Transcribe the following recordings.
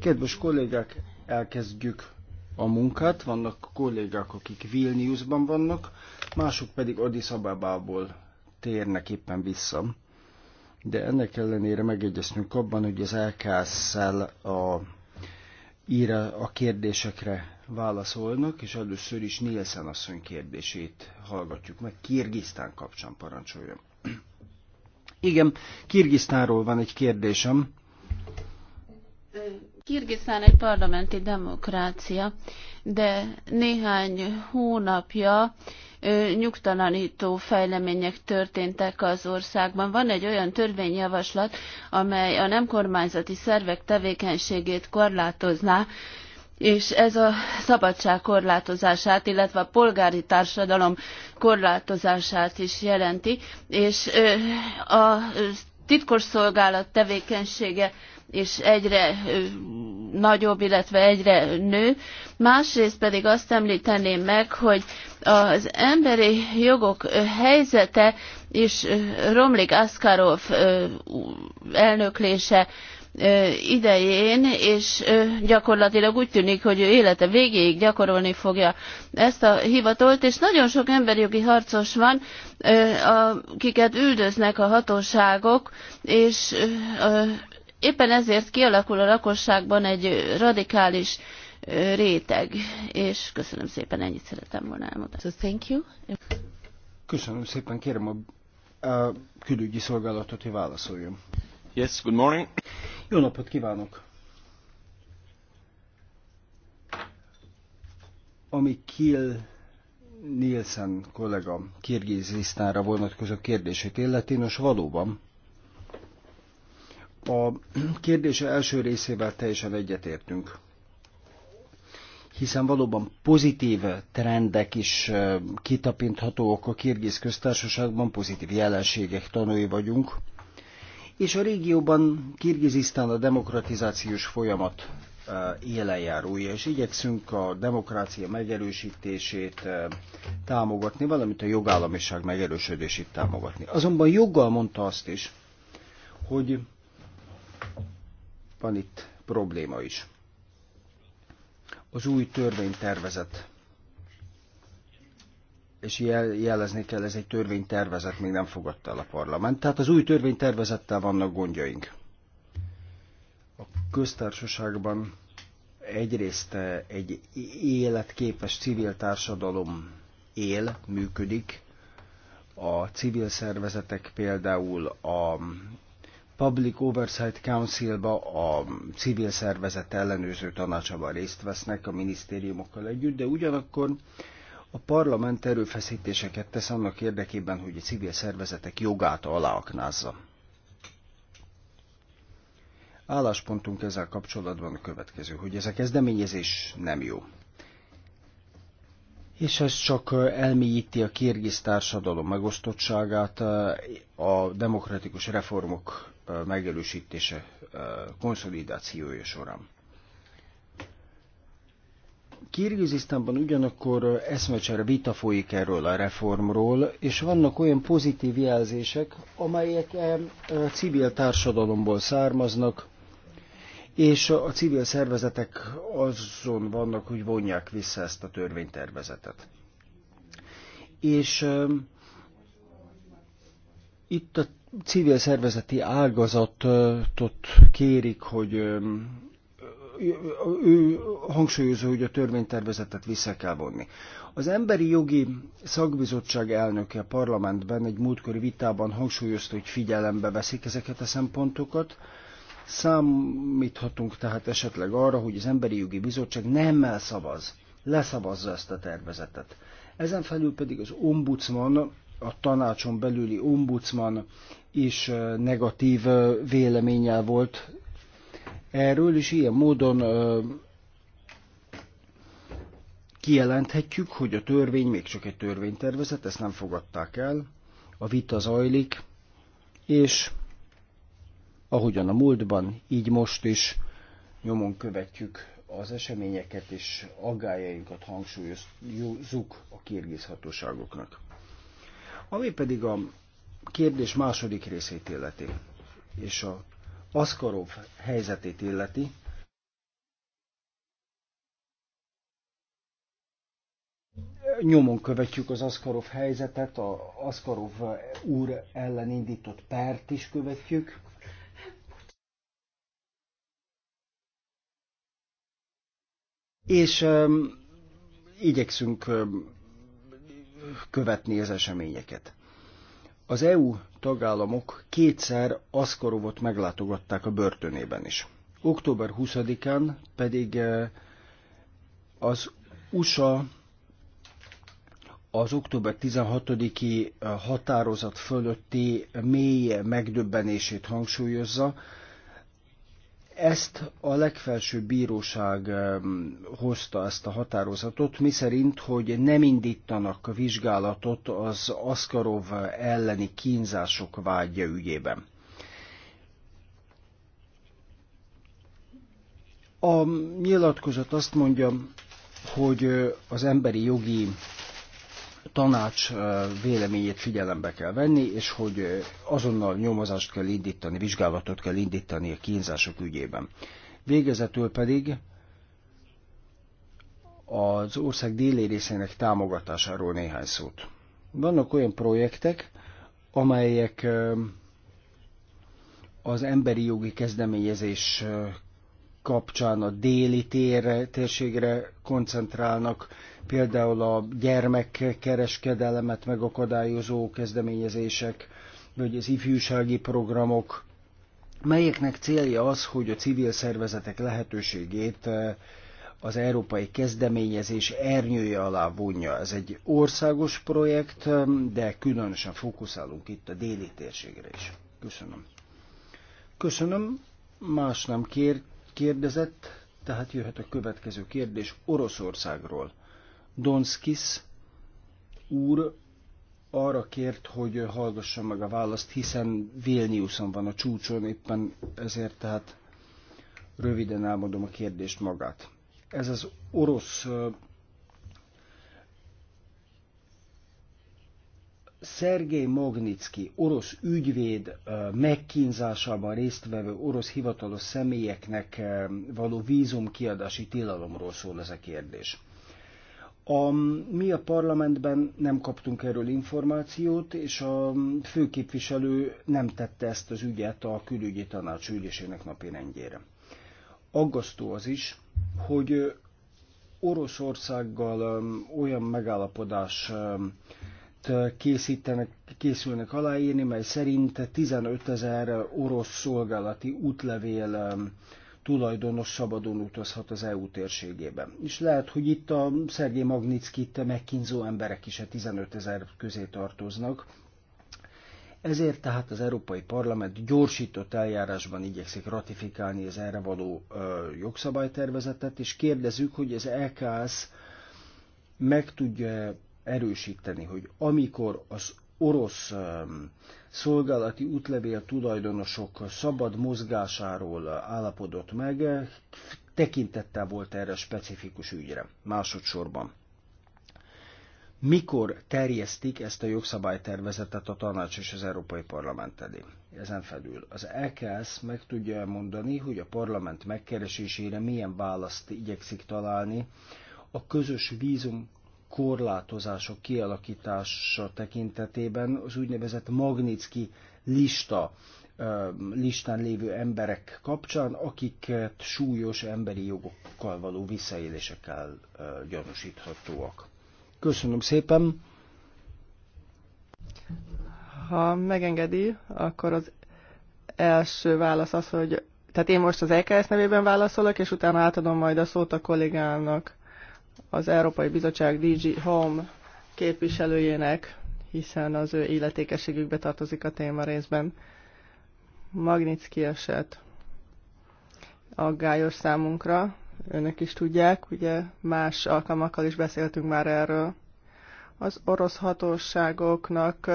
Kedves kollégák, elkezdjük a munkát. Vannak kollégák, akik Vilniusban vannak, mások pedig Addis Ababából térnek éppen vissza. De ennek ellenére megegyeztünk abban, hogy az LKS-szel a, ír a kérdésekre válaszolnak, és először is Nielsen asszony kérdését hallgatjuk meg. Kirgisztán kapcsán parancsoljon. Igen, Kirgisztánról van egy kérdésem. Kirgisztán egy parlamenti demokrácia, de néhány hónapja nyugtalanító fejlemények történtek az országban. Van egy olyan törvényjavaslat, amely a nem kormányzati szervek tevékenységét korlátozná, és ez a szabadság korlátozását, illetve a polgári társadalom korlátozását is jelenti, és a titkos szolgálat tevékenysége és egyre nagyobb, illetve egyre nő. Másrészt pedig azt említeném meg, hogy az emberi jogok helyzete is romlik Askarov elnöklése idején, és gyakorlatilag úgy tűnik, hogy ő élete végéig gyakorolni fogja ezt a hivatalt, és nagyon sok emberjogi harcos van, akiket üldöznek a hatóságok, és éppen ezért kialakul a lakosságban egy radikális réteg, és köszönöm szépen, ennyit szeretem volna elmondani. So thank you. Köszönöm szépen, kérem a, a külügyi szolgálatot, hogy válaszoljon. Yes, good morning. Jó napot kívánok! Ami Kill Nielsen kollega Kirgizisztánra vonatkozó kérdését illeti, nos valóban a kérdése első részével teljesen egyetértünk hiszen valóban pozitív trendek is kitapinthatóak a Kirgiz köztársaságban, pozitív jelenségek tanúi vagyunk és a régióban Kirgizisztán a demokratizációs folyamat e, élenjárója, és igyekszünk a demokrácia megerősítését e, támogatni, valamint a jogállamiság megerősödését támogatni. Azonban joggal mondta azt is, hogy van itt probléma is. Az új törvénytervezet és jel, jelezni kell, ez egy törvénytervezet, még nem fogadta el a parlament. Tehát az új törvénytervezettel vannak gondjaink. A köztársaságban egyrészt egy életképes civil társadalom él, működik. A civil szervezetek például a Public Oversight Council-ba, a civil szervezet ellenőrző tanácsában részt vesznek a minisztériumokkal együtt, de ugyanakkor a parlament erőfeszítéseket tesz annak érdekében, hogy a civil szervezetek jogát aláaknázza. Álláspontunk ezzel kapcsolatban a következő, hogy ez a kezdeményezés nem jó. És ez csak elmélyíti a kirgiz társadalom megosztottságát, a demokratikus reformok megelősítése konszolidációja során. Kirgizisztánban ugyanakkor eszmecsere vita folyik erről a reformról, és vannak olyan pozitív jelzések, amelyek a civil társadalomból származnak, és a civil szervezetek azon vannak, hogy vonják vissza ezt a törvénytervezetet. És itt a civil szervezeti ágazatot kérik, hogy ő hangsúlyozza, hogy a törvénytervezetet vissza kell vonni. Az Emberi Jogi Szakbizottság elnöke a parlamentben egy múltkori vitában hangsúlyozta, hogy figyelembe veszik ezeket a szempontokat. Számíthatunk tehát esetleg arra, hogy az Emberi Jogi Bizottság nem szavaz, leszavazza ezt a tervezetet. Ezen felül pedig az ombudsman a tanácson belüli ombudsman is eh, negatív eh, véleménnyel volt erről, és ilyen módon kijelenthetjük, hogy a törvény még csak egy törvénytervezet, ezt nem fogadták el, a vita zajlik, és ahogyan a múltban, így most is nyomon követjük az eseményeket, és aggájainkat hangsúlyozzuk a kirgiz Ami pedig a kérdés második részét illeti, és a Aszkorov helyzetét illeti, nyomon követjük az Aszkarov helyzetet, a Aszkarov úr ellen indított pert is követjük. És um, igyekszünk um, követni az eseményeket. Az EU tagállamok kétszer Aszkarovot meglátogatták a börtönében is. Október 20-án pedig eh, az USA az október 16-i eh, határozat fölötti mély megdöbbenését hangsúlyozza, ezt a legfelső bíróság hozta ezt a határozatot, miszerint, hogy nem indítanak vizsgálatot az Aszkarov elleni kínzások vágya ügyében. A nyilatkozat azt mondja, hogy az emberi jogi tanács véleményét figyelembe kell venni, és hogy azonnal nyomozást kell indítani, vizsgálatot kell indítani a kínzások ügyében. Végezetül pedig az ország déli részének támogatásáról néhány szót. Vannak olyan projektek, amelyek az emberi jogi kezdeményezés kapcsán a déli térre, térségre koncentrálnak, például a gyermekkereskedelemet megakadályozó kezdeményezések, vagy az ifjúsági programok, melyeknek célja az, hogy a civil szervezetek lehetőségét eh, az európai kezdeményezés ernyője alá vonja. Ez egy országos projekt, eh, de különösen fókuszálunk itt a déli térségre is. Köszönöm. Köszönöm, más nem kér kérdezett, tehát jöhet a következő kérdés Oroszországról. Donskis úr arra kért, hogy hallgassa meg a választ, hiszen Vilniuson van a csúcson, éppen ezért tehát röviden elmondom a kérdést magát. Ez az orosz Szergej Magnitsky, orosz ügyvéd megkínzásában résztvevő orosz hivatalos személyeknek való vízumkiadási tilalomról szól ez a kérdés. A, mi a parlamentben nem kaptunk erről információt, és a főképviselő nem tette ezt az ügyet a külügyi tanács ülésének napi rendjére. Aggasztó az is, hogy Oroszországgal olyan megállapodás készítenek, készülnek aláírni, mely szerint 15 ezer orosz szolgálati útlevél tulajdonos szabadon utazhat az EU térségébe. És lehet, hogy itt a Szergé Magnitsky, itt a megkínzó emberek is a 15 ezer közé tartoznak. Ezért tehát az Európai Parlament gyorsított eljárásban igyekszik ratifikálni az erre való ö, jogszabálytervezetet, és kérdezzük, hogy az EKS meg tudja erősíteni, hogy amikor az orosz szolgálati útlevél tulajdonosok szabad mozgásáról állapodott meg, tekintettel volt erre a specifikus ügyre. Másodszorban. Mikor terjesztik ezt a jogszabálytervezetet a tanács és az Európai Parlament elé? Ezen felül az EKS meg tudja mondani, hogy a parlament megkeresésére milyen választ igyekszik találni a közös vízum korlátozások kialakítása tekintetében az úgynevezett Magnitsky lista listán lévő emberek kapcsán, akiket súlyos emberi jogokkal való visszaélésekkel gyanúsíthatóak. Köszönöm szépen! Ha megengedi, akkor az első válasz az, hogy tehát én most az EKS nevében válaszolok, és utána átadom majd a szót a kollégának az Európai Bizottság DG Home képviselőjének, hiszen az ő illetékességükbe tartozik a téma részben. Magnitsky eset aggályos számunkra, önök is tudják, ugye más alkalmakkal is beszéltünk már erről. Az orosz hatóságoknak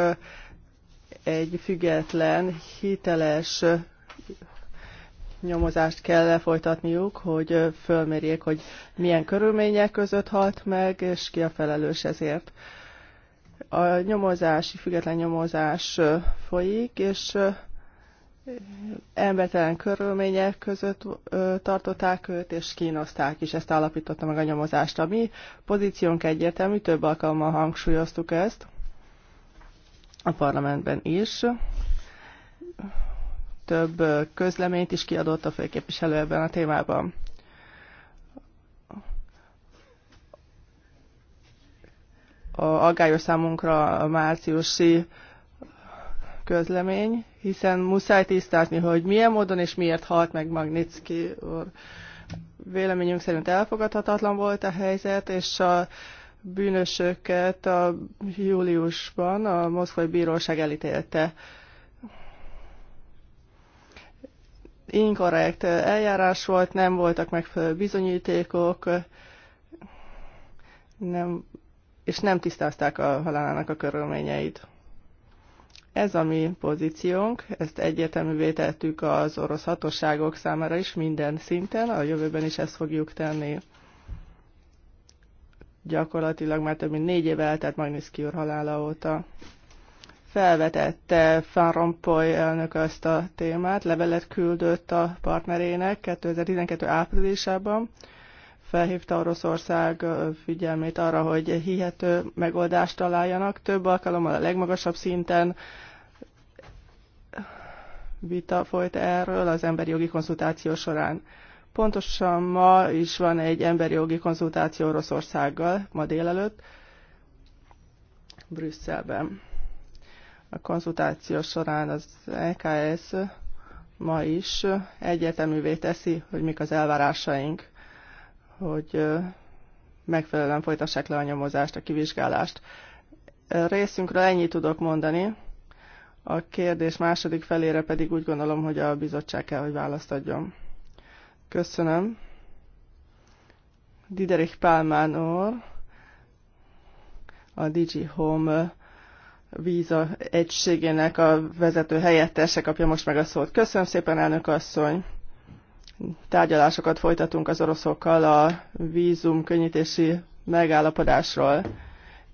egy független, hiteles nyomozást kell lefolytatniuk, hogy fölmérjék, hogy milyen körülmények között halt meg, és ki a felelős ezért. A nyomozási, független nyomozás folyik, és embertelen körülmények között tartották őt, és kínozták is, ezt állapította meg a nyomozást. A mi pozíciónk egyértelmű, több alkalommal hangsúlyoztuk ezt a parlamentben is több közleményt is kiadott a főképviselő ebben a témában. A aggályos számunkra a márciusi közlemény, hiszen muszáj tisztázni, hogy milyen módon és miért halt meg Magnitsky úr. Véleményünk szerint elfogadhatatlan volt a helyzet, és a bűnösöket a júliusban a Moszkvai Bíróság elítélte. inkorrekt eljárás volt, nem voltak megfelelő bizonyítékok, nem, és nem tisztázták a halálának a körülményeit. Ez a mi pozíciónk, ezt egyértelművé tettük az orosz hatóságok számára is minden szinten, a jövőben is ezt fogjuk tenni. Gyakorlatilag már több mint négy éve eltelt Magnitsky úr halála óta felvetette Van Rompuy elnök ezt a témát, levelet küldött a partnerének 2012. áprilisában, felhívta Oroszország figyelmét arra, hogy hihető megoldást találjanak. Több alkalommal a legmagasabb szinten vita folyt erről az emberi jogi konzultáció során. Pontosan ma is van egy emberi jogi konzultáció Oroszországgal, ma délelőtt, Brüsszelben. A konzultáció során az EKS ma is egyeteművé teszi, hogy mik az elvárásaink, hogy megfelelően folytassák le a nyomozást, a kivizsgálást. Részünkről ennyit tudok mondani. A kérdés második felére pedig úgy gondolom, hogy a bizottság kell, hogy választ adjon. Köszönöm. Diderik Pálmán úr, a Digi Home víza egységének a vezető helyettese kapja most meg a szót. Köszönöm szépen, elnök asszony! Tárgyalásokat folytatunk az oroszokkal a vízum könnyítési megállapodásról.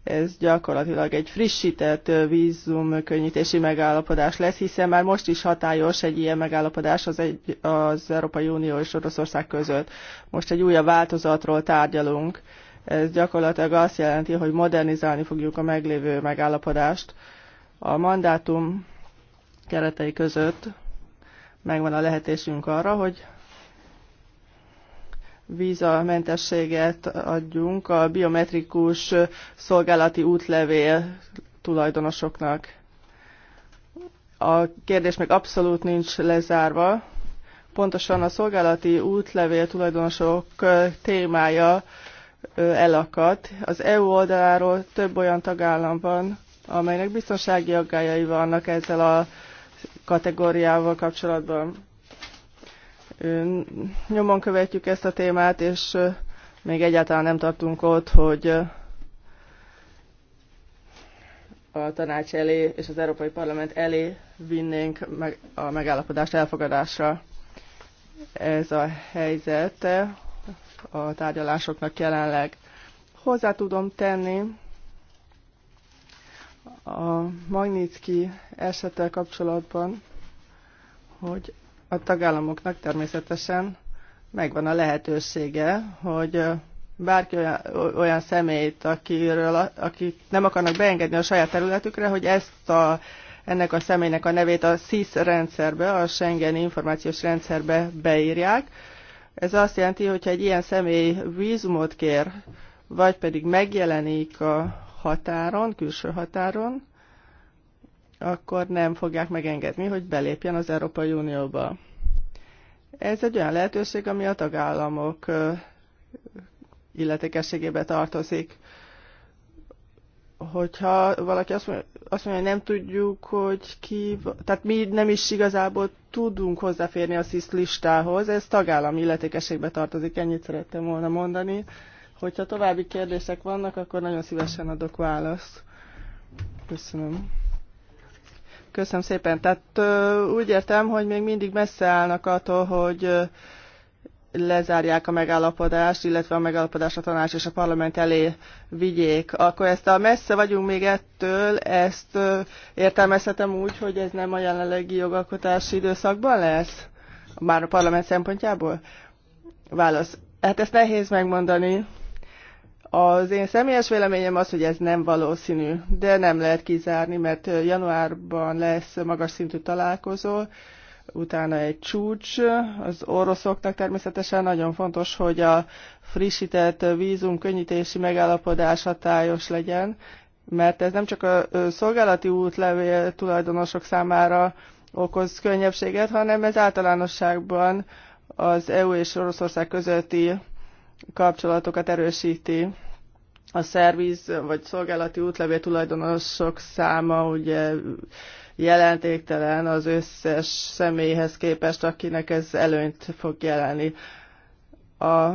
Ez gyakorlatilag egy frissített vízum könnyítési megállapodás lesz, hiszen már most is hatályos egy ilyen megállapodás az, egy, az Európai Unió és Oroszország között. Most egy újabb változatról tárgyalunk ez gyakorlatilag azt jelenti, hogy modernizálni fogjuk a meglévő megállapodást. A mandátum keretei között megvan a lehetésünk arra, hogy vízamentességet adjunk a biometrikus szolgálati útlevél tulajdonosoknak. A kérdés még abszolút nincs lezárva. Pontosan a szolgálati útlevél tulajdonosok témája elakadt. Az EU oldaláról több olyan tagállam van, amelynek biztonsági aggályai vannak ezzel a kategóriával kapcsolatban. Nyomon követjük ezt a témát, és még egyáltalán nem tartunk ott, hogy a tanács elé és az Európai Parlament elé vinnénk a megállapodást elfogadásra. Ez a helyzet a tárgyalásoknak jelenleg. Hozzá tudom tenni a Magnitsky esettel kapcsolatban, hogy a tagállamoknak természetesen megvan a lehetősége, hogy bárki olyan, olyan személyt, akiről, akik nem akarnak beengedni a saját területükre, hogy ezt a, ennek a személynek a nevét a SIS rendszerbe, a Schengen információs rendszerbe beírják, ez azt jelenti, hogyha egy ilyen személy vízumot kér, vagy pedig megjelenik a határon, külső határon, akkor nem fogják megengedni, hogy belépjen az Európai Unióba. Ez egy olyan lehetőség, ami a tagállamok illetékességébe tartozik hogyha valaki azt mondja, azt mondja, hogy nem tudjuk, hogy ki, tehát mi nem is igazából tudunk hozzáférni a SZISZ listához, ez tagállami illetékességbe tartozik, ennyit szerettem volna mondani. Hogyha további kérdések vannak, akkor nagyon szívesen adok választ. Köszönöm. Köszönöm szépen. Tehát úgy értem, hogy még mindig messze állnak attól, hogy lezárják a megállapodást, illetve a megállapodás a tanács és a parlament elé vigyék, akkor ezt a messze vagyunk még ettől, ezt értelmezhetem úgy, hogy ez nem a jelenlegi jogalkotási időszakban lesz? Már a parlament szempontjából? Válasz. Hát ezt nehéz megmondani. Az én személyes véleményem az, hogy ez nem valószínű, de nem lehet kizárni, mert januárban lesz magas szintű találkozó, utána egy csúcs. Az oroszoknak természetesen nagyon fontos, hogy a frissített vízum könnyítési megállapodás hatályos legyen, mert ez nem csak a szolgálati útlevél tulajdonosok számára okoz könnyebbséget, hanem ez általánosságban az EU és Oroszország közötti kapcsolatokat erősíti. A szerviz vagy szolgálati útlevél tulajdonosok száma ugye jelentéktelen az összes személyhez képest, akinek ez előnyt fog jelenni. A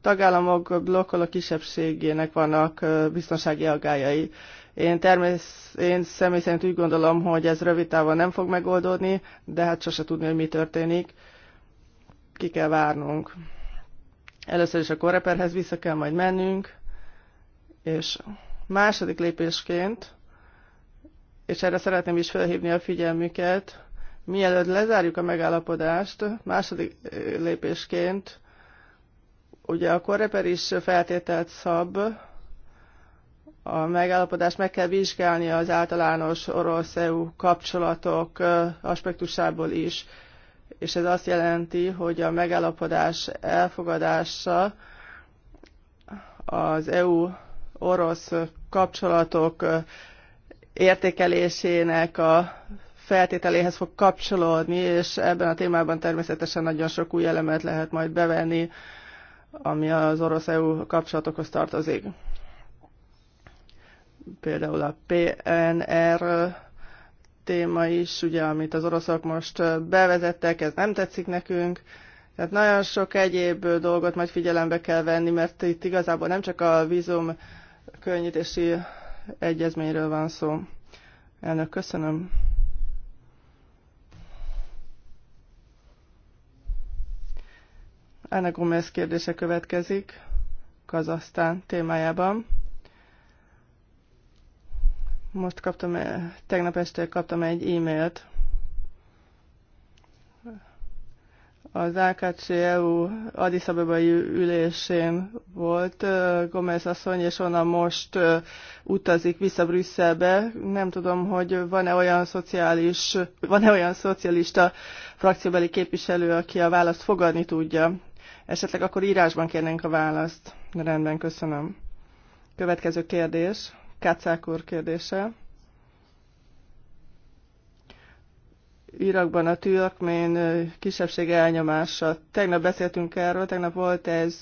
tagállamok blokkoló kisebbségének vannak biztonsági aggájai. Én, termész, én személy szerint úgy gondolom, hogy ez rövid távon nem fog megoldódni, de hát sose tudni, hogy mi történik. Ki kell várnunk. Először is a koreperhez vissza kell majd mennünk, és második lépésként és erre szeretném is felhívni a figyelmüket, mielőtt lezárjuk a megállapodást, második eh, lépésként, ugye a korreper is feltételt szab, a megállapodást meg kell vizsgálni az általános orosz-EU kapcsolatok eh, aspektusából is, és ez azt jelenti, hogy a megállapodás elfogadása az EU-orosz kapcsolatok eh, értékelésének a feltételéhez fog kapcsolódni, és ebben a témában természetesen nagyon sok új elemet lehet majd bevenni, ami az orosz-EU kapcsolatokhoz tartozik. Például a PNR téma is, ugye, amit az oroszok most bevezettek, ez nem tetszik nekünk. Tehát nagyon sok egyéb dolgot majd figyelembe kell venni, mert itt igazából nem csak a vízum könnyítési egyezményről van szó. Elnök, köszönöm. Anna Gomez kérdése következik Kazasztán témájában. Most kaptam, tegnap este kaptam egy e-mailt Az AKC-EU Addis Abebai ülésén volt Gomez asszony, és onnan most utazik vissza Brüsszelbe. Nem tudom, hogy van-e olyan szociális, van-e olyan szocialista frakcióbeli képviselő, aki a választ fogadni tudja. Esetleg akkor írásban kérnénk a választ. Rendben, köszönöm. Következő kérdés, Kácák úr kérdése. Irakban a türkmén kisebbség elnyomása. Tegnap beszéltünk erről, tegnap volt, ez,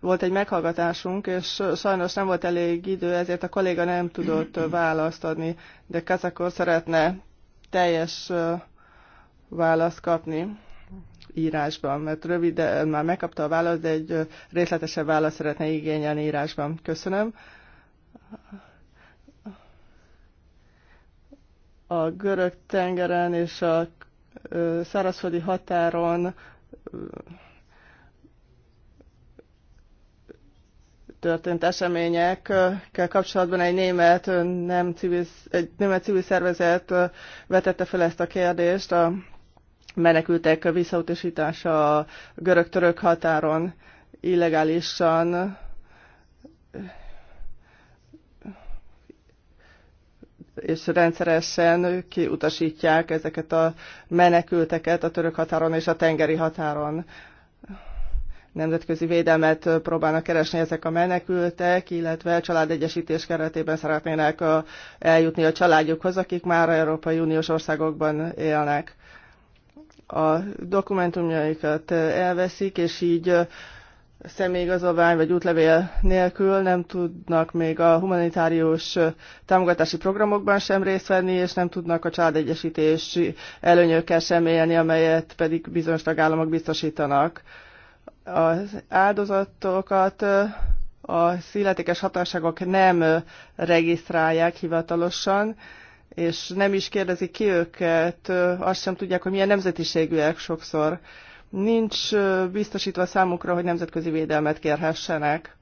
volt egy meghallgatásunk, és sajnos nem volt elég idő, ezért a kolléga nem tudott választ adni, de Kazakor szeretne teljes választ kapni írásban, mert röviden már megkapta a választ, de egy részletesebb választ szeretne igényelni írásban. Köszönöm. a görög tengeren és a szárazföldi határon történt eseményekkel kapcsolatban egy német, nem civil, egy német civil szervezet vetette fel ezt a kérdést a menekültek visszautasítása a görög-török határon illegálisan és rendszeresen kiutasítják ezeket a menekülteket a török határon és a tengeri határon. Nemzetközi védelmet próbálnak keresni ezek a menekültek, illetve családegyesítés keretében szeretnének eljutni a családjukhoz, akik már Európai Uniós országokban élnek. A dokumentumjaikat elveszik, és így személyigazolvány vagy útlevél nélkül nem tudnak még a humanitárius támogatási programokban sem részt venni, és nem tudnak a családegyesítési előnyökkel sem élni, amelyet pedig bizonyos tagállamok biztosítanak. Az áldozatokat a szilletékes hatóságok nem regisztrálják hivatalosan, és nem is kérdezik ki őket, azt sem tudják, hogy milyen nemzetiségűek sokszor nincs biztosítva számukra, hogy nemzetközi védelmet kérhessenek,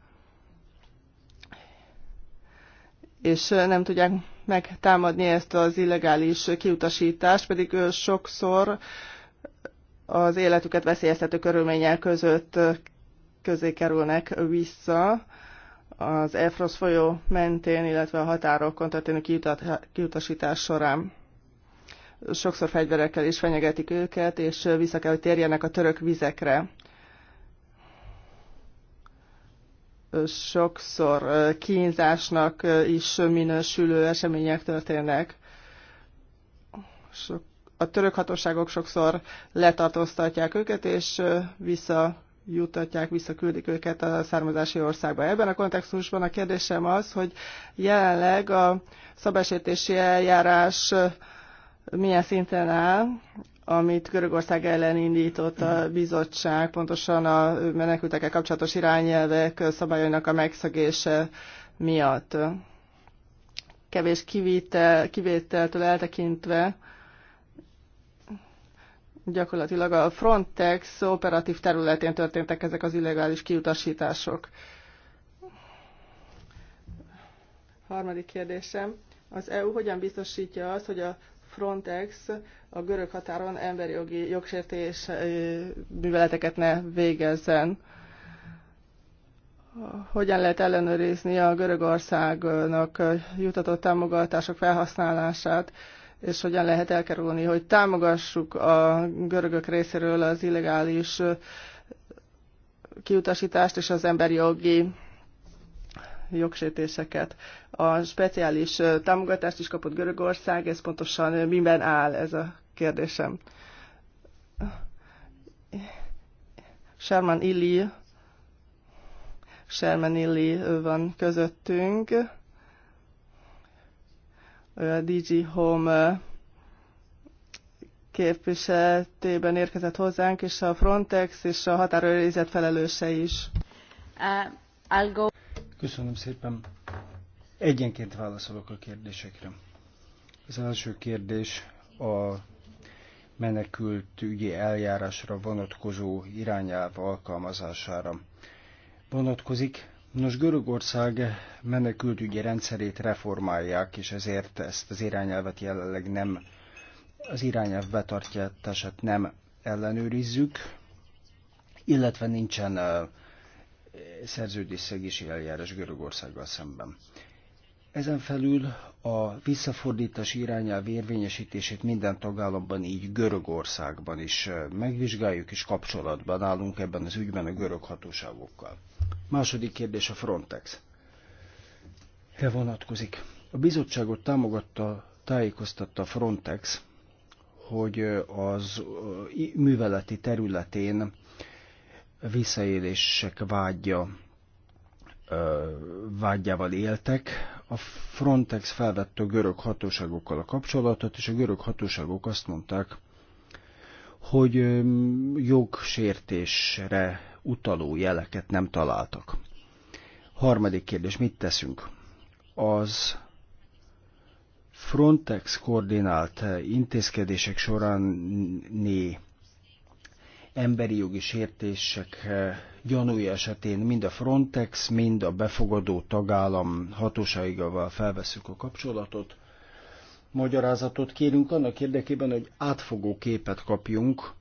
és nem tudják megtámadni ezt az illegális kiutasítást, pedig sokszor az életüket veszélyeztető körülmények között közé kerülnek vissza az Elfrosz folyó mentén, illetve a határokon történő kiutasítás során sokszor fegyverekkel is fenyegetik őket, és vissza kell, hogy térjenek a török vizekre. Sokszor kínzásnak is minősülő események történnek. Sok, a török hatóságok sokszor letartóztatják őket, és vissza jutatják, visszaküldik őket a származási országba. Ebben a kontextusban a kérdésem az, hogy jelenleg a szabásértési eljárás milyen szinten áll, amit Görögország ellen indított a bizottság, pontosan a menekültekkel kapcsolatos irányelvek szabályainak a megszegése miatt. Kevés kivétel, kivételtől eltekintve gyakorlatilag a Frontex operatív területén történtek ezek az illegális kiutasítások. Harmadik kérdésem. Az EU hogyan biztosítja azt, hogy a Frontex a görög határon emberi jogi jogsértés műveleteket ne végezzen. Hogyan lehet ellenőrizni a Görögországnak jutatott támogatások felhasználását, és hogyan lehet elkerülni, hogy támogassuk a görögök részéről az illegális kiutasítást és az emberi jogi jogsértéseket. A speciális támogatást is kapott Görögország, ez pontosan miben áll ez a kérdésem. Sherman Illy, Sherman Illy van közöttünk. Ő a DG Home képviseletében érkezett hozzánk, és a Frontex és a határőrizet felelőse is. Uh, I'll go. Köszönöm szépen. Egyenként válaszolok a kérdésekre. Az első kérdés a menekült ügyi eljárásra vonatkozó irányelv alkalmazására vonatkozik. Nos, Görögország menekültügyi rendszerét reformálják, és ezért ezt az irányelvet jelenleg nem, az irányelv betartja, nem ellenőrizzük, illetve nincsen szerződésszegési eljárás Görögországgal szemben. Ezen felül a visszafordítás irányelv érvényesítését minden tagállamban, így Görögországban is eh, megvizsgáljuk, és kapcsolatban állunk ebben az ügyben a görög hatóságokkal. Második kérdés a Frontex. Re vonatkozik. A bizottságot támogatta, tájékoztatta Frontex, hogy eh, az eh, műveleti területén visszaélések vágya vágyával éltek. A Frontex felvette a görög hatóságokkal a kapcsolatot, és a görög hatóságok azt mondták, hogy jogsértésre utaló jeleket nem találtak. Harmadik kérdés, mit teszünk? Az Frontex koordinált intézkedések során né emberi jogi sértések eh, gyanúja esetén mind a Frontex, mind a befogadó tagállam hatóságával felveszük a kapcsolatot. Magyarázatot kérünk annak érdekében, hogy átfogó képet kapjunk,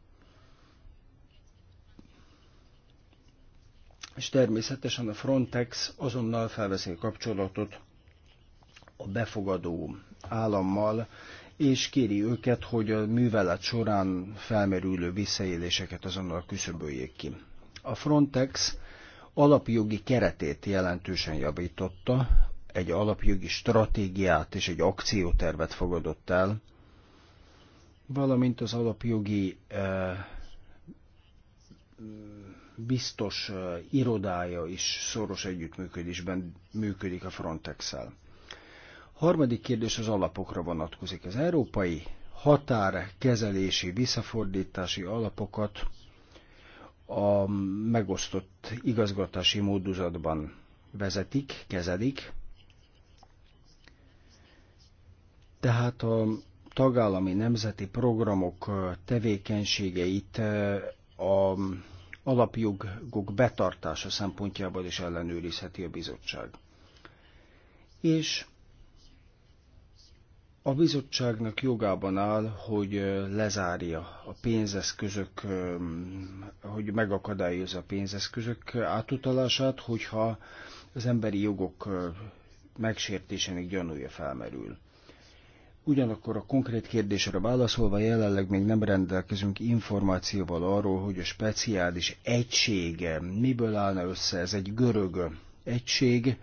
és természetesen a Frontex azonnal felveszi a kapcsolatot a befogadó állammal, és kéri őket, hogy a művelet során felmerülő visszaéléseket azonnal küszöböljék ki. A Frontex alapjogi keretét jelentősen javította, egy alapjogi stratégiát és egy akciótervet fogadott el, valamint az alapjogi eh, biztos eh, irodája is szoros együttműködésben működik a Frontex-el. Harmadik kérdés az alapokra vonatkozik. Az európai határkezelési, visszafordítási alapokat a megosztott igazgatási módozatban vezetik, kezelik. Tehát a tagállami nemzeti programok tevékenységeit a alapjogok betartása szempontjából is ellenőrizheti a bizottság. És a bizottságnak jogában áll, hogy lezárja a pénzeszközök, hogy megakadályozza a pénzeszközök átutalását, hogyha az emberi jogok megsértésének gyanúja felmerül. Ugyanakkor a konkrét kérdésre válaszolva jelenleg még nem rendelkezünk információval arról, hogy a speciális egysége miből állna össze. Ez egy görög egység,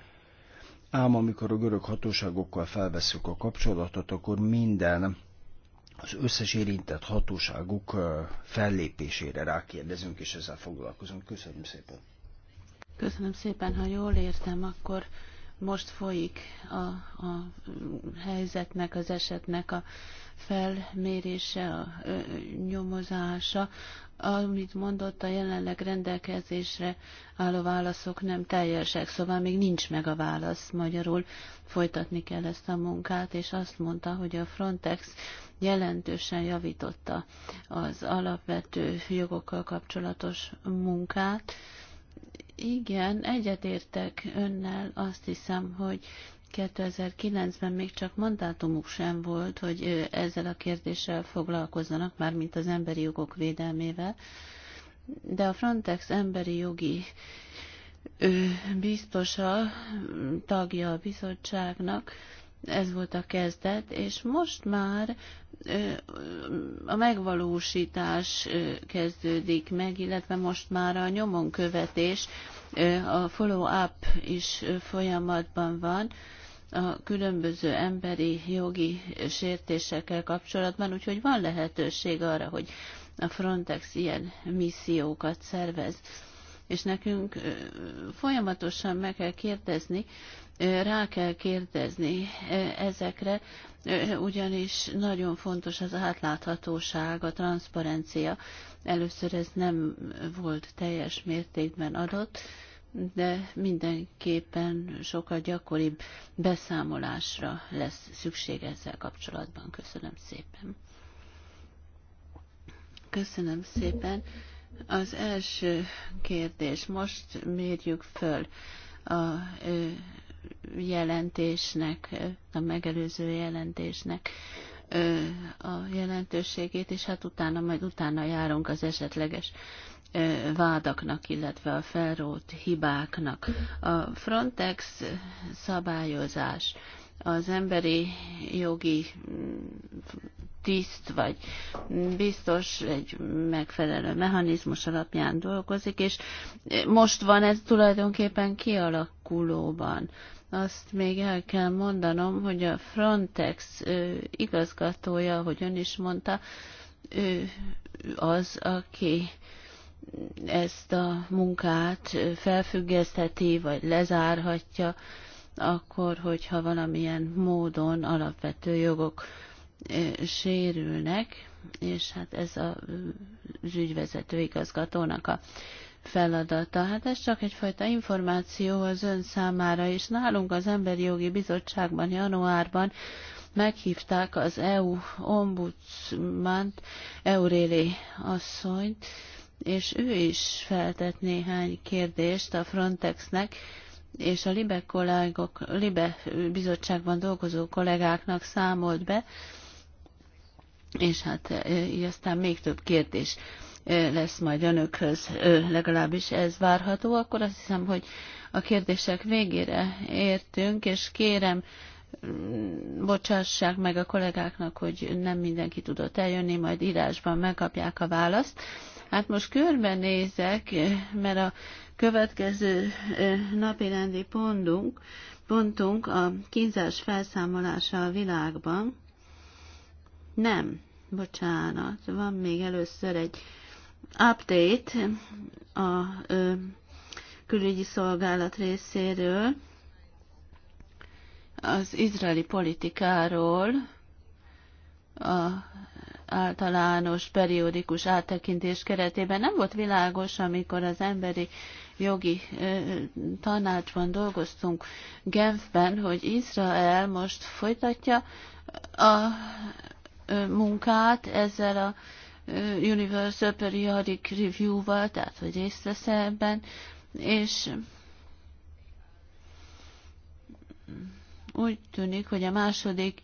Ám amikor a görög hatóságokkal felveszük a kapcsolatot, akkor minden az összes érintett hatóságuk fellépésére rákérdezünk, és ezzel foglalkozunk. Köszönöm szépen. Köszönöm szépen, ha jól értem, akkor most folyik a, a helyzetnek, az esetnek a felmérése, a nyomozása amit mondott, a jelenleg rendelkezésre álló válaszok nem teljesek, szóval még nincs meg a válasz magyarul. Folytatni kell ezt a munkát, és azt mondta, hogy a Frontex jelentősen javította az alapvető jogokkal kapcsolatos munkát. Igen, egyetértek önnel, azt hiszem, hogy 2009-ben még csak mandátumuk sem volt, hogy ezzel a kérdéssel foglalkozzanak, már mint az emberi jogok védelmével, de a Frontex emberi jogi biztosa, tagja a bizottságnak, ez volt a kezdet, és most már a megvalósítás kezdődik meg, illetve most már a nyomon követés, a follow-up is folyamatban van a különböző emberi jogi sértésekkel kapcsolatban, úgyhogy van lehetőség arra, hogy a Frontex ilyen missziókat szervez. És nekünk folyamatosan meg kell kérdezni, rá kell kérdezni ezekre, ugyanis nagyon fontos az átláthatóság, a transzparencia. Először ez nem volt teljes mértékben adott, de mindenképpen sokkal gyakoribb beszámolásra lesz szükség ezzel kapcsolatban. Köszönöm szépen. Köszönöm szépen. Az első kérdés. Most mérjük föl a jelentésnek, a megelőző jelentésnek a jelentőségét, és hát utána, majd utána járunk az esetleges vádaknak, illetve a felrót hibáknak. A Frontex szabályozás az emberi jogi tiszt vagy biztos egy megfelelő mechanizmus alapján dolgozik, és most van ez tulajdonképpen kialakulóban. Azt még el kell mondanom, hogy a Frontex igazgatója, ahogy ön is mondta, ő az, aki ezt a munkát felfüggesztheti, vagy lezárhatja, akkor, hogyha valamilyen módon alapvető jogok sérülnek, és hát ez az ügyvezető igazgatónak a feladata. Hát ez csak egyfajta információ az ön számára, és nálunk az Emberi Jogi Bizottságban januárban meghívták az EU ombudsmant, Euréli asszonyt, és ő is feltett néhány kérdést a Frontexnek, és a Libe, kollégok, Libe bizottságban dolgozó kollégáknak számolt be, és hát e, így aztán még több kérdés e, lesz majd önökhöz, e, legalábbis ez várható, akkor azt hiszem, hogy a kérdések végére értünk, és kérem, mm, bocsássák meg a kollégáknak, hogy nem mindenki tudott eljönni, majd írásban megkapják a választ. Hát most körbenézek, mert a következő rendi pontunk, pontunk a kínzás felszámolása a világban. Nem, bocsánat, van még először egy update a ö, külügyi szolgálat részéről az izraeli politikáról, a általános periódikus áttekintés keretében nem volt világos, amikor az emberi jogi tanácsban dolgoztunk Genfben, hogy Izrael most folytatja a munkát ezzel a Universal Periodic Review-val, tehát hogy részt vesz ebben, és úgy tűnik, hogy a második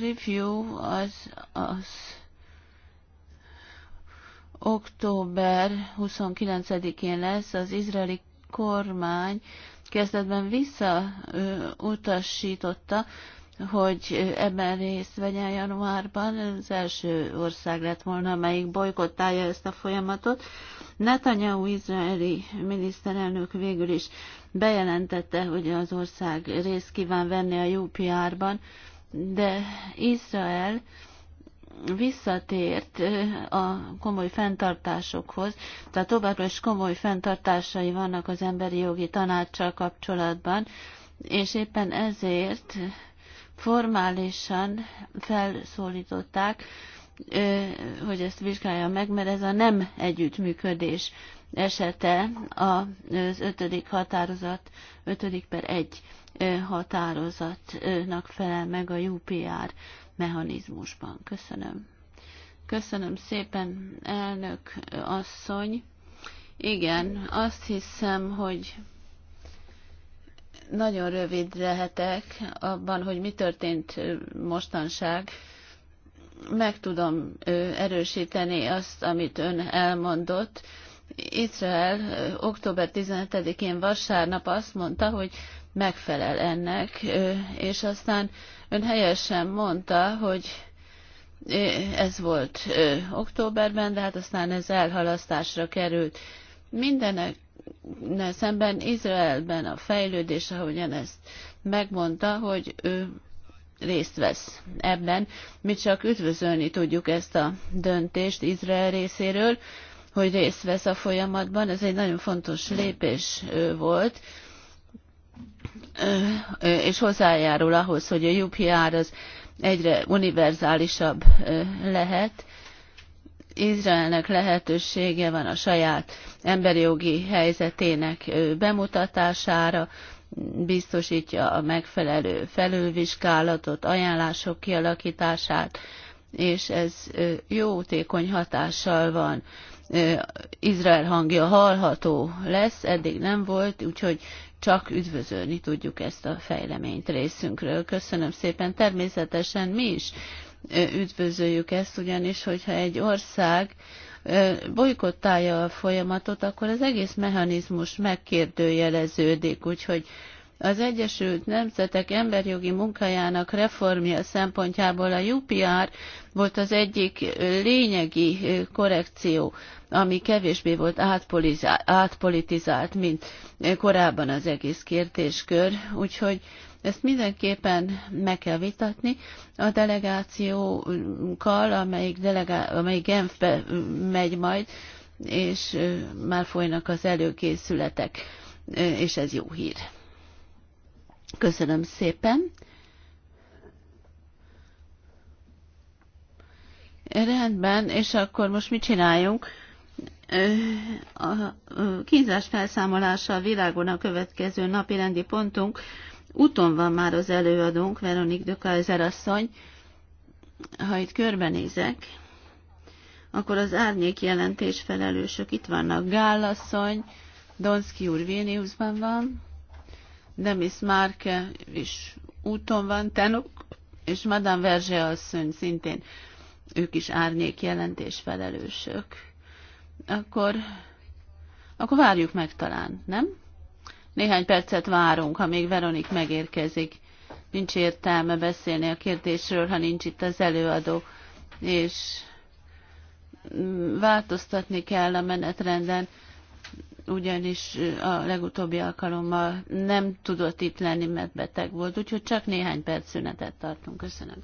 review az, az október 29-én lesz az izraeli kormány kezdetben visszautasította, hogy ebben részt vegyen januárban. Az első ország lett volna, amelyik bolykottálja ezt a folyamatot. Netanyahu izraeli miniszterelnök végül is bejelentette, hogy az ország részt kíván venni a UPR-ban, de Izrael visszatért a komoly fenntartásokhoz, tehát továbbra is komoly fenntartásai vannak az emberi jogi tanácssal kapcsolatban, és éppen ezért formálisan felszólították, hogy ezt vizsgálja meg, mert ez a nem együttműködés esete az ötödik határozat, ötödik per egy határozatnak felel meg a UPR mechanizmusban. Köszönöm. Köszönöm szépen, elnök asszony. Igen, azt hiszem, hogy nagyon rövid lehetek abban, hogy mi történt mostanság. Meg tudom erősíteni azt, amit ön elmondott. Izrael október 15-én vasárnap azt mondta, hogy megfelel ennek, és aztán ön helyesen mondta, hogy ez volt októberben, de hát aztán ez elhalasztásra került. Mindenek szemben Izraelben a fejlődés, ahogyan ezt megmondta, hogy ő részt vesz ebben. Mi csak üdvözölni tudjuk ezt a döntést Izrael részéről, hogy részt vesz a folyamatban. Ez egy nagyon fontos lépés volt és hozzájárul ahhoz, hogy a UPR az egyre univerzálisabb lehet. Izraelnek lehetősége van a saját emberi jogi helyzetének bemutatására, biztosítja a megfelelő felülvizsgálatot, ajánlások kialakítását, és ez jótékony hatással van. Izrael hangja hallható lesz, eddig nem volt, úgyhogy csak üdvözölni tudjuk ezt a fejleményt részünkről. Köszönöm szépen. Természetesen mi is üdvözöljük ezt, ugyanis hogyha egy ország bolykottálja a folyamatot, akkor az egész mechanizmus megkérdőjeleződik, úgyhogy az Egyesült Nemzetek emberjogi munkájának reformja szempontjából a UPR volt az egyik lényegi korrekció ami kevésbé volt átpolitizált, mint korábban az egész kérdéskör, úgyhogy ezt mindenképpen meg kell vitatni a delegációkkal, amelyik, delegá- amelyik Genfbe megy majd, és már folynak az előkészületek, és ez jó hír. Köszönöm szépen. Rendben, és akkor most mit csináljunk? a kínzás felszámolása a világon a következő napi rendi pontunk. uton van már az előadónk, Veronik de Kaiser asszony. Ha itt körbenézek, akkor az árnyék jelentés felelősök itt vannak. Gál asszony, Donszki úr Véniuszban van, Demis Márke is úton van, Tenuk, és Madame Verge asszony szintén, ők is árnyék jelentés felelősök akkor, akkor várjuk meg talán, nem? Néhány percet várunk, ha még Veronik megérkezik. Nincs értelme beszélni a kérdésről, ha nincs itt az előadó, és mm, változtatni kell a menetrenden, ugyanis a legutóbbi alkalommal nem tudott itt lenni, mert beteg volt, úgyhogy csak néhány perc szünetet tartunk. Köszönöm.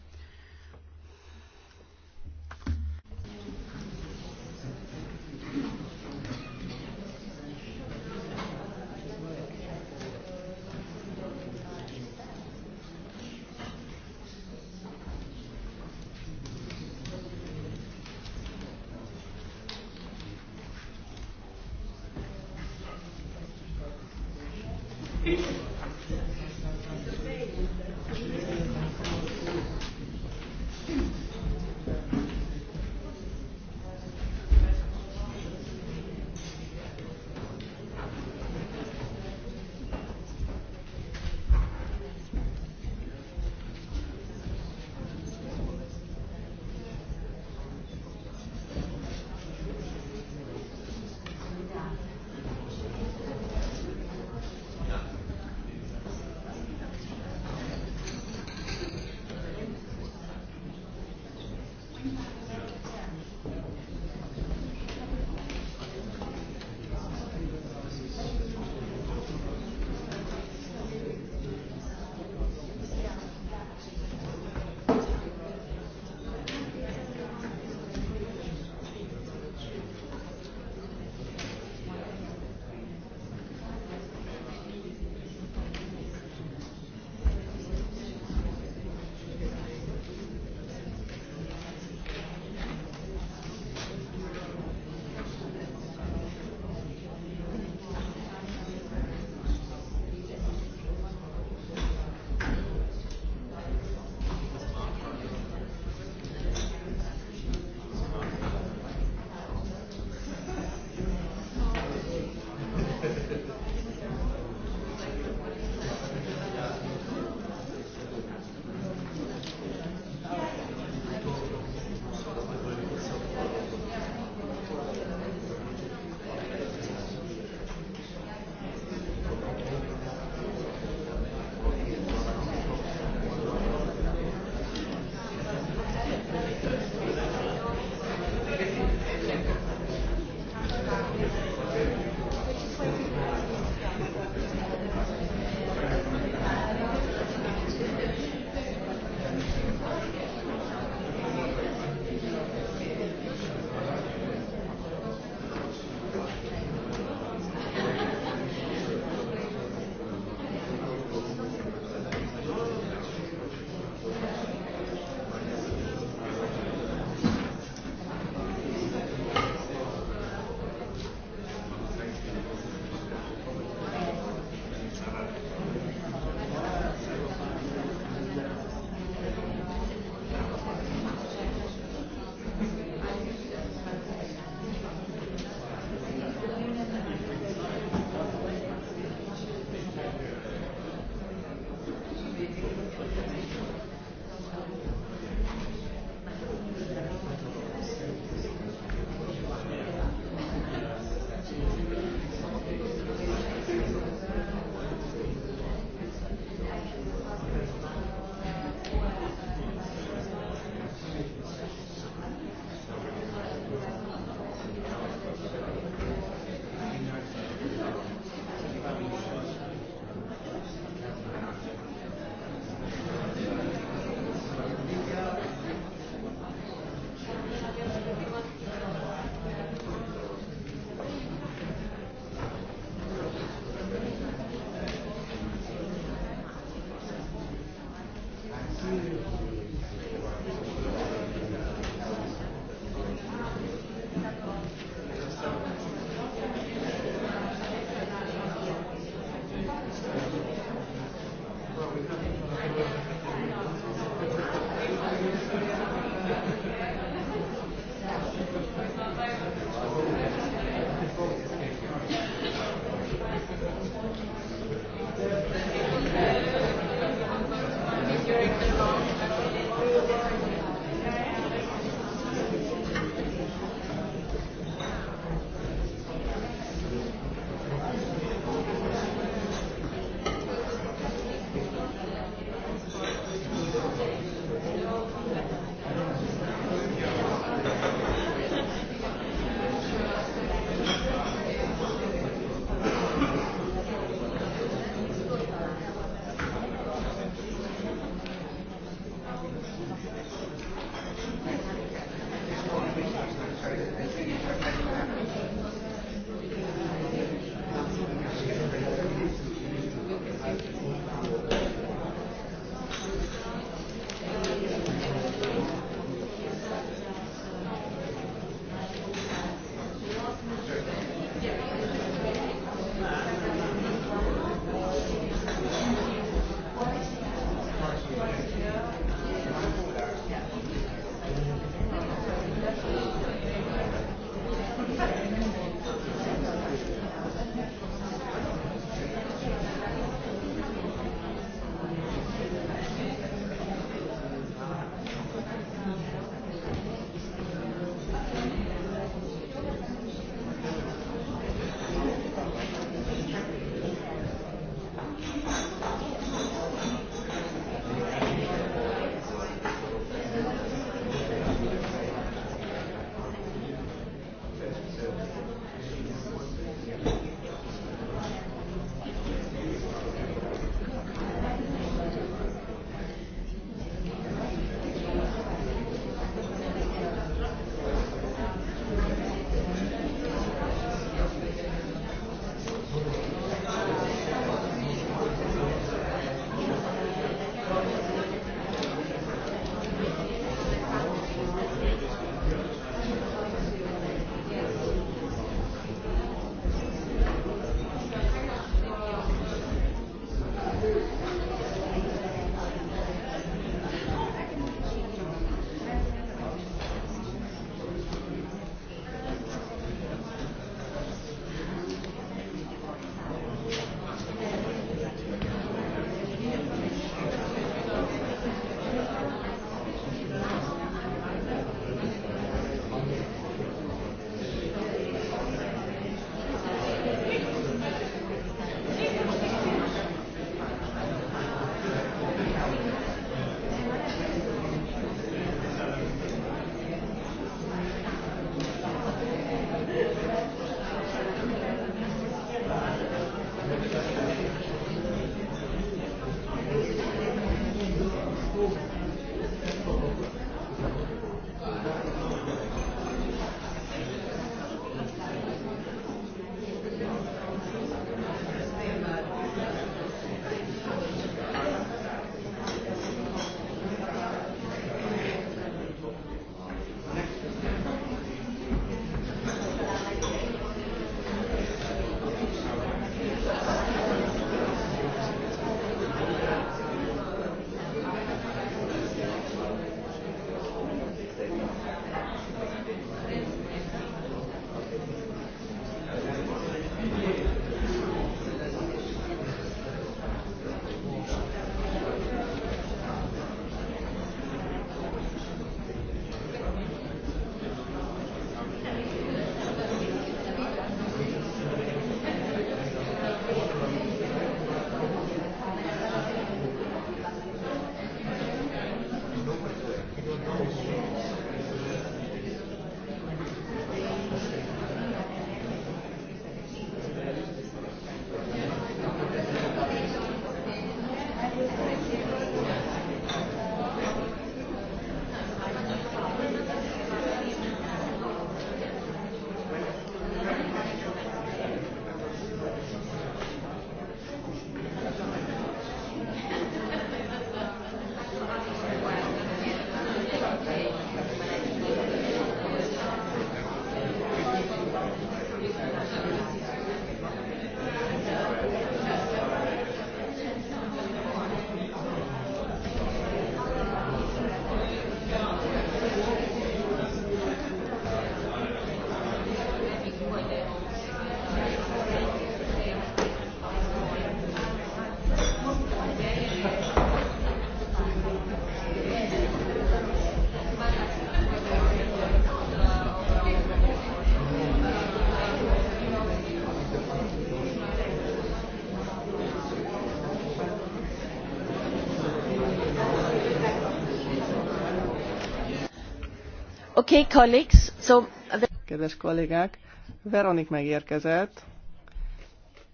Kedves kollégák, Veronik megérkezett,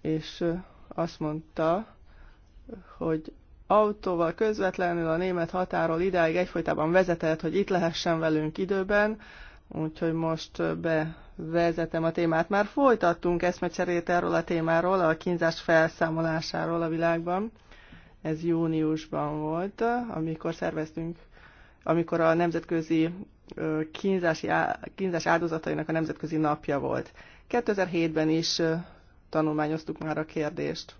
és azt mondta, hogy autóval közvetlenül a német határól idáig egyfolytában vezetett, hogy itt lehessen velünk időben, úgyhogy most bevezetem a témát. Már folytattunk eszmecserét erről a témáról, a kínzás felszámolásáról a világban. Ez júniusban volt, amikor szerveztünk amikor a Nemzetközi kínzási, kínzás áldozatainak a nemzetközi napja volt. 2007-ben is tanulmányoztuk már a kérdést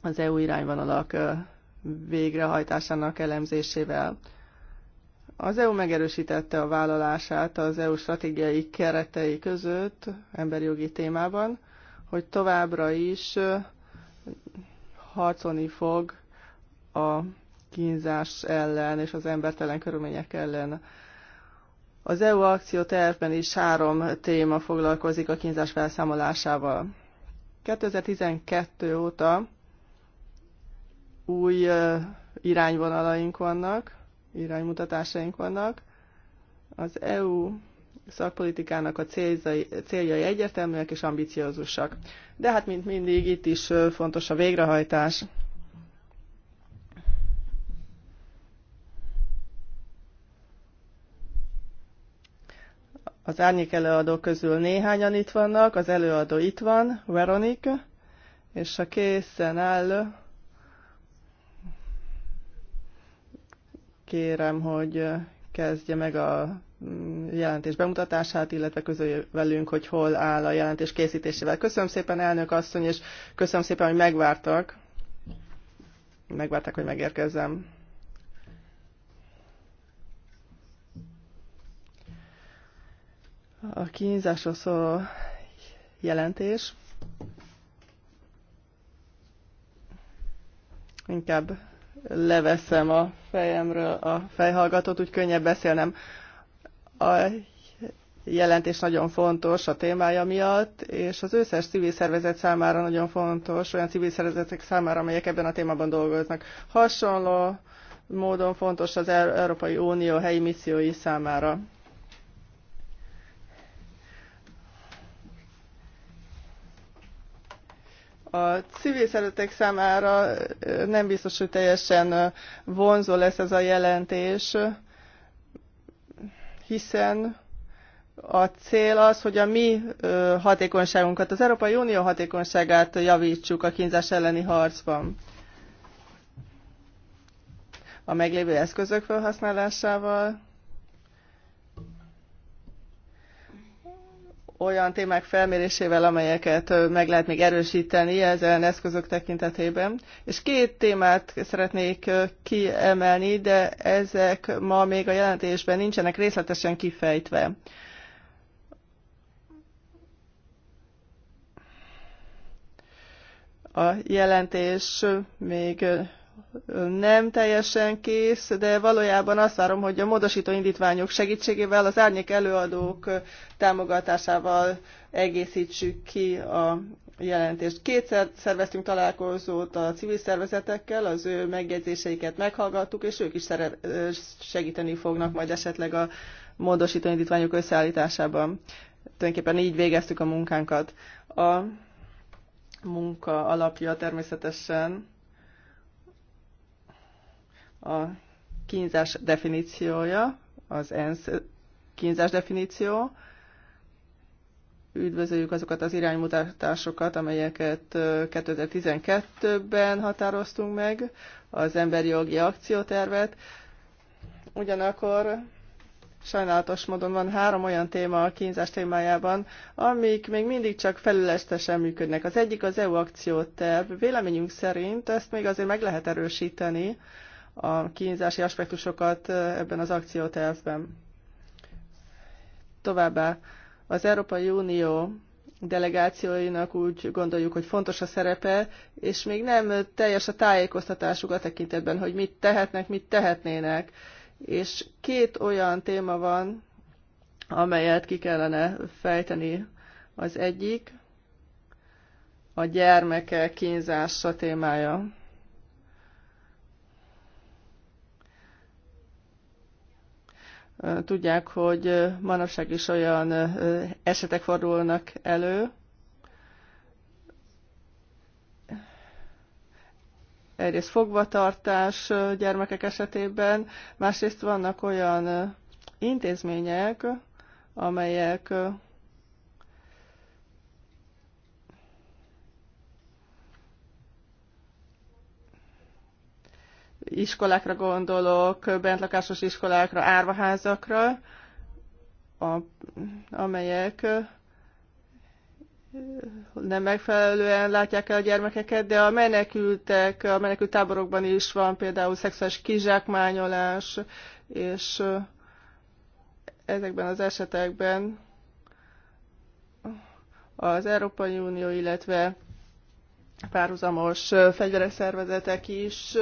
az EU irányvonalak végrehajtásának elemzésével. Az EU megerősítette a vállalását az EU stratégiai keretei között emberi jogi témában, hogy továbbra is harcolni fog a kínzás ellen és az embertelen körülmények ellen. Az EU akció tervben is három téma foglalkozik a kínzás felszámolásával. 2012 óta új irányvonalaink vannak, iránymutatásaink vannak. Az EU szakpolitikának a céljai, céljai egyértelműek és ambiciózusak. De hát, mint mindig, itt is fontos a végrehajtás. Az árnyék előadó közül néhányan itt vannak, az előadó itt van, Veronik, és a készen áll, kérem, hogy kezdje meg a mm, jelentés bemutatását, illetve közölj velünk, hogy hol áll a jelentés készítésével. Köszönöm szépen, elnök asszony, és köszönöm szépen, hogy megvártak. Megvárták, hogy megérkezzem. a kínzásról szóló jelentés inkább leveszem a fejemről a fejhallgatót, úgy könnyebb beszélnem. A jelentés nagyon fontos a témája miatt, és az összes civil szervezet számára nagyon fontos, olyan civil szervezetek számára, amelyek ebben a témában dolgoznak. Hasonló módon fontos az e- Európai Unió helyi missziói számára. a civil szeretek számára nem biztos, hogy teljesen vonzó lesz ez a jelentés, hiszen a cél az, hogy a mi hatékonyságunkat, az Európai Unió hatékonyságát javítsuk a kínzás elleni harcban. A meglévő eszközök felhasználásával olyan témák felmérésével, amelyeket meg lehet még erősíteni ezen eszközök tekintetében. És két témát szeretnék kiemelni, de ezek ma még a jelentésben nincsenek részletesen kifejtve. A jelentés még nem teljesen kész, de valójában azt várom, hogy a módosító indítványok segítségével, az árnyék előadók támogatásával egészítsük ki a jelentést. Kétszer szerveztünk találkozót a civil szervezetekkel, az ő megjegyzéseiket meghallgattuk, és ők is segíteni fognak majd esetleg a módosító indítványok összeállításában. Tulajdonképpen így végeztük a munkánkat. A munka alapja természetesen a kínzás definíciója, az ENSZ kínzás definíció. Üdvözöljük azokat az iránymutatásokat, amelyeket 2012-ben határoztunk meg, az emberi jogi akciótervet. Ugyanakkor sajnálatos módon van három olyan téma a kínzás témájában, amik még mindig csak felületesen működnek. Az egyik az EU akcióterv. Véleményünk szerint ezt még azért meg lehet erősíteni, a kínzási aspektusokat ebben az akciótervben. Továbbá az Európai Unió delegációinak úgy gondoljuk, hogy fontos a szerepe, és még nem teljes a tájékoztatásuk a tekintetben, hogy mit tehetnek, mit tehetnének. És két olyan téma van, amelyet ki kellene fejteni. Az egyik a gyermekek kínzása témája. Tudják, hogy manapság is olyan esetek fordulnak elő, egyrészt fogvatartás gyermekek esetében, másrészt vannak olyan intézmények, amelyek iskolákra gondolok, bentlakásos iskolákra, árvaházakra, a, amelyek nem megfelelően látják el a gyermekeket, de a menekültek, a menekült táborokban is van például szexuális kizsákmányolás, és ezekben az esetekben az Európai Unió, illetve párhuzamos fegyveres szervezetek is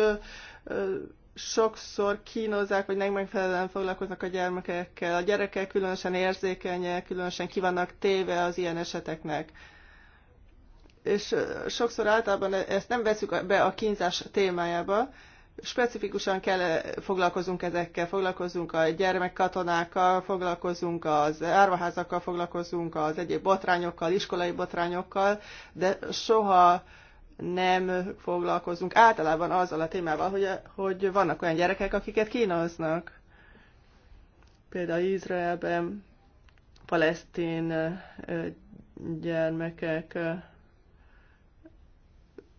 sokszor kínozzák, vagy nem megfelelően foglalkoznak a gyermekekkel. A gyerekek különösen érzékenyek, különösen vannak téve az ilyen eseteknek. És sokszor általában e-, ezt nem veszük be a kínzás témájába, specifikusan kell foglalkozunk ezekkel, foglalkozunk a gyermekkatonákkal, foglalkozunk az árvaházakkal, foglalkozunk az egyéb botrányokkal, iskolai botrányokkal, de soha nem foglalkozunk általában azzal a témával, hogy, hogy vannak olyan gyerekek, akiket kínoznak. Például Izraelben palesztin gyermekek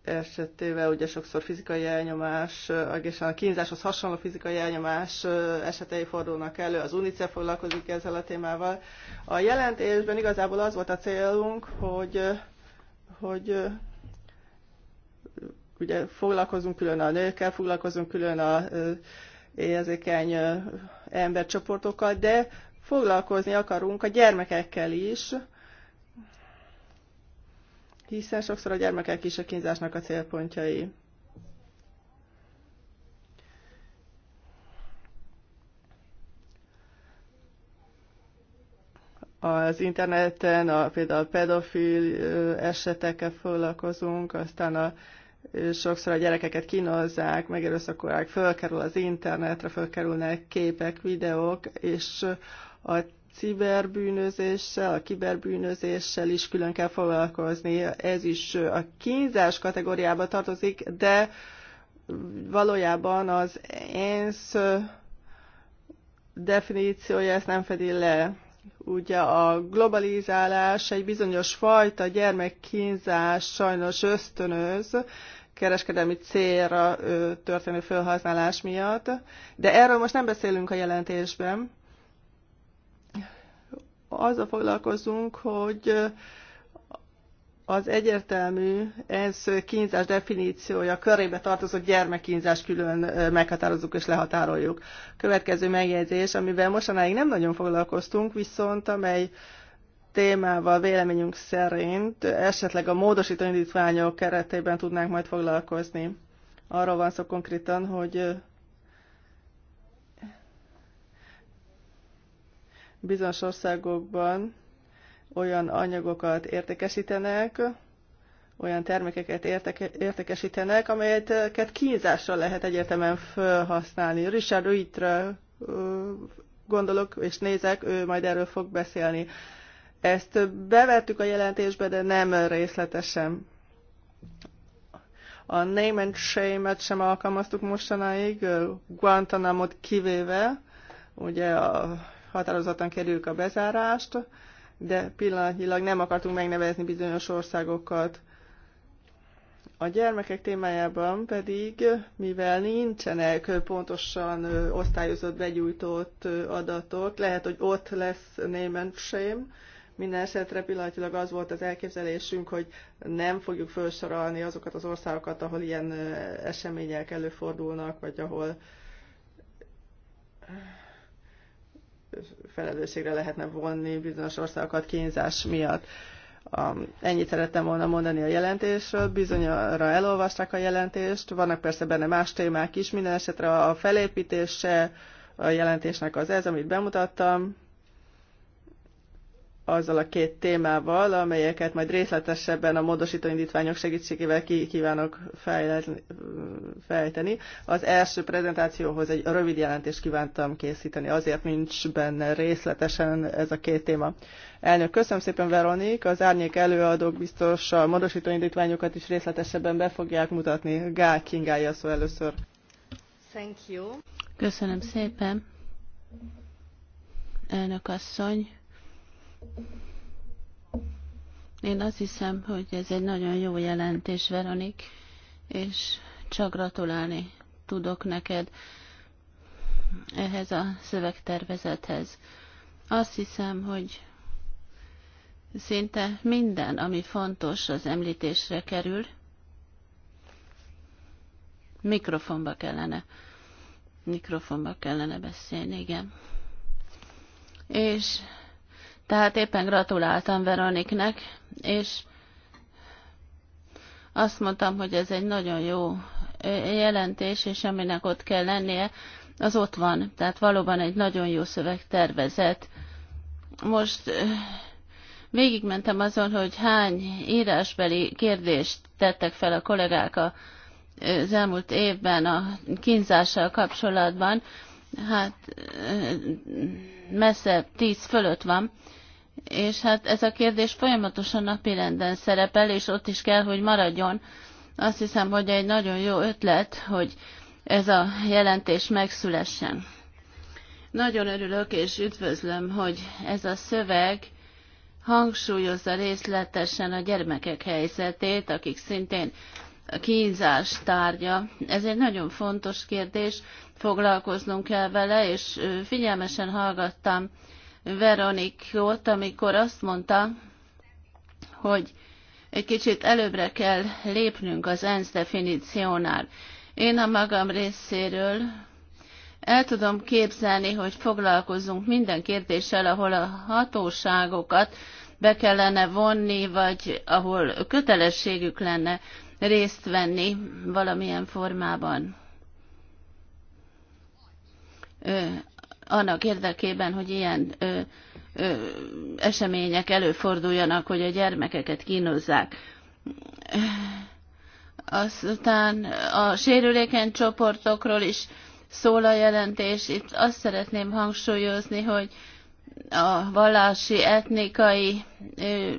esetével ugye sokszor fizikai elnyomás, és a kínzáshoz hasonló fizikai elnyomás esetei fordulnak elő, az UNICEF foglalkozik ezzel a témával. A jelentésben igazából az volt a célunk, hogy, hogy ugye foglalkozunk külön a nőkkel, foglalkozunk külön a érzékeny embercsoportokkal, de foglalkozni akarunk a gyermekekkel is, hiszen sokszor a gyermekek is a kínzásnak a célpontjai. az interneten, a, például a pedofil esetekkel foglalkozunk, aztán a sokszor a gyerekeket kínozzák, megerőszakolják, fölkerül az internetre, fölkerülnek képek, videók, és a ciberbűnözéssel, a kiberbűnözéssel is külön kell foglalkozni. Ez is a kínzás kategóriába tartozik, de valójában az ENSZ definíciója ezt nem fedi le. Ugye a globalizálás egy bizonyos fajta gyermekkínzás sajnos ösztönöz, kereskedelmi célra történő felhasználás miatt, de erről most nem beszélünk a jelentésben. Azzal foglalkozunk, hogy az egyértelmű ENSZ kínzás definíciója körébe tartozó gyermekkínzás külön meghatározunk és lehatároljuk. Következő megjegyzés, amivel mostanáig nem nagyon foglalkoztunk, viszont amely témával véleményünk szerint esetleg a módosító indítványok keretében tudnánk majd foglalkozni. Arról van szó konkrétan, hogy bizonyos országokban olyan anyagokat értékesítenek, olyan termékeket érteke, értékesítenek, amelyeket kínzásra lehet egyetemen felhasználni. Richard Uitre gondolok és nézek, ő majd erről fog beszélni. Ezt bevettük a jelentésbe, de nem részletesen. A name and shame-et sem alkalmaztuk mostanáig, Guantanamot kivéve, ugye a határozottan kerüljük a bezárást, de pillanatnyilag nem akartunk megnevezni bizonyos országokat. A gyermekek témájában pedig, mivel nincsenek pontosan osztályozott, begyújtott adatok, lehet, hogy ott lesz name and shame, minden esetre pillanatilag az volt az elképzelésünk, hogy nem fogjuk felsorolni azokat az országokat, ahol ilyen események előfordulnak, vagy ahol felelősségre lehetne vonni bizonyos országokat kínzás miatt. Um, ennyit szerettem volna mondani a jelentésről, bizonyra elolvasták a jelentést, vannak persze benne más témák is, minden esetre a felépítése a jelentésnek az ez, amit bemutattam, azzal a két témával, amelyeket majd részletesebben a módosító indítványok segítségével ki kívánok fejteni. Az első prezentációhoz egy rövid jelentést kívántam készíteni, azért nincs benne részletesen ez a két téma. Elnök, köszönöm szépen Veronik, az árnyék előadók biztos a módosító indítványokat is részletesebben be fogják mutatni. Gál Kingája szó először. Thank you. Köszönöm szépen. Elnök asszony, én azt hiszem, hogy ez egy nagyon jó jelentés, Veronik, és csak gratulálni tudok neked ehhez a szövegtervezethez. Azt hiszem, hogy szinte minden, ami fontos, az említésre kerül. Mikrofonba kellene. Mikrofonba kellene beszélni, igen. És tehát éppen gratuláltam Veroniknek, és azt mondtam, hogy ez egy nagyon jó jelentés, és aminek ott kell lennie, az ott van. Tehát valóban egy nagyon jó szöveg tervezett. Most végigmentem azon, hogy hány írásbeli kérdést tettek fel a kollégák a az elmúlt évben a kínzással kapcsolatban, hát messze tíz fölött van, és hát ez a kérdés folyamatosan napirenden szerepel, és ott is kell, hogy maradjon. Azt hiszem, hogy egy nagyon jó ötlet, hogy ez a jelentés megszülessen. Nagyon örülök és üdvözlöm, hogy ez a szöveg hangsúlyozza részletesen a gyermekek helyzetét, akik szintén kínzás tárgya. Ez egy nagyon fontos kérdés, foglalkoznunk kell vele, és figyelmesen hallgattam Veronikót, amikor azt mondta, hogy egy kicsit előbbre kell lépnünk az ENSZ definíciónál. Én a magam részéről el tudom képzelni, hogy foglalkozunk minden kérdéssel, ahol a hatóságokat be kellene vonni, vagy ahol kötelességük lenne részt venni valamilyen formában annak érdekében, hogy ilyen ö, ö, események előforduljanak, hogy a gyermekeket kínozzák. Aztán a sérülékeny csoportokról is szól a jelentés. Itt azt szeretném hangsúlyozni, hogy a vallási, etnikai ö,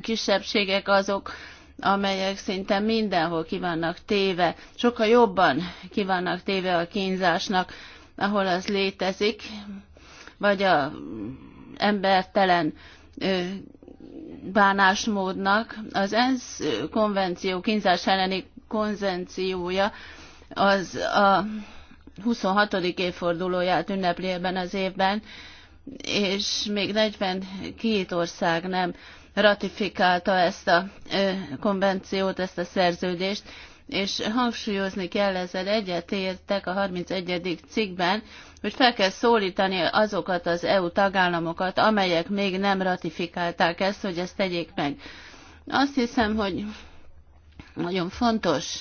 kisebbségek azok, amelyek szinte mindenhol kivannak téve, sokkal jobban kivannak téve a kínzásnak, ahol az létezik, vagy a embertelen bánásmódnak. Az ENSZ konvenció, kínzás elleni konvenciója az a 26. évfordulóját ünnepli ebben az évben, és még 42 ország nem ratifikálta ezt a konvenciót, ezt a szerződést, és hangsúlyozni kell ezzel egyetértek a 31. cikkben, hogy fel kell szólítani azokat az EU tagállamokat, amelyek még nem ratifikálták ezt, hogy ezt tegyék meg. Azt hiszem, hogy nagyon fontos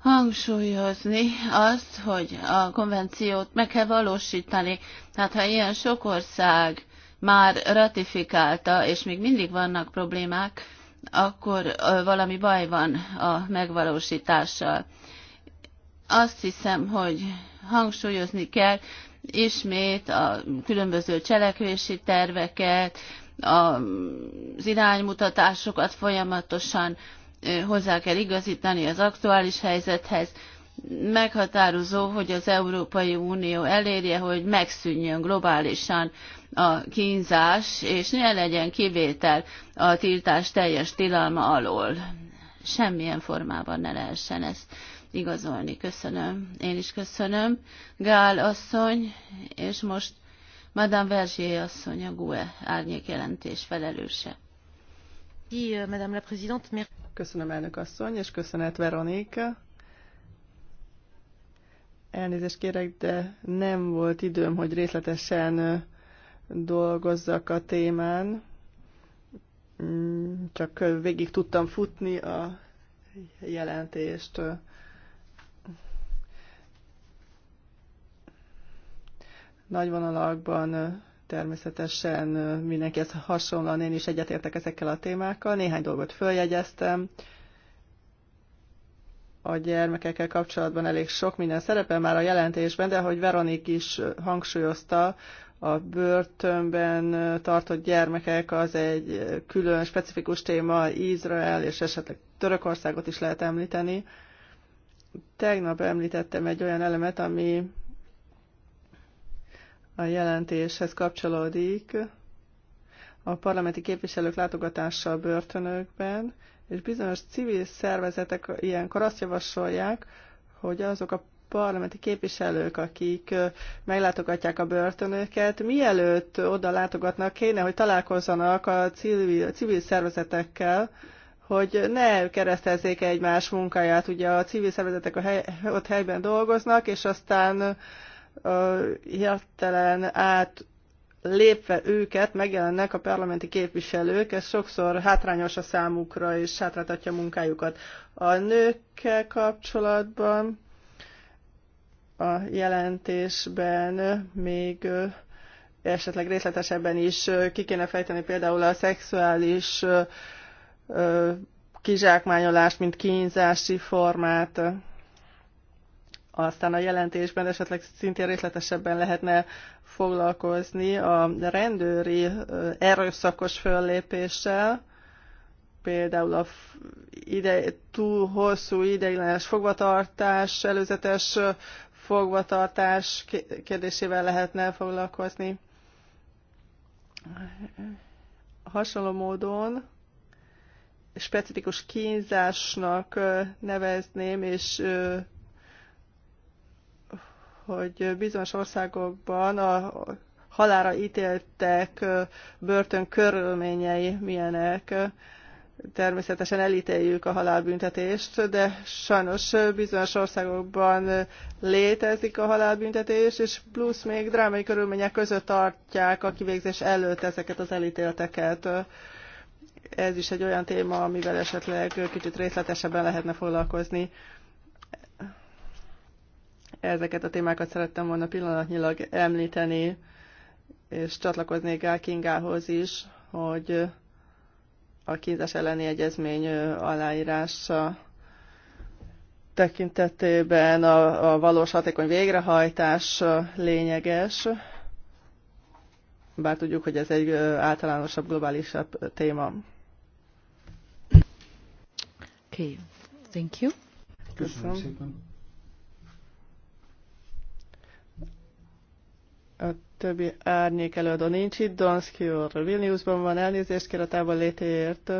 hangsúlyozni azt, hogy a konvenciót meg kell valósítani. Tehát ha ilyen sok ország már ratifikálta, és még mindig vannak problémák, akkor valami baj van a megvalósítással. Azt hiszem, hogy hangsúlyozni kell ismét a különböző cselekvési terveket, az iránymutatásokat folyamatosan hozzá kell igazítani az aktuális helyzethez. Meghatározó, hogy az Európai Unió elérje, hogy megszűnjön globálisan a kínzás, és ne legyen kivétel a tiltás teljes tilalma alól. Semmilyen formában ne lehessen ezt igazolni. Köszönöm. Én is köszönöm. Gál asszony, és most Madame Vergier asszony, a GUE árnyék jelentés felelőse. Euh, köszönöm, elnök asszony, és köszönet, Veronika. Elnézést kérek, de nem volt időm, hogy részletesen euh, dolgozzak a témán. Mm, csak végig tudtam futni a jelentést. Nagy vonalakban természetesen mindenkihez hasonlóan én is egyetértek ezekkel a témákkal. Néhány dolgot följegyeztem. A gyermekekkel kapcsolatban elég sok minden szerepel már a jelentésben, de ahogy Veronik is hangsúlyozta, a börtönben tartott gyermekek az egy külön specifikus téma, Izrael és esetleg Törökországot is lehet említeni. Tegnap említettem egy olyan elemet, ami a jelentéshez kapcsolódik. A parlamenti képviselők látogatása a börtönökben, és bizonyos civil szervezetek ilyenkor azt javasolják, hogy azok a parlamenti képviselők, akik meglátogatják a börtönöket, mielőtt oda látogatnak, kéne, hogy találkozzanak a civil, civil szervezetekkel, hogy ne keresztezzék egymás munkáját. Ugye a civil szervezetek a hely, ott helyben dolgoznak, és aztán uh, hirtelen át lépve őket megjelennek a parlamenti képviselők, ez sokszor hátrányos a számukra, és hátráltatja a munkájukat. A nőkkel kapcsolatban a jelentésben még esetleg részletesebben is ki kéne fejteni például a szexuális kizsákmányolást, mint kínzási formát. Aztán a jelentésben esetleg szintén részletesebben lehetne foglalkozni a rendőri erőszakos föllépéssel, például a ide, túl hosszú ideiglenes fogvatartás, előzetes fogvatartás kérdésével lehetne foglalkozni. Hasonló módon specifikus kínzásnak nevezném, és hogy bizonyos országokban a halára ítéltek börtön körülményei milyenek természetesen elítéljük a halálbüntetést, de sajnos bizonyos országokban létezik a halálbüntetés, és plusz még drámai körülmények között tartják a kivégzés előtt ezeket az elítélteket. Ez is egy olyan téma, amivel esetleg kicsit részletesebben lehetne foglalkozni. Ezeket a témákat szerettem volna pillanatnyilag említeni, és csatlakoznék Gál Kingához is, hogy a kínzás elleni egyezmény aláírása tekintetében a, a valós hatékony végrehajtás lényeges, bár tudjuk, hogy ez egy általánosabb, globálisabb téma. Okay. Thank you. Köszönöm, Köszönöm szépen többi árnyék előadó nincs itt. Donszki úr Vilniusban van, elnézést kér a távol létéért.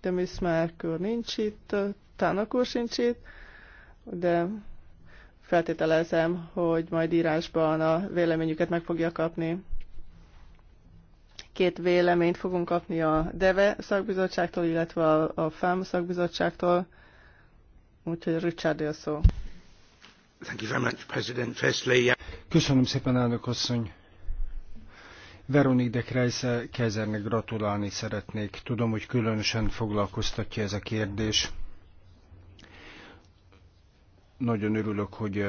Demis Márk úr nincs itt, Tának úr sincs itt, de feltételezem, hogy majd írásban a véleményüket meg fogja kapni. Két véleményt fogunk kapni a DEVE szakbizottságtól, illetve a, a FAM szakbizottságtól. Úgyhogy Richard él szó. Uh, Köszönöm szépen, elnök asszony. Veronique de Kreisze Kezernek gratulálni szeretnék. Tudom, hogy különösen foglalkoztatja ez a kérdés. Nagyon örülök, hogy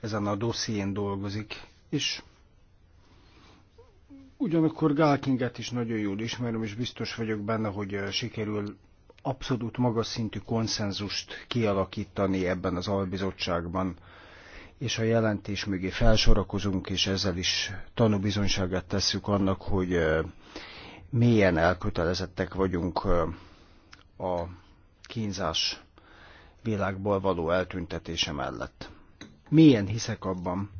ezen a dosszién dolgozik, és ugyanakkor Gálkinget is nagyon jól ismerem, és biztos vagyok benne, hogy sikerül abszolút magas szintű konszenzust kialakítani ebben az albizottságban és a jelentés mögé felsorakozunk, és ezzel is tanúbizonyságát tesszük annak, hogy mélyen elkötelezettek vagyunk a kínzás világból való eltüntetése mellett. Milyen hiszek abban,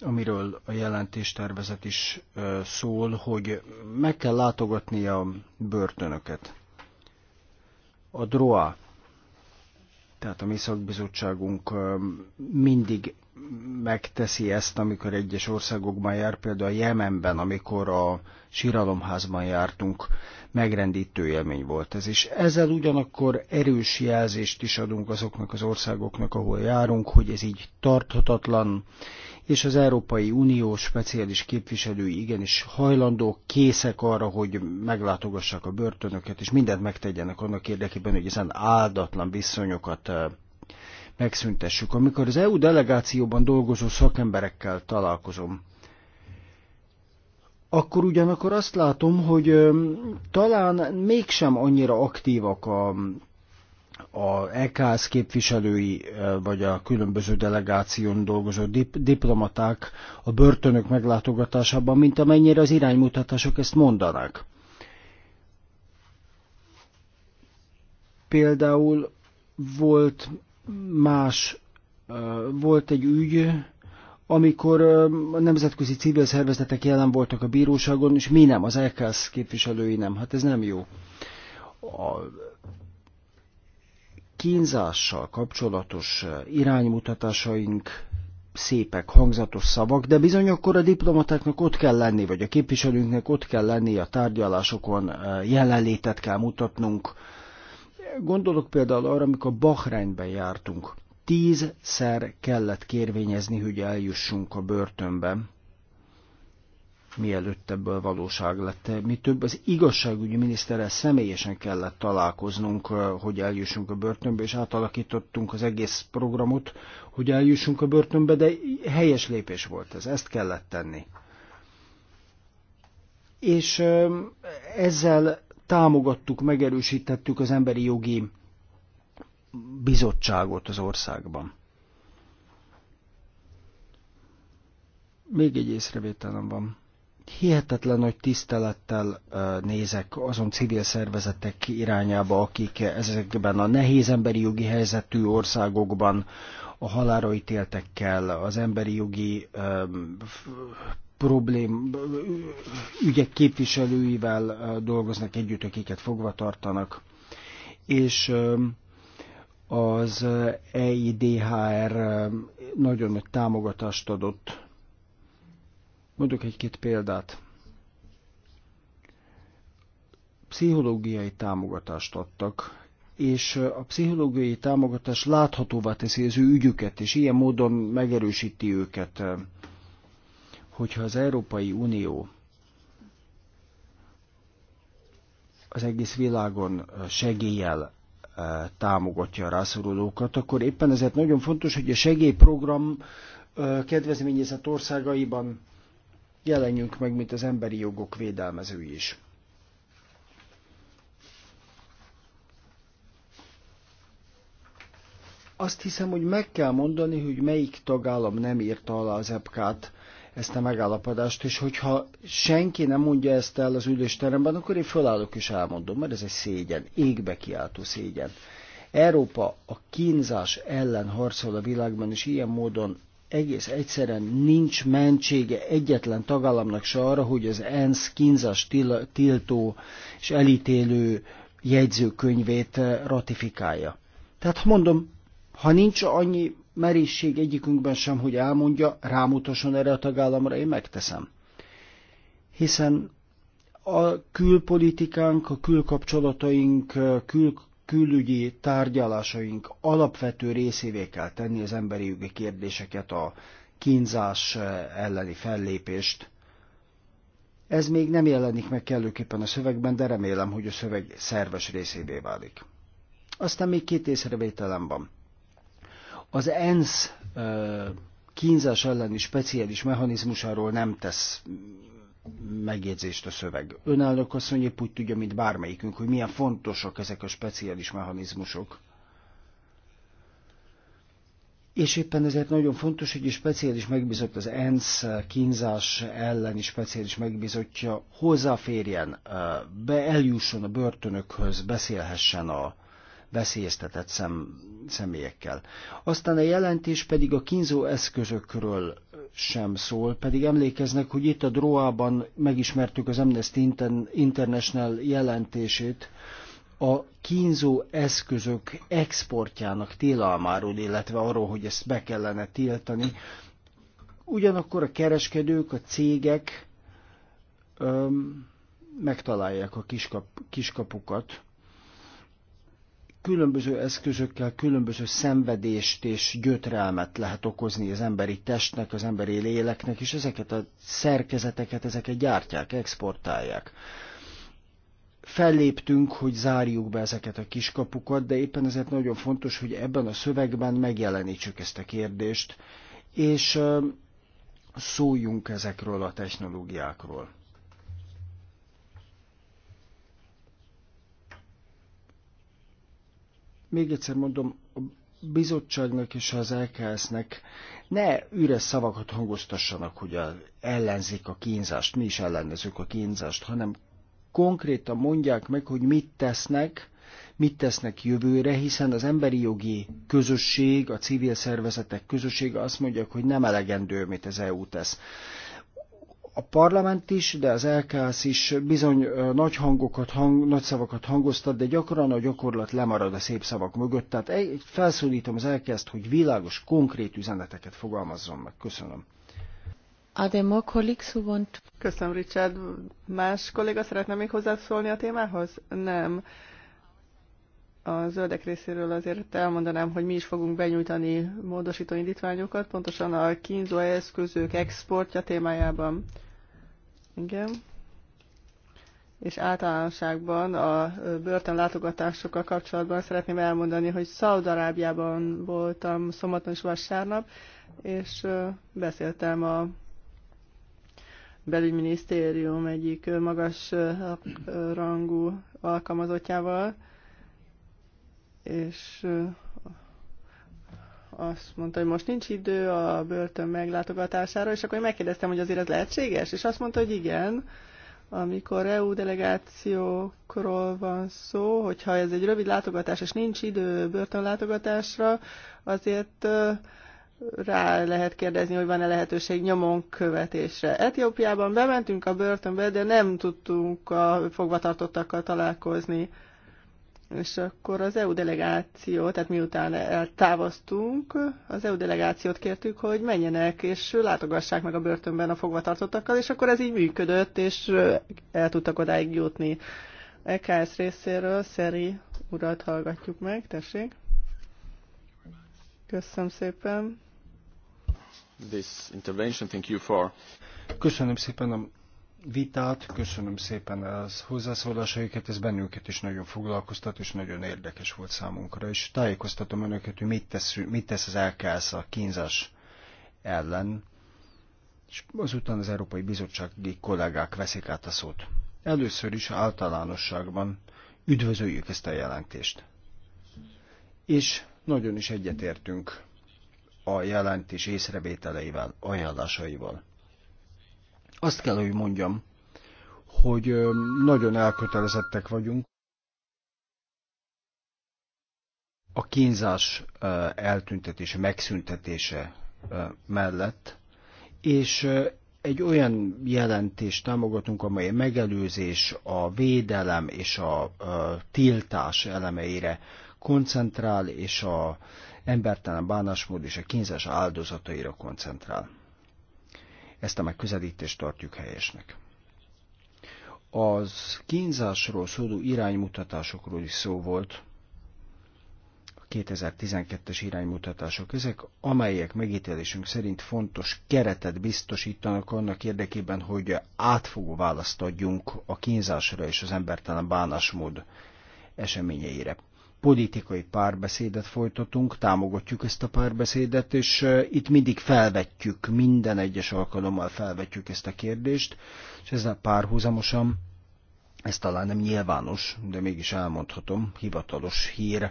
amiről a jelentéstervezet is szól, hogy meg kell látogatni a börtönöket. A DROA tehát a mi szakbizottságunk mindig megteszi ezt, amikor egyes országokban jár, például a Jemenben, amikor a síralomházban jártunk, megrendítő élmény volt ez. is ezzel ugyanakkor erős jelzést is adunk azoknak az országoknak, ahol járunk, hogy ez így tarthatatlan, és az Európai Unió speciális képviselői igenis hajlandók, készek arra, hogy meglátogassák a börtönöket, és mindent megtegyenek annak érdekében, hogy ezen áldatlan viszonyokat megszüntessük. Amikor az EU delegációban dolgozó szakemberekkel találkozom, akkor ugyanakkor azt látom, hogy talán mégsem annyira aktívak a a EKS képviselői, eh, vagy a különböző delegáción dolgozó dip- diplomaták a börtönök meglátogatásában, mint amennyire az iránymutatások ezt mondanák. Például volt más, eh, volt egy ügy, amikor a eh, nemzetközi civil szervezetek jelen voltak a bíróságon, és mi nem, az EKS képviselői nem. Hát ez nem jó. A kínzással kapcsolatos eh, iránymutatásaink szépek, hangzatos szavak, de bizony akkor a diplomatáknak ott kell lenni, vagy a képviselőnknek ott kell lenni a tárgyalásokon, eh, jelenlétet kell mutatnunk. Gondolok például arra, amikor Bahreinben jártunk. Tízszer kellett kérvényezni, hogy eljussunk a börtönbe mielőtt ebből valóság lett. Mi több az igazságügyi miniszterrel személyesen kellett találkoznunk, eh, hogy eljussunk a börtönbe, és átalakítottunk az egész programot, hogy eljussunk a börtönbe, de helyes lépés volt ez, ezt kellett tenni. És eh, ezzel támogattuk, megerősítettük az emberi jogi bizottságot az országban. Még egy észrevételem van. Hihetetlen nagy tisztelettel nézek azon civil szervezetek irányába, akik ezekben a nehéz emberi jogi helyzetű országokban a halára ítéltekkel, az emberi jogi problém, ügyek képviselőivel dolgoznak együtt, akiket fogva tartanak. És az EIDHR nagyon nagy támogatást adott Mondok egy-két példát. Pszichológiai támogatást adtak, és a pszichológiai támogatás láthatóvá teszi az ő ügyüket, és ilyen módon megerősíti őket, hogyha az Európai Unió az egész világon segéllyel e, támogatja a rászorulókat, akkor éppen ezért nagyon fontos, hogy a segélyprogram e, kedvezményezett országaiban jelenjünk meg, mint az emberi jogok védelmezői is. Azt hiszem, hogy meg kell mondani, hogy melyik tagállam nem írta alá az EPK-t, ezt a megállapodást, és hogyha senki nem mondja ezt el az ülésteremben, akkor én fölállok és elmondom, mert ez egy szégyen, égbe kiáltó szégyen. Európa a kínzás ellen harcol a világban, és ilyen módon egész egyszerűen nincs mentsége egyetlen tagállamnak se arra, hogy az ENSZ kínzás tiltó és elítélő jegyzőkönyvét eh, ratifikálja. Tehát mondom, ha nincs annyi merészség egyikünkben sem, hogy elmondja, rámutasson erre a tagállamra, én megteszem. Hiszen a külpolitikánk, a külkapcsolataink, eh, kül külügyi tárgyalásaink alapvető részévé kell tenni az emberi jogi kérdéseket, a kínzás eh, elleni fellépést. Ez még nem jelenik meg kellőképpen a szövegben, de remélem, hogy a szöveg szerves részévé válik. Aztán még két észrevételem van. Az ENSZ eh, kínzás elleni speciális mechanizmusáról nem tesz megjegyzést a szöveg. azt mondja, hogy úgy tudja, mint bármelyikünk, hogy milyen fontosak ezek a speciális mechanizmusok. És éppen ezért nagyon fontos, hogy egy speciális megbízott az ENSZ kínzás elleni speciális megbízottja hozzáférjen, be eljusson a börtönökhöz, beszélhessen a veszélyeztetett szem, személyekkel. Aztán a jelentés pedig a kínzó eszközökről sem szól, pedig emlékeznek, hogy itt a Droában megismertük az Amnesty International jelentését a kínzó eszközök exportjának tilalmáról, illetve arról, hogy ezt be kellene tiltani. Ugyanakkor a kereskedők, a cégek öm, megtalálják a kiskap, kiskapukat, különböző eszközökkel különböző szenvedést és gyötrelmet lehet okozni az emberi testnek, az emberi léleknek, és ezeket a szerkezeteket, ezeket gyártják, exportálják. Felléptünk, hogy zárjuk be ezeket a kiskapukat, de éppen ezért nagyon fontos, hogy ebben a szövegben megjelenítsük ezt a kérdést, és szóljunk ezekről a technológiákról. Még egyszer mondom, a bizottságnak és az LKS-nek ne üres szavakat hangoztassanak, hogy a, ellenzik a kínzást, mi is ellenezzük a kínzást, hanem konkrétan mondják meg, hogy mit tesznek, mit tesznek jövőre, hiszen az emberi jogi közösség, a civil szervezetek közössége azt mondják, hogy nem elegendő, amit az EU tesz a parlament is, de az LKS is bizony nagy hangokat, hang, nagy szavakat hangoztat, de gyakran a gyakorlat lemarad a szép szavak mögött. Tehát felszólítom az lks hogy világos, konkrét üzeneteket fogalmazzon meg. Köszönöm. Are Köszönöm, Richard. Más kolléga szeretne még hozzászólni a témához? Nem. A zöldek részéről azért elmondanám, hogy mi is fogunk benyújtani módosító indítványokat, pontosan a kínzó eszközök exportja témájában. Igen. És általánosságban a börtönlátogatásokkal kapcsolatban szeretném elmondani, hogy Szaudarábiában voltam szombaton és vasárnap, és beszéltem a belügyminisztérium egyik magas rangú alkalmazottjával, és azt mondta, hogy most nincs idő a börtön meglátogatására, és akkor én megkérdeztem, hogy azért ez lehetséges, és azt mondta, hogy igen, amikor EU delegációkról van szó, hogyha ez egy rövid látogatás, és nincs idő börtönlátogatásra, azért rá lehet kérdezni, hogy van-e lehetőség nyomon követésre. Etiópiában bementünk a börtönbe, de nem tudtunk a fogvatartottakkal találkozni és akkor az EU delegáció, tehát miután eltávoztunk, az EU delegációt kértük, hogy menjenek és látogassák meg a börtönben a fogvatartottakkal, és akkor ez így működött, és el tudtak odáig jutni. EKS részéről Szeri urat hallgatjuk meg, tessék. Köszönöm szépen. This intervention, thank you for. Köszönöm szépen vitát, köszönöm szépen az hozzászólásaikat, ez bennünket is nagyon foglalkoztat, és nagyon érdekes volt számunkra, és tájékoztatom önöket, hogy mit tesz, mit tesz az LKS a kínzás ellen, és azután az Európai Bizottsági kollégák veszik át a szót. Először is általánosságban üdvözöljük ezt a jelentést. És nagyon is egyetértünk a jelentés észrevételeivel, ajánlásaival. Azt kell, hogy mondjam, hogy nagyon elkötelezettek vagyunk a kínzás eltüntetése, megszüntetése mellett, és egy olyan jelentést támogatunk, amely a megelőzés, a védelem és a, tiltás elemeire koncentrál, és a embertelen bánásmód és a kínzás áldozataira koncentrál. Ezt a megközelítést tartjuk helyesnek. Az kínzásról szóló iránymutatásokról is szó volt, 2012-es iránymutatások ezek, amelyek megítélésünk szerint fontos keretet biztosítanak annak érdekében, hogy átfogó választ adjunk a kínzásra és az embertelen bánásmód eseményeire politikai párbeszédet folytatunk, támogatjuk ezt a párbeszédet, és itt mindig felvetjük, minden egyes alkalommal felvetjük ezt a kérdést, és ezzel párhuzamosan, ez talán nem nyilvános, de mégis elmondhatom, hivatalos hír,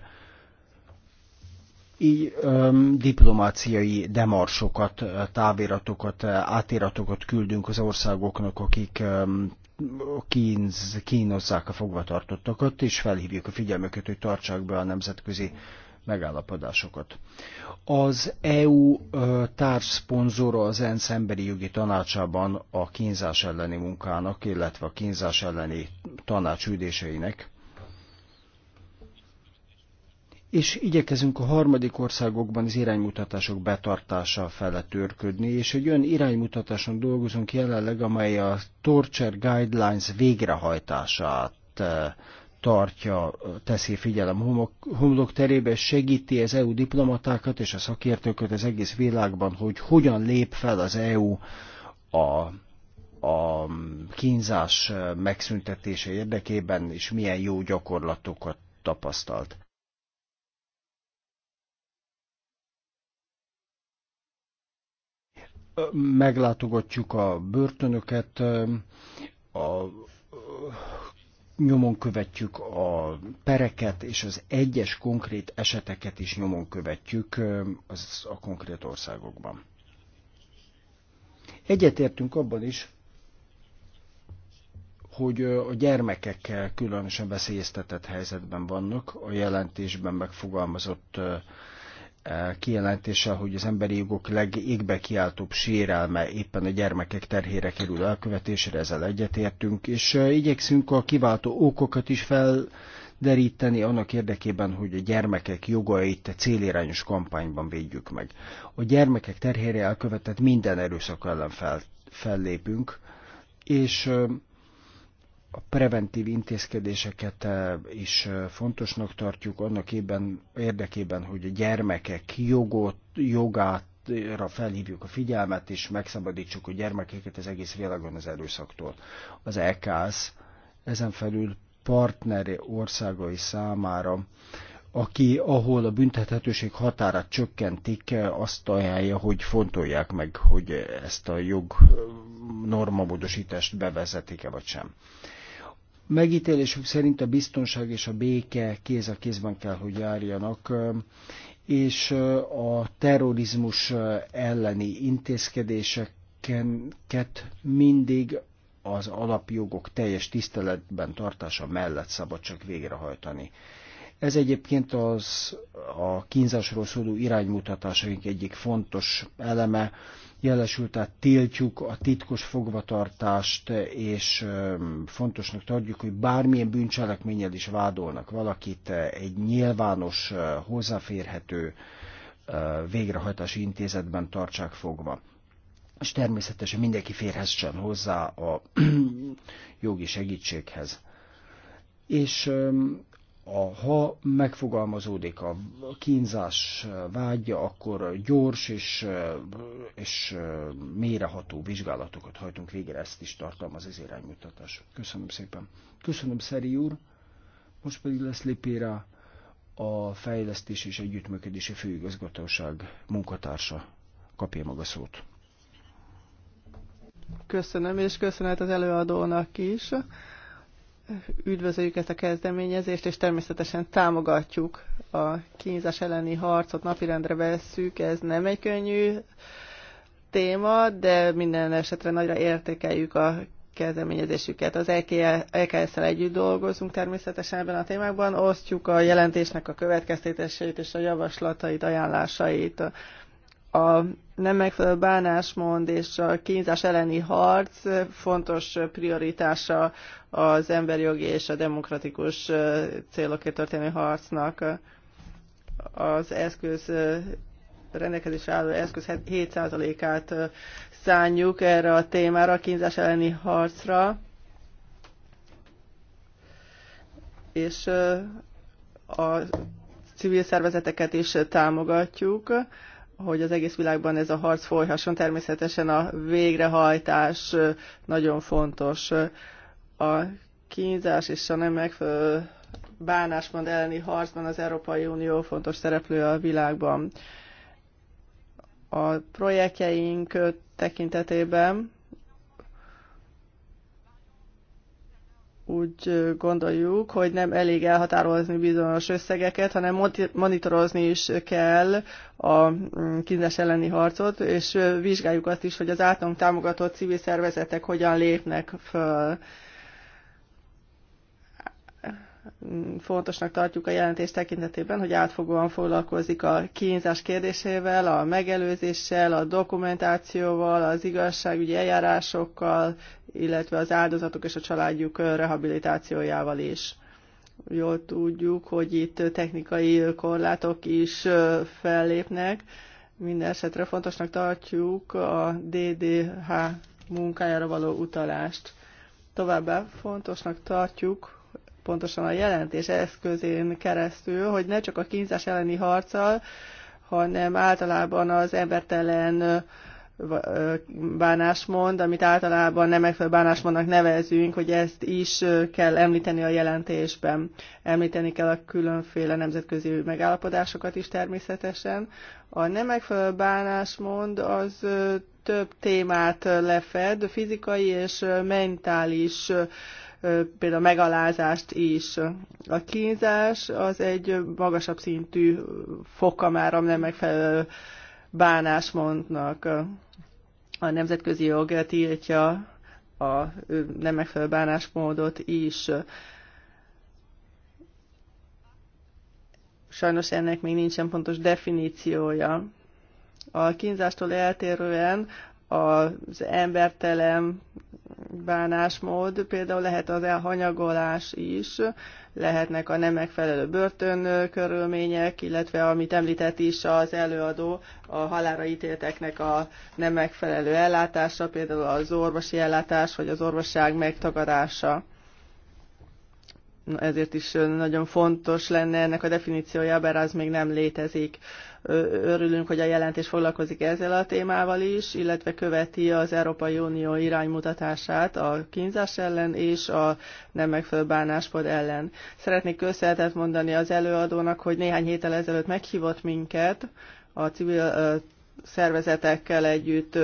így um, diplomáciai demarsokat, táviratokat, átiratokat küldünk az országoknak, akik um, kínz, kínozzák a fogvatartottakat, és felhívjuk a figyelmüket, hogy tartsák be a nemzetközi megállapodásokat. Az EU társzponzora az ENSZ emberi jogi tanácsában a kínzás elleni munkának, illetve a kínzás elleni üdéseinek és igyekezünk a harmadik országokban az iránymutatások betartása felett őrködni, és egy olyan iránymutatáson dolgozunk jelenleg, amely a Torture Guidelines végrehajtását eh, tartja, teszi figyelem homlok terébe, és segíti az EU diplomatákat és a szakértőket az egész világban, hogy hogyan lép fel az EU a a kínzás eh, megszüntetése érdekében, és milyen jó gyakorlatokat tapasztalt. meglátogatjuk a börtönöket, a, nyomon követjük a pereket, és az egyes konkrét eseteket is nyomon követjük az a konkrét országokban. Egyetértünk abban is, hogy a gyermekek különösen veszélyeztetett helyzetben vannak, a jelentésben megfogalmazott kijelentése, hogy az emberi jogok legégbe kiáltóbb sérelme éppen a gyermekek terhére kerül elkövetésre, ezzel egyetértünk, és igyekszünk a kiváltó okokat is felderíteni annak érdekében, hogy a gyermekek jogait célirányos kampányban védjük meg. A gyermekek terhére elkövetett minden erőszak ellen fel, fellépünk, és a preventív intézkedéseket eh, is eh, fontosnak tartjuk ében, érdekében, hogy a gyermekek jogot, jogát felhívjuk a figyelmet, és megszabadítsuk a gyermekeket az egész világon az erőszaktól. Az EKS ezen felül partneri országai számára, aki, ahol a büntethetőség határát csökkentik, eh, azt ajánlja, hogy fontolják meg, hogy ezt a jog normamódosítást bevezetik-e vagy sem. Megítélésük szerint a biztonság és a béke kéz a kézben kell, hogy járjanak, és a terrorizmus elleni intézkedéseket mindig az alapjogok teljes tiszteletben tartása mellett szabad csak végrehajtani. Ez egyébként az a kínzásról szóló iránymutatásaink egyik fontos eleme, jelesül, tehát tiltjuk a titkos fogvatartást, és fontosnak tartjuk, hogy bármilyen bűncselekménnyel is vádolnak valakit, egy nyilvános, hozzáférhető végrehajtási intézetben tartsák fogva. És természetesen mindenki férhessen hozzá a jogi segítséghez. És a, ha megfogalmazódik a kínzás vágya, akkor gyors és, és méreható vizsgálatokat hajtunk végre, ezt is tartalmaz az iránymutatás. Köszönöm szépen. Köszönöm, Szeri úr. Most pedig lesz Lipéra a Fejlesztés és Együttműködési Főigazgatóság munkatársa. Kapja maga szót. Köszönöm, és köszönet az előadónak is üdvözöljük ezt a kezdeményezést, és természetesen támogatjuk a kínzás elleni harcot, napirendre vesszük, ez nem egy könnyű téma, de minden esetre nagyra értékeljük a kezdeményezésüket. Az EKS-szel e, e e együtt dolgozunk természetesen ebben a témákban, osztjuk a jelentésnek a következtetéseit és a javaslatait, ajánlásait a nem megfelelő bánásmond és a kínzás elleni harc fontos prioritása az emberi jogi és a demokratikus célokért történő harcnak. Az eszköz rendelkezésre álló eszköz 7%-át szánjuk erre a témára, a kínzás elleni harcra, és a civil szervezeteket is támogatjuk hogy az egész világban ez a harc folyhasson. Természetesen a végrehajtás nagyon fontos. A kínzás és a nem megfelelő bánásmond elleni harcban az Európai Unió fontos szereplő a világban. A projektjeink tekintetében úgy gondoljuk, hogy nem elég elhatározni bizonyos összegeket, hanem monitorozni is kell a mm, kínzás elleni harcot, és vizsgáljuk azt is, hogy az általunk támogatott civil szervezetek hogyan lépnek föl fontosnak tartjuk a jelentés tekintetében, hogy átfogóan foglalkozik a kínzás kérdésével, a megelőzéssel, a dokumentációval, az igazságügyi eljárásokkal, illetve az áldozatok és a családjuk rehabilitációjával is. Jól tudjuk, hogy itt technikai korlátok is fellépnek. Minden esetre fontosnak tartjuk a DDH munkájára való utalást. Továbbá fontosnak tartjuk, pontosan a jelentés eszközén keresztül, hogy ne csak a kínzás elleni harccal, hanem általában az embertelen bánásmond, amit általában nem megfelelő bánásmondnak nevezünk, hogy ezt is kell említeni a jelentésben. Említeni kell a különféle nemzetközi megállapodásokat is természetesen. A nem megfelelő bánásmond az több témát lefed, fizikai és mentális például a megalázást is. A kínzás az egy magasabb szintű foka már nem megfelelő bánásmondnak. A nemzetközi jog tiltja a nem megfelelő bánásmódot is. Sajnos ennek még nincsen pontos definíciója. A kínzástól eltérően az embertelen bánásmód, például lehet az elhanyagolás is, lehetnek a nem megfelelő börtön körülmények, illetve amit említett is az előadó, a halára ítélteknek a nem megfelelő ellátása, például az orvosi ellátás vagy az orvosság megtagadása ezért is nagyon fontos lenne ennek a definíciója, bár az még nem létezik. Örülünk, hogy a jelentés foglalkozik ezzel a témával is, illetve követi az Európai Unió iránymutatását a kínzás ellen és a nem megfelelő bánáspod ellen. Szeretnék köszönetet mondani az előadónak, hogy néhány héttel ezelőtt meghívott minket a civil szervezetekkel együtt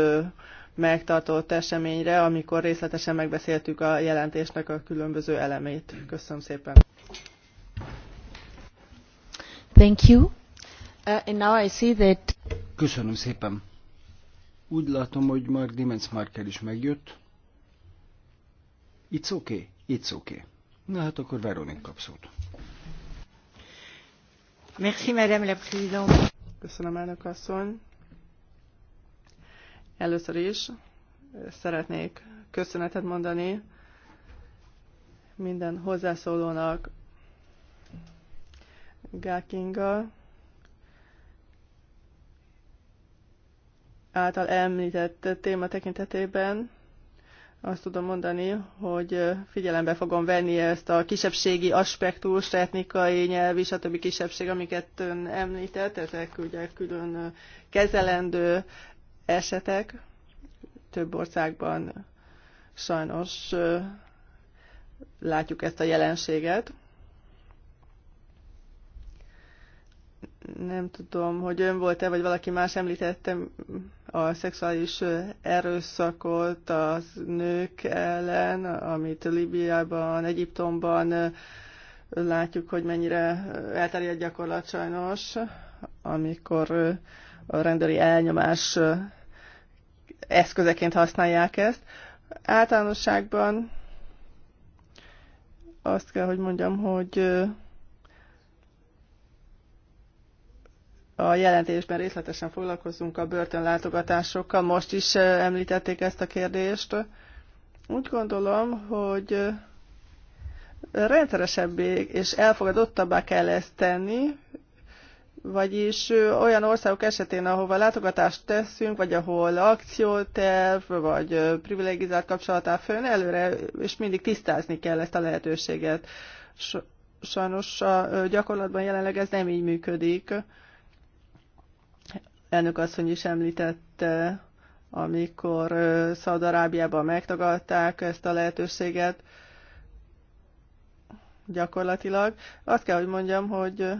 megtartott eseményre, amikor részletesen megbeszéltük a jelentésnek a különböző elemét. Köszönöm szépen. Thank you. Uh, and now I see that... Köszönöm szépen. Úgy látom, hogy már Dimens Marker is megjött. It's okay, it's okay. Na hát akkor Veronik kap szót. Merci, Madame la Présidente. Köszönöm, elnök asszony. Először is szeretnék köszönetet mondani minden hozzászólónak, Gákinga által említett téma tekintetében azt tudom mondani, hogy figyelembe fogom venni ezt a kisebbségi aspektus etnikai, nyelvi, stb. kisebbség, amiket ön említett, ezek ugye külön kezelendő esetek több országban sajnos látjuk ezt a jelenséget. Nem tudom, hogy ön volt-e, vagy valaki más említette a szexuális erőszakot az nők ellen, amit Libiában, Egyiptomban látjuk, hogy mennyire elterjedt gyakorlat sajnos, amikor a rendőri elnyomás eszközeként használják ezt. Általánosságban azt kell, hogy mondjam, hogy a jelentésben részletesen foglalkozunk a börtönlátogatásokkal. Most is említették ezt a kérdést. Úgy gondolom, hogy rendszeresebbé és elfogadottabbá kell ezt tenni, vagyis olyan országok esetén, ahova látogatást teszünk, vagy ahol akcióterv, vagy privilegizált kapcsolatá fönn előre, és mindig tisztázni kell ezt a lehetőséget. Sajnos a gyakorlatban jelenleg ez nem így működik. Elnök asszony is említette, amikor Szaudarábiában megtagadták ezt a lehetőséget, gyakorlatilag. Azt kell, hogy mondjam, hogy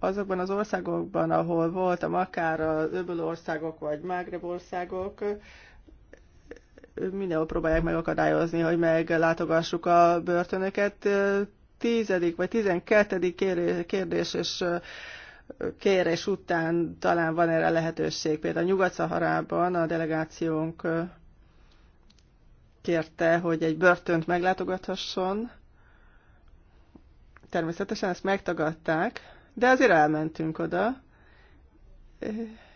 azokban az országokban, ahol voltam, akár az öböl országok vagy Mágreb országok, mindenhol próbálják megakadályozni, hogy meglátogassuk a börtönöket. Tizedik vagy tizenkettedik kérdés és kérés után talán van erre lehetőség. Például Nyugat-Szaharában a delegációnk kérte, hogy egy börtönt meglátogathasson. Természetesen ezt megtagadták, de azért elmentünk oda,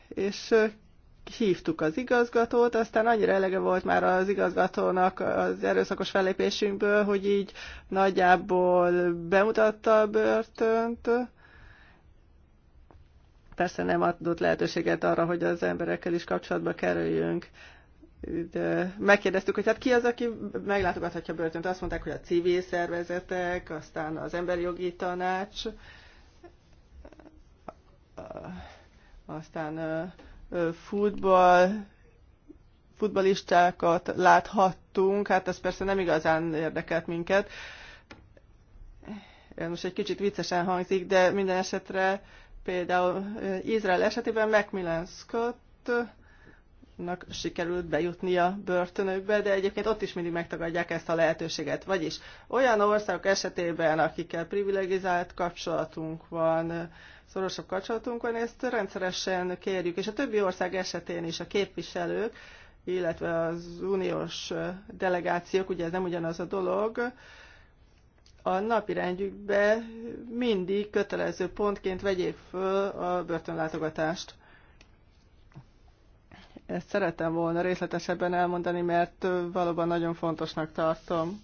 és hívtuk az igazgatót, aztán annyira elege volt már az igazgatónak az erőszakos fellépésünkből, hogy így nagyjából bemutatta a börtönt. Persze nem adott lehetőséget arra, hogy az emberekkel is kapcsolatba kerüljünk. De megkérdeztük, hogy hát ki az, aki meglátogathatja a börtönt. Azt mondták, hogy a civil szervezetek, aztán az emberi jogi tanács, aztán futball, futballistákat láthattunk, hát ez persze nem igazán érdekelt minket. Ez most egy kicsit viccesen hangzik, de minden esetre például Izrael esetében Macmillan Scott nak sikerült bejutni a börtönökbe, de egyébként ott is mindig megtagadják ezt a lehetőséget. Vagyis olyan országok esetében, akikkel privilegizált kapcsolatunk van, szorosabb kapcsolatunk van, ezt rendszeresen kérjük, és a többi ország esetén is a képviselők, illetve az uniós delegációk, ugye ez nem ugyanaz a dolog, a napirendjükbe mindig kötelező pontként vegyék föl a börtönlátogatást ezt szeretem volna részletesebben elmondani, mert valóban nagyon fontosnak tartom.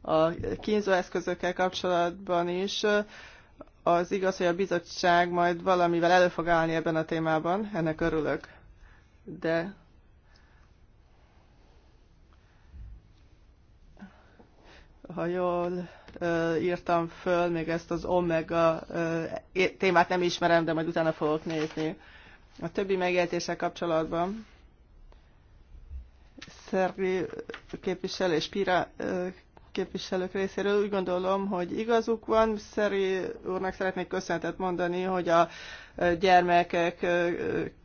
A kínzóeszközökkel kapcsolatban is az igaz, hogy a bizottság majd valamivel elő fog állni ebben a témában, ennek örülök. De ha jól írtam föl, még ezt az omega témát nem ismerem, de majd utána fogok nézni. A többi megjegyzéssel kapcsolatban Szervi képviselő és Pira képviselők részéről úgy gondolom, hogy igazuk van. Szeri úrnak szeretnék köszönetet mondani, hogy a gyermekek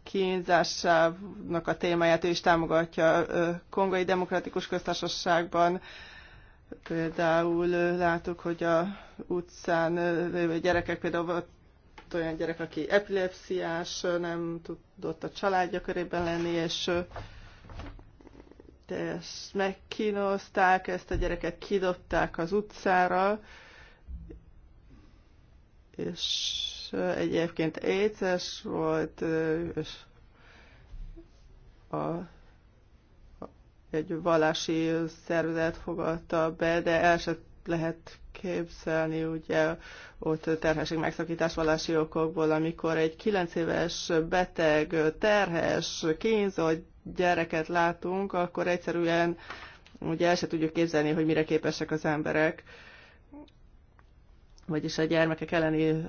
kínzásának a témáját ő is támogatja Kongai Demokratikus Köztársaságban. Például láttuk, hogy a utcán lévő gyerekek például volt olyan gyerek, aki epilepsziás, nem tudott a családja körében lenni, és ezt megkínozták, ezt a gyereket kidobták az utcára, és egyébként éces volt, és a, a, egy vallási szervezet fogadta be, de el sem lehet képzelni, ugye ott terhesség megszakítás vallási okokból, amikor egy 9 éves beteg, terhes, kínzott gyereket látunk, akkor egyszerűen ugye el se tudjuk képzelni, hogy mire képesek az emberek. Vagyis a gyermekek elleni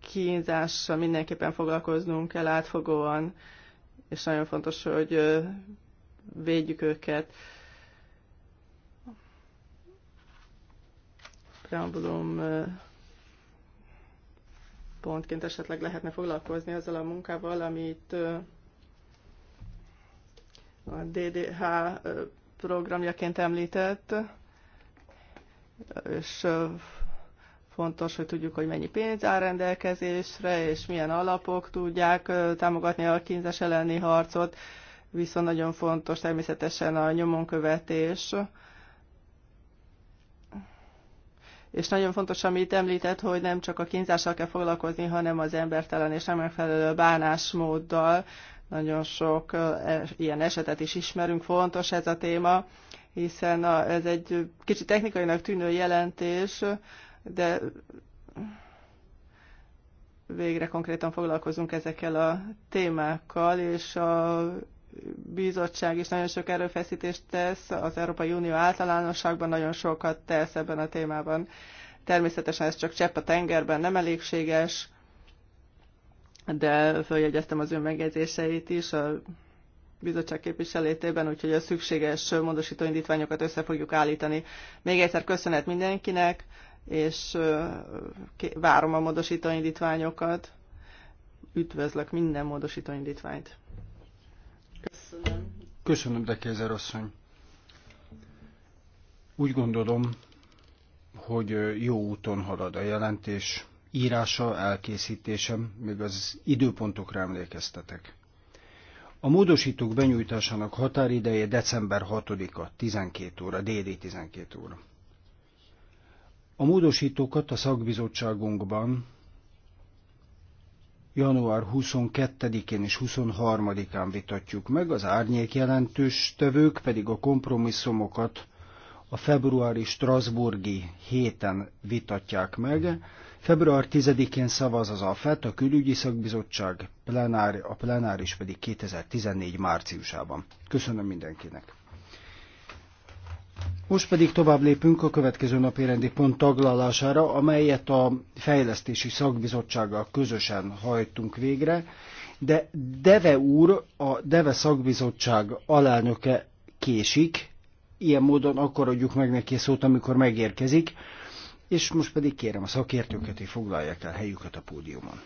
kínzással mindenképpen foglalkoznunk kell átfogóan, és nagyon fontos, hogy védjük őket. preambulum pontként esetleg lehetne foglalkozni azzal a munkával, amit a DDH programjaként említett, és fontos, hogy tudjuk, hogy mennyi pénz áll rendelkezésre, és milyen alapok tudják támogatni a kínzás elleni harcot, viszont nagyon fontos természetesen a nyomonkövetés, követés, és nagyon fontos, amit említett, hogy nem csak a kínzással kell foglalkozni, hanem az embertelen és nem megfelelő bánásmóddal. Nagyon sok e, ilyen esetet is ismerünk, fontos ez a téma, hiszen ez egy kicsit technikainak tűnő jelentés, de végre konkrétan foglalkozunk ezekkel a témákkal, és a bizottság is nagyon sok erőfeszítést tesz, az Európai Unió általánosságban nagyon sokat tesz ebben a témában. Természetesen ez csak csepp a tengerben, nem elégséges, de följegyeztem az ön megjegyzéseit is a bizottság képviselétében, úgyhogy a szükséges módosító indítványokat össze fogjuk állítani. Még egyszer köszönet mindenkinek, és várom a módosító indítványokat. Üdvözlök minden módosító indítványt! Köszönöm. Köszönöm, de Kézer asszony. Úgy gondolom, hogy jó úton halad a jelentés írása, elkészítésem, még az időpontokra emlékeztetek. A módosítók benyújtásának határideje december 6-a, 12 óra, déli 12 óra. A módosítókat a szakbizottságunkban január 22-én és 23-án vitatjuk meg, az árnyék jelentős tevők pedig a kompromisszumokat a februári Strasburgi héten vitatják meg. Február 10-én szavaz az AFET, a külügyi szakbizottság, plenár, a plenáris pedig 2014 márciusában. Köszönöm mindenkinek! Most pedig tovább lépünk a következő napi rendi pont taglalására, amelyet a Fejlesztési Szakbizottsággal közösen hajtunk végre, de Deve úr, a Deve Szakbizottság alelnöke késik, ilyen módon akkor adjuk meg neki szót, amikor megérkezik, és most pedig kérem a szakértőket, hogy foglalják el helyüket a pódiumon.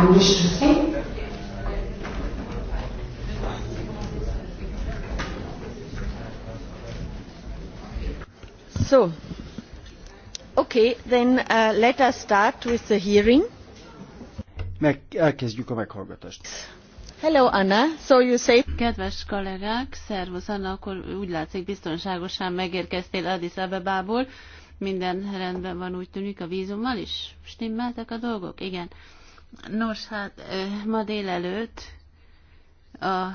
Administración. So, okay, then uh, let us start with the hearing. Meg, elkezdjük a meghallgatást. Hello Anna, so you say... Kedves kollégák, szervusz Anna, akkor úgy látszik biztonságosan megérkeztél Addis Abebából. Minden rendben van, úgy tűnik, a vízummal is stimmeltek a dolgok? Igen. Nos, hát ma délelőtt a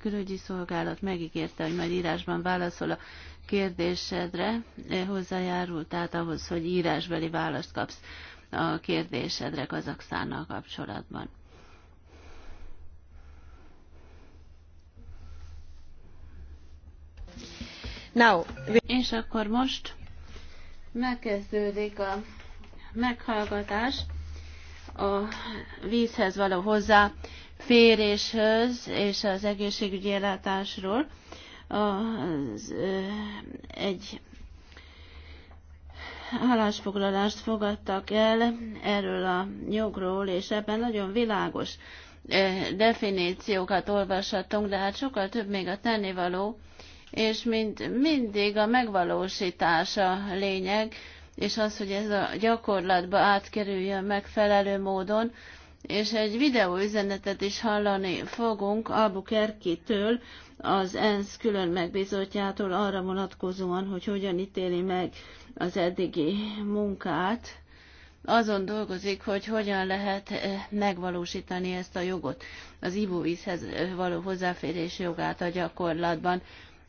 külügyi szolgálat megígérte, hogy majd írásban válaszol a kérdésedre, hozzájárult tehát ahhoz, hogy írásbeli választ kapsz a kérdésedre Kazaksztánnal kapcsolatban. Now. És akkor most megkezdődik a meghallgatás a vízhez való hozzáféréshöz és az egészségügyi ellátásról. Az, egy állásfoglalást fogadtak el erről a jogról, és ebben nagyon világos definíciókat olvashatunk, de hát sokkal több még a tennivaló, és mint mindig a megvalósítása lényeg, és az, hogy ez a gyakorlatba átkerüljön megfelelő módon, és egy videóüzenetet is hallani fogunk Albuquerque-től, az ENSZ külön megbízottjától arra vonatkozóan, hogy hogyan ítéli meg az eddigi munkát. Azon dolgozik, hogy hogyan lehet eh, megvalósítani ezt a jogot, az ivóvízhez való hozzáférés jogát a gyakorlatban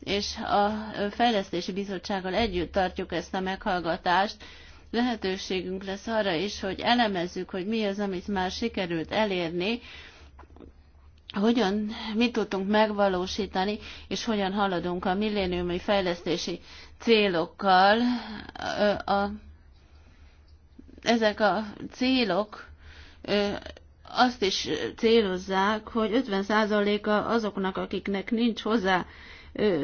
és a Fejlesztési Bizottsággal együtt tartjuk ezt a meghallgatást. Lehetőségünk lesz arra is, hogy elemezzük, hogy mi az, amit már sikerült elérni, hogyan, mit tudtunk megvalósítani, és hogyan haladunk a milléniumi fejlesztési célokkal. A, a, ezek a célok azt is célozzák, hogy 50%-a azoknak, akiknek nincs hozzá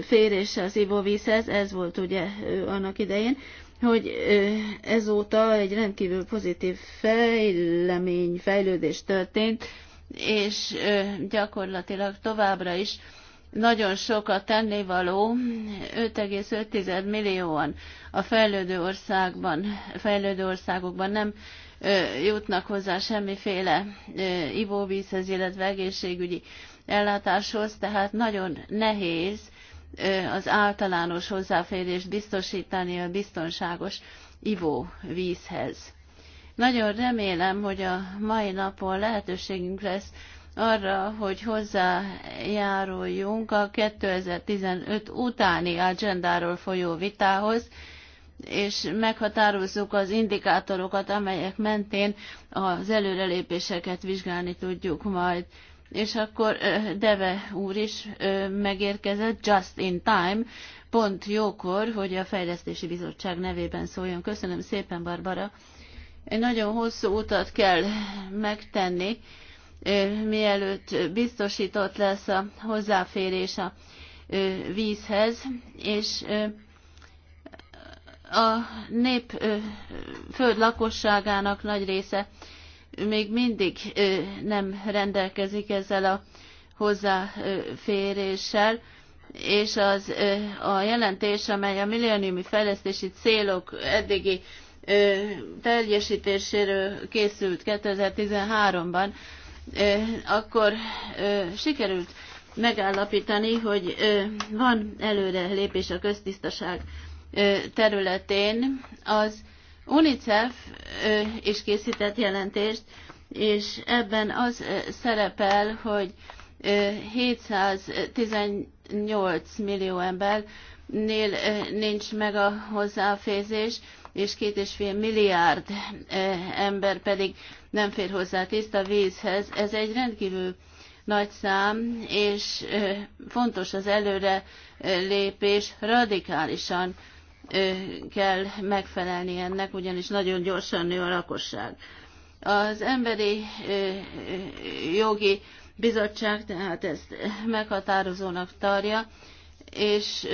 férés az ivóvízhez, ez volt ugye annak idején, hogy ezóta egy rendkívül pozitív fejlemény, fejlődés történt, és gyakorlatilag továbbra is nagyon sok a tennivaló, 5,5 millióan a fejlődő, országban, fejlődő országokban nem jutnak hozzá semmiféle ivóvízhez, illetve egészségügyi ellátáshoz, tehát nagyon nehéz az általános hozzáférést biztosítani a biztonságos ivóvízhez. Nagyon remélem, hogy a mai napon lehetőségünk lesz arra, hogy hozzájáruljunk a 2015 utáni agendáról folyó vitához, és meghatározzuk az indikátorokat, amelyek mentén az előrelépéseket vizsgálni tudjuk majd és akkor Deve úr is megérkezett just in time, pont jókor, hogy a Fejlesztési Bizottság nevében szóljon. Köszönöm szépen, Barbara. Egy nagyon hosszú utat kell megtenni, mielőtt biztosított lesz a hozzáférés a vízhez, és a nép föld lakosságának nagy része még mindig nem rendelkezik ezzel a hozzáféréssel, és az a jelentés, amely a milléniumi fejlesztési célok eddigi teljesítéséről készült 2013-ban, akkor sikerült megállapítani, hogy van előre lépés a köztisztaság területén. Az UNICEF is készített jelentést, és ebben az szerepel, hogy 718 millió embernél nincs meg a hozzáfézés, és két és fél milliárd ember pedig nem fér hozzá tiszta vízhez. Ez egy rendkívül nagy szám, és fontos az előre lépés radikálisan kell megfelelni ennek, ugyanis nagyon gyorsan nő a lakosság. Az emberi jogi bizottság tehát ezt meghatározónak tarja, és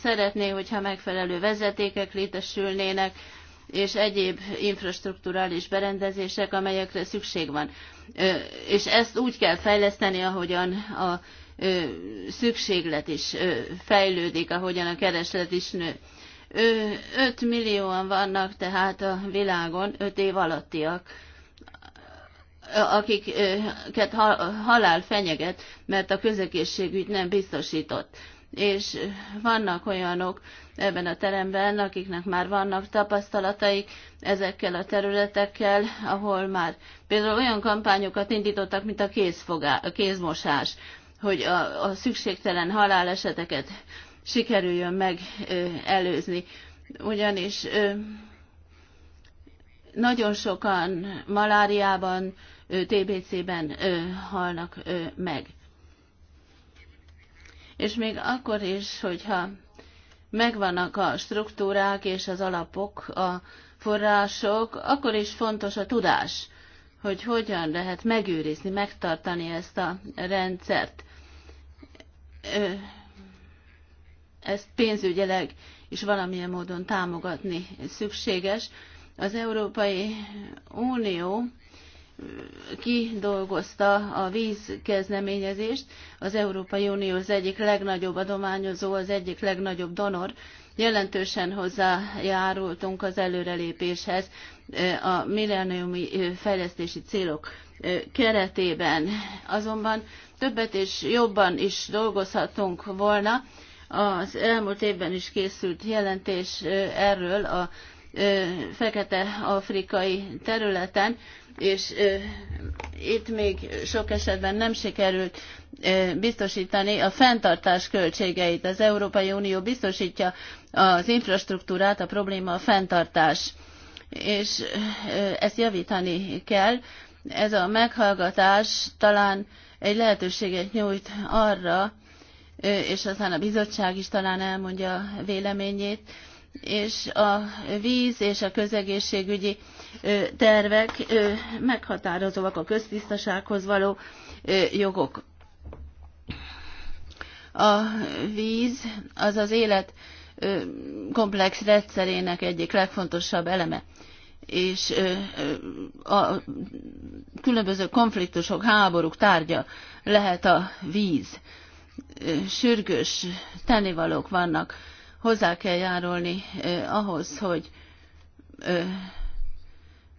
szeretné, hogyha megfelelő vezetékek létesülnének, és egyéb infrastruktúrális berendezések, amelyekre szükség van. És ezt úgy kell fejleszteni, ahogyan a szükséglet is fejlődik, ahogyan a kereslet is nő. 5 millióan vannak tehát a világon 5 év alattiak, akiket halál fenyeget, mert a közegészségügy nem biztosított. És vannak olyanok ebben a teremben, akiknek már vannak tapasztalataik ezekkel a területekkel, ahol már például olyan kampányokat indítottak, mint a, kézfogá, a kézmosás, hogy a, a szükségtelen haláleseteket sikerüljön megelőzni. Ugyanis nagyon sokan maláriában, TBC-ben halnak meg. És még akkor is, hogyha megvannak a struktúrák és az alapok, a források, akkor is fontos a tudás, hogy hogyan lehet megőrizni, megtartani ezt a rendszert ezt pénzügyileg is valamilyen módon támogatni szükséges. Az Európai Unió kidolgozta a vízkezdeményezést. Az Európai Unió az egyik legnagyobb adományozó, az egyik legnagyobb donor. Jelentősen hozzájárultunk az előrelépéshez a milleniumi fejlesztési célok keretében. Azonban többet és jobban is dolgozhatunk volna, az elmúlt évben is készült jelentés erről a fekete-afrikai területen, és itt még sok esetben nem sikerült biztosítani a fenntartás költségeit. Az Európai Unió biztosítja az infrastruktúrát, a probléma a fenntartás, és ezt javítani kell. Ez a meghallgatás talán egy lehetőséget nyújt arra, és aztán a bizottság is talán elmondja a véleményét és a víz és a közegészségügyi tervek meghatározóak a köztisztasághoz való jogok. A víz az az élet komplex rendszerének egyik legfontosabb eleme és a különböző konfliktusok, háborúk tárgya lehet a víz sürgős tennivalók vannak. Hozzá kell járulni ahhoz, hogy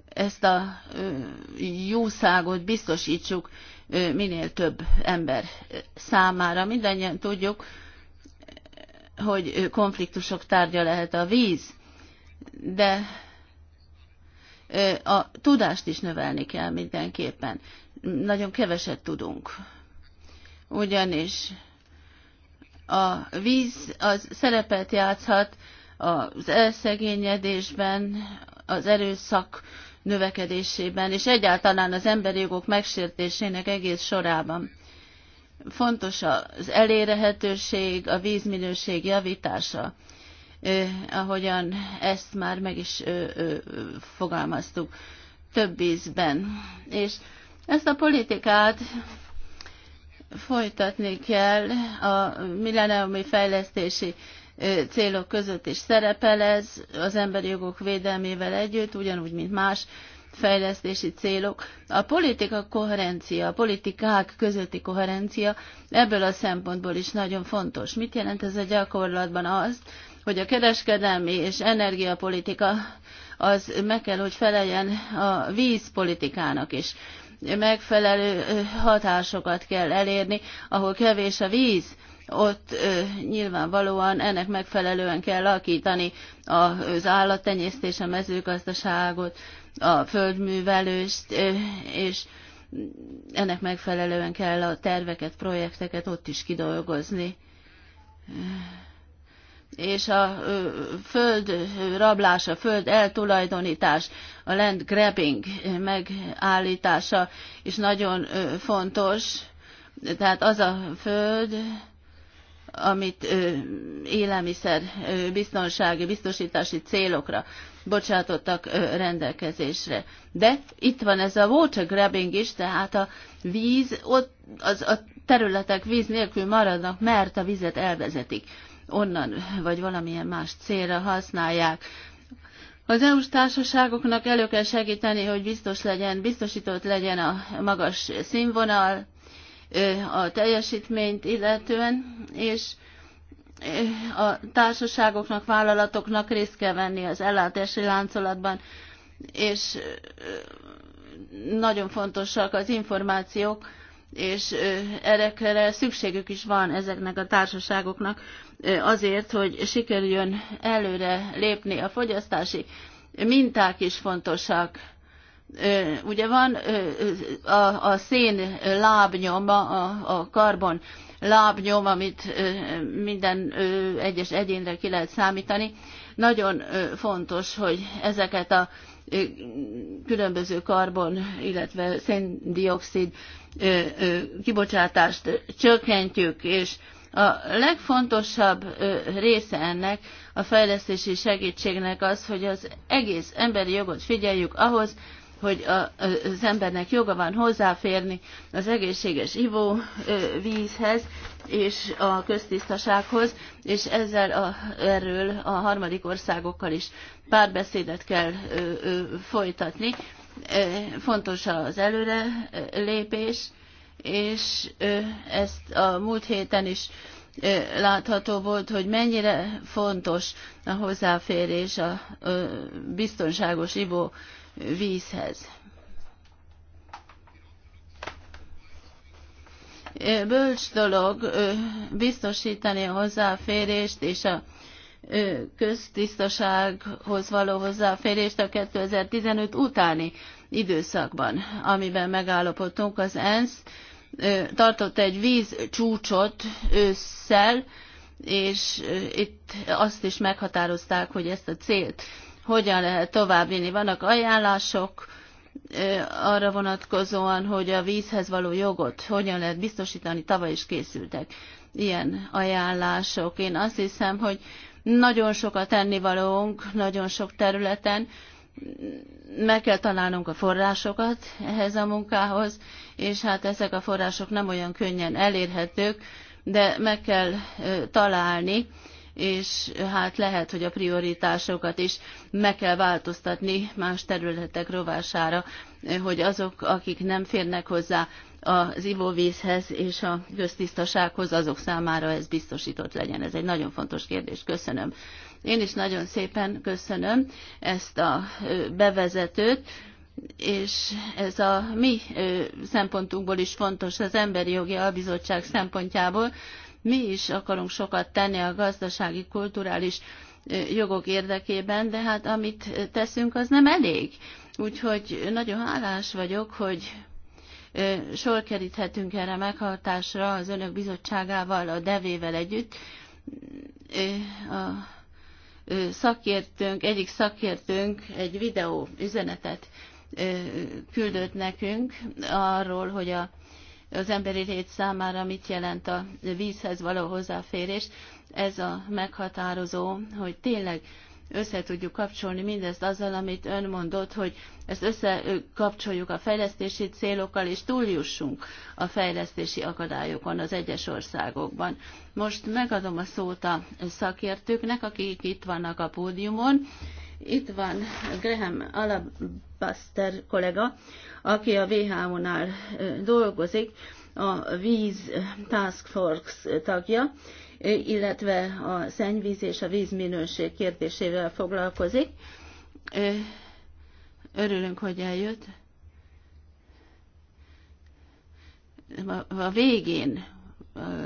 ezt a jószágot biztosítsuk minél több ember számára. Mindannyian tudjuk, hogy konfliktusok tárgya lehet a víz, de a tudást is növelni kell mindenképpen. Nagyon keveset tudunk. Ugyanis a víz az szerepet játszhat az elszegényedésben, az erőszak növekedésében, és egyáltalán az emberi jogok megsértésének egész sorában. Fontos az elérhetőség, a vízminőség javítása, ahogyan ezt már meg is fogalmaztuk több vízben. És ezt a politikát folytatni kell a milleniumi fejlesztési célok között is szerepel ez az emberi jogok védelmével együtt, ugyanúgy, mint más fejlesztési célok. A politika koherencia, a politikák közötti koherencia ebből a szempontból is nagyon fontos. Mit jelent ez a gyakorlatban az, hogy a kereskedelmi és energiapolitika az meg kell, hogy feleljen a vízpolitikának is megfelelő hatásokat kell elérni, ahol kevés a víz, ott nyilvánvalóan ennek megfelelően kell alakítani az állattenyésztés, a mezőgazdaságot, a földművelést, és ennek megfelelően kell a terveket, projekteket ott is kidolgozni és a föld rablása, föld eltulajdonítás, a land grabbing megállítása is nagyon fontos. Tehát az a föld, amit élelmiszer biztonsági, biztosítási célokra bocsátottak rendelkezésre. De itt van ez a water grabbing is, tehát a víz, ott az, a területek víz nélkül maradnak, mert a vizet elvezetik onnan vagy valamilyen más célra használják. Az EU-s társaságoknak elő kell segíteni, hogy biztos legyen, biztosított legyen a magas színvonal a teljesítményt illetően, és a társaságoknak, vállalatoknak részt kell venni az ellátási láncolatban, és nagyon fontosak az információk, és erre szükségük is van ezeknek a társaságoknak azért, hogy sikerüljön előre lépni. A fogyasztási minták is fontosak. Ugye van a, a szén lábnyoma, a, a karbon lábnyom, amit minden egyes egyénre ki lehet számítani. Nagyon fontos, hogy ezeket a különböző karbon, illetve széndiokszid kibocsátást csökkentjük, és a legfontosabb része ennek a fejlesztési segítségnek az, hogy az egész emberi jogot figyeljük ahhoz, hogy az embernek joga van hozzáférni az egészséges ivóvízhez és a köztisztasághoz, és ezzel a, erről a harmadik országokkal is párbeszédet kell folytatni. Fontos az előre lépés és ezt a múlt héten is látható volt, hogy mennyire fontos a hozzáférés a biztonságos ivó vízhez. Bölcs dolog biztosítani a hozzáférést és a köztisztasághoz való hozzáférést a 2015 utáni időszakban, amiben megállapodtunk az ENSZ tartott egy vízcsúcsot ősszel, és itt azt is meghatározták, hogy ezt a célt hogyan lehet továbbvinni. Vannak ajánlások arra vonatkozóan, hogy a vízhez való jogot hogyan lehet biztosítani, tavaly is készültek ilyen ajánlások. Én azt hiszem, hogy nagyon sok a tennivalónk, nagyon sok területen, meg kell találnunk a forrásokat ehhez a munkához, és hát ezek a források nem olyan könnyen elérhetők, de meg kell találni, és hát lehet, hogy a prioritásokat is meg kell változtatni más területek rovására, hogy azok, akik nem férnek hozzá az ivóvízhez és a köztisztasághoz, azok számára ez biztosított legyen. Ez egy nagyon fontos kérdés. Köszönöm. Én is nagyon szépen köszönöm ezt a bevezetőt és ez a mi szempontunkból is fontos, az Emberi Jogi Albizottság szempontjából. Mi is akarunk sokat tenni a gazdasági, kulturális jogok érdekében, de hát amit teszünk, az nem elég. Úgyhogy nagyon hálás vagyok, hogy sor keríthetünk erre meghatásra az Önök bizottságával, a devével együtt. A szakértőnk, egyik szakértőnk egy videó üzenetet küldött nekünk arról, hogy a, az emberi rét számára mit jelent a vízhez való hozzáférés. Ez a meghatározó, hogy tényleg össze tudjuk kapcsolni mindezt azzal, amit ön mondott, hogy ezt összekapcsoljuk a fejlesztési célokkal, és túljussunk a fejlesztési akadályokon az egyes országokban. Most megadom a szót a szakértőknek, akik itt vannak a pódiumon. Itt van Graham Alabaster kollega, aki a WHO-nál dolgozik, a víz Task Force tagja, illetve a szennyvíz és a vízminőség kérdésével foglalkozik. Örülünk, hogy eljött. A végén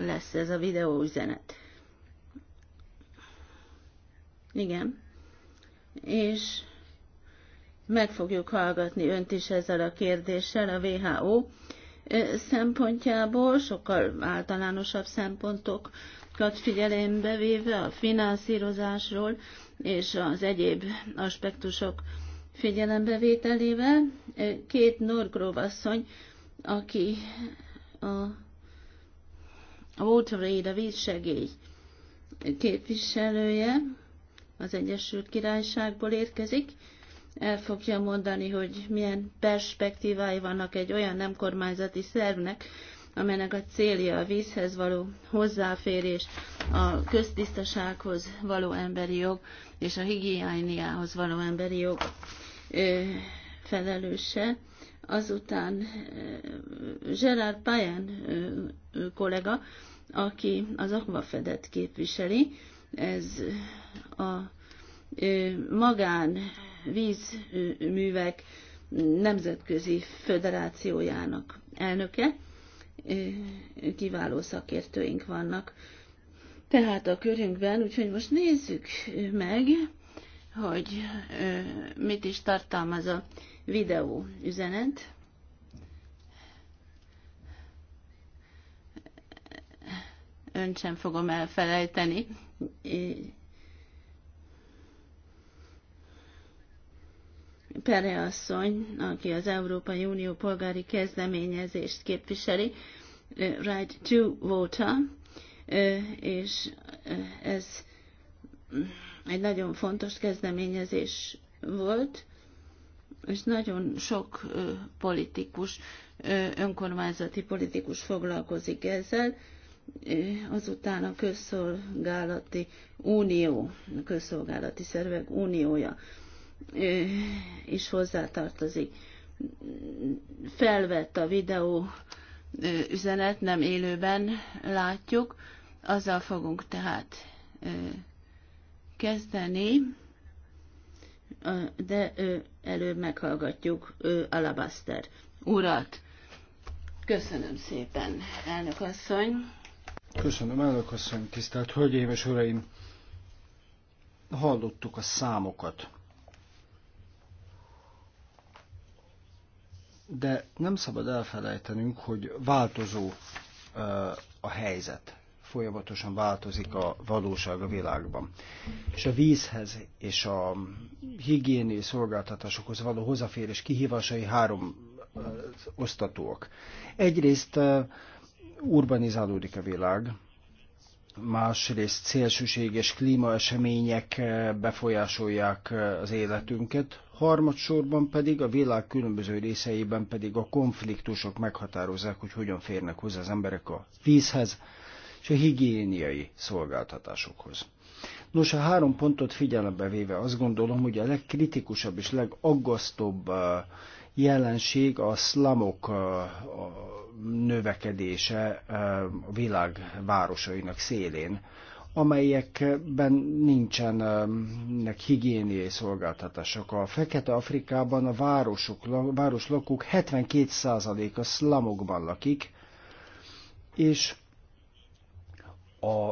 lesz ez a videóüzenet. Igen. És meg fogjuk hallgatni önt is ezzel a kérdéssel a WHO szempontjából, sokkal általánosabb szempontok kat figyelembe véve, a finanszírozásról és az egyéb aspektusok figyelembevételével. Két Norgrove asszony, aki a Waterade, a vízsegély képviselője, az Egyesült Királyságból érkezik, el fogja mondani, hogy milyen perspektívái vannak egy olyan nem kormányzati szervnek, amelynek a célja a vízhez való hozzáférés, a köztisztasághoz való emberi jog és a higiéniához való emberi jog felelőse. Azután Gerard Payen kollega, aki az akvafedet képviseli, ez a magán vízművek nemzetközi föderációjának elnöke, kiváló szakértőink vannak. Tehát a körünkben, úgyhogy most nézzük meg, hogy mit is tartalmaz a videó üzenet. Ön sem fogom elfelejteni. Pere asszony, aki az Európai Unió polgári kezdeményezést képviseli, Uh, right to water, uh, és uh, ez mm, egy nagyon fontos kezdeményezés volt, és nagyon sok politikus, önkormányzati politikus foglalkozik ezzel, azután a közszolgálati unió, a közszolgálati szervek uniója is hozzátartozik. Felvett a videó üzenet, nem élőben látjuk. Azzal fogunk tehát kezdeni, de előbb meghallgatjuk Alabaster urat. Köszönöm szépen, elnök asszony. Köszönöm, elnök asszony, tisztelt hölgyeim és uraim. Hallottuk a számokat, de nem szabad elfelejtenünk, hogy változó a helyzet. Folyamatosan változik a valóság a világban. És a vízhez és a higiéni szolgáltatásokhoz való hozzáférés kihívásai három osztatóak. Egyrészt urbanizálódik a világ, másrészt szélsőséges klímaesemények befolyásolják az életünket, harmadsorban pedig a világ különböző részeiben pedig a konfliktusok meghatározzák, hogy hogyan férnek hozzá az emberek a vízhez és a higiéniai szolgáltatásokhoz. Nos, a három pontot figyelembe véve azt gondolom, hogy a legkritikusabb és legaggasztóbb uh, jelenség a szlamok uh, növekedése uh, a világ városainak szélén amelyekben nincsenek um, higiéniai szolgáltatások. A Fekete Afrikában a városok, város lakók 72%-a szlamokban lakik, és a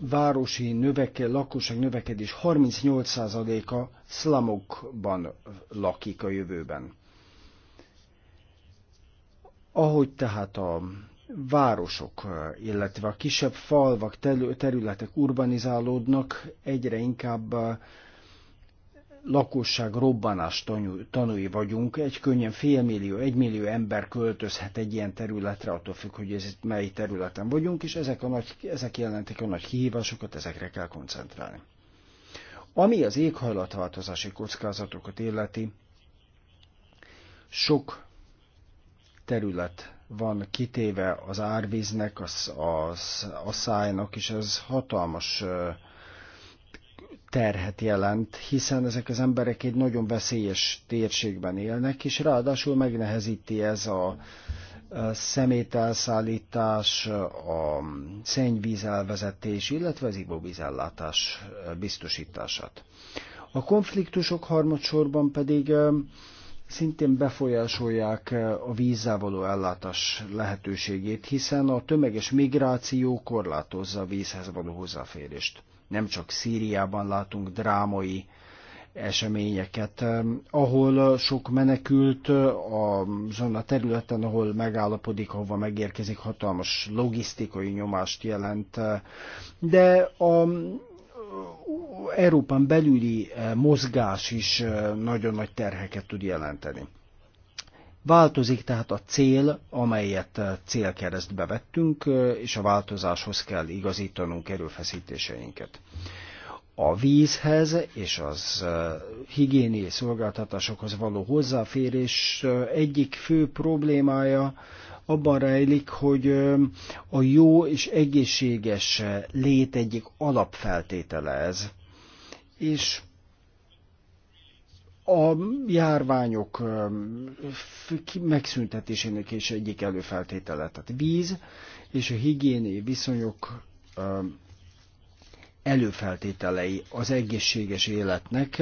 városi növeke, lakosság növekedés 38%-a szlamokban lakik a jövőben. Ahogy tehát a városok, illetve a kisebb falvak, területek urbanizálódnak, egyre inkább lakosság robbanás tanúi vagyunk. Egy könnyen félmillió, egymillió ember költözhet egy ilyen területre, attól függ, hogy ez itt mely területen vagyunk, és ezek, a nagy, ezek jelentik a nagy kihívásokat, ezekre kell koncentrálni. Ami az éghajlatváltozási kockázatokat illeti, sok terület van kitéve az árvíznek, az, az, a szájnak, és ez hatalmas terhet jelent, hiszen ezek az emberek egy nagyon veszélyes térségben élnek, és ráadásul megnehezíti ez a, szemételszállítás, a szennyvízelvezetés, elvezetés, illetve az ivóvízellátás biztosítását. A konfliktusok harmadsorban pedig szintén befolyásolják eh, a vízzel való ellátás lehetőségét, hiszen a tömeges migráció korlátozza a vízhez való hozzáférést. Nem csak Szíriában látunk drámai eseményeket, eh, ahol sok menekült eh, azon a területen, ahol megállapodik, hova megérkezik, hatalmas logisztikai nyomást jelent, de a Európán belüli eh, mozgás is eh, nagyon nagy terheket tud jelenteni. Változik tehát a cél, amelyet eh, célkeresztbe vettünk, és a változáshoz kell igazítanunk erőfeszítéseinket. A vízhez és az higiéni szolgáltatásokhoz való hozzáférés egyik fő problémája abban rejlik, hogy a jó és egészséges lét egyik alapfeltétele ez. És a járványok megszüntetésének is egyik előfeltétele, tehát víz és a higiéni viszonyok előfeltételei az egészséges életnek,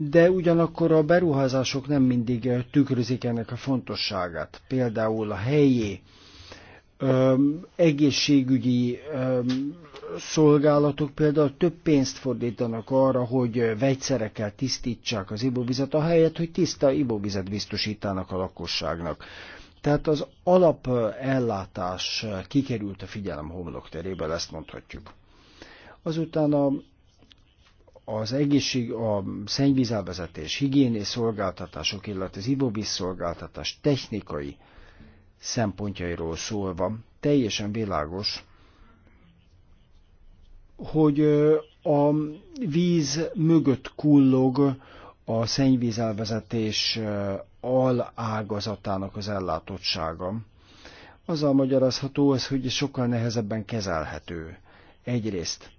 de ugyanakkor a beruházások nem mindig tükrözik ennek a fontosságát. Például a helyi öm, egészségügyi öm, szolgálatok például több pénzt fordítanak arra, hogy vegyszerekkel tisztítsák az ibóvizet, ahelyett, hogy tiszta ibóvizet biztosítanak a lakosságnak. Tehát az alapellátás kikerült a figyelem homlok teréből, ezt mondhatjuk. Azután a az egészség, a szennyvízelvezetés, higiéni szolgáltatások, illetve az ivóvíz szolgáltatás technikai szempontjairól szólva teljesen világos, hogy a víz mögött kullog a szennyvízelvezetés alágazatának az ellátottsága. Azzal magyarázható ez, hogy sokkal nehezebben kezelhető. Egyrészt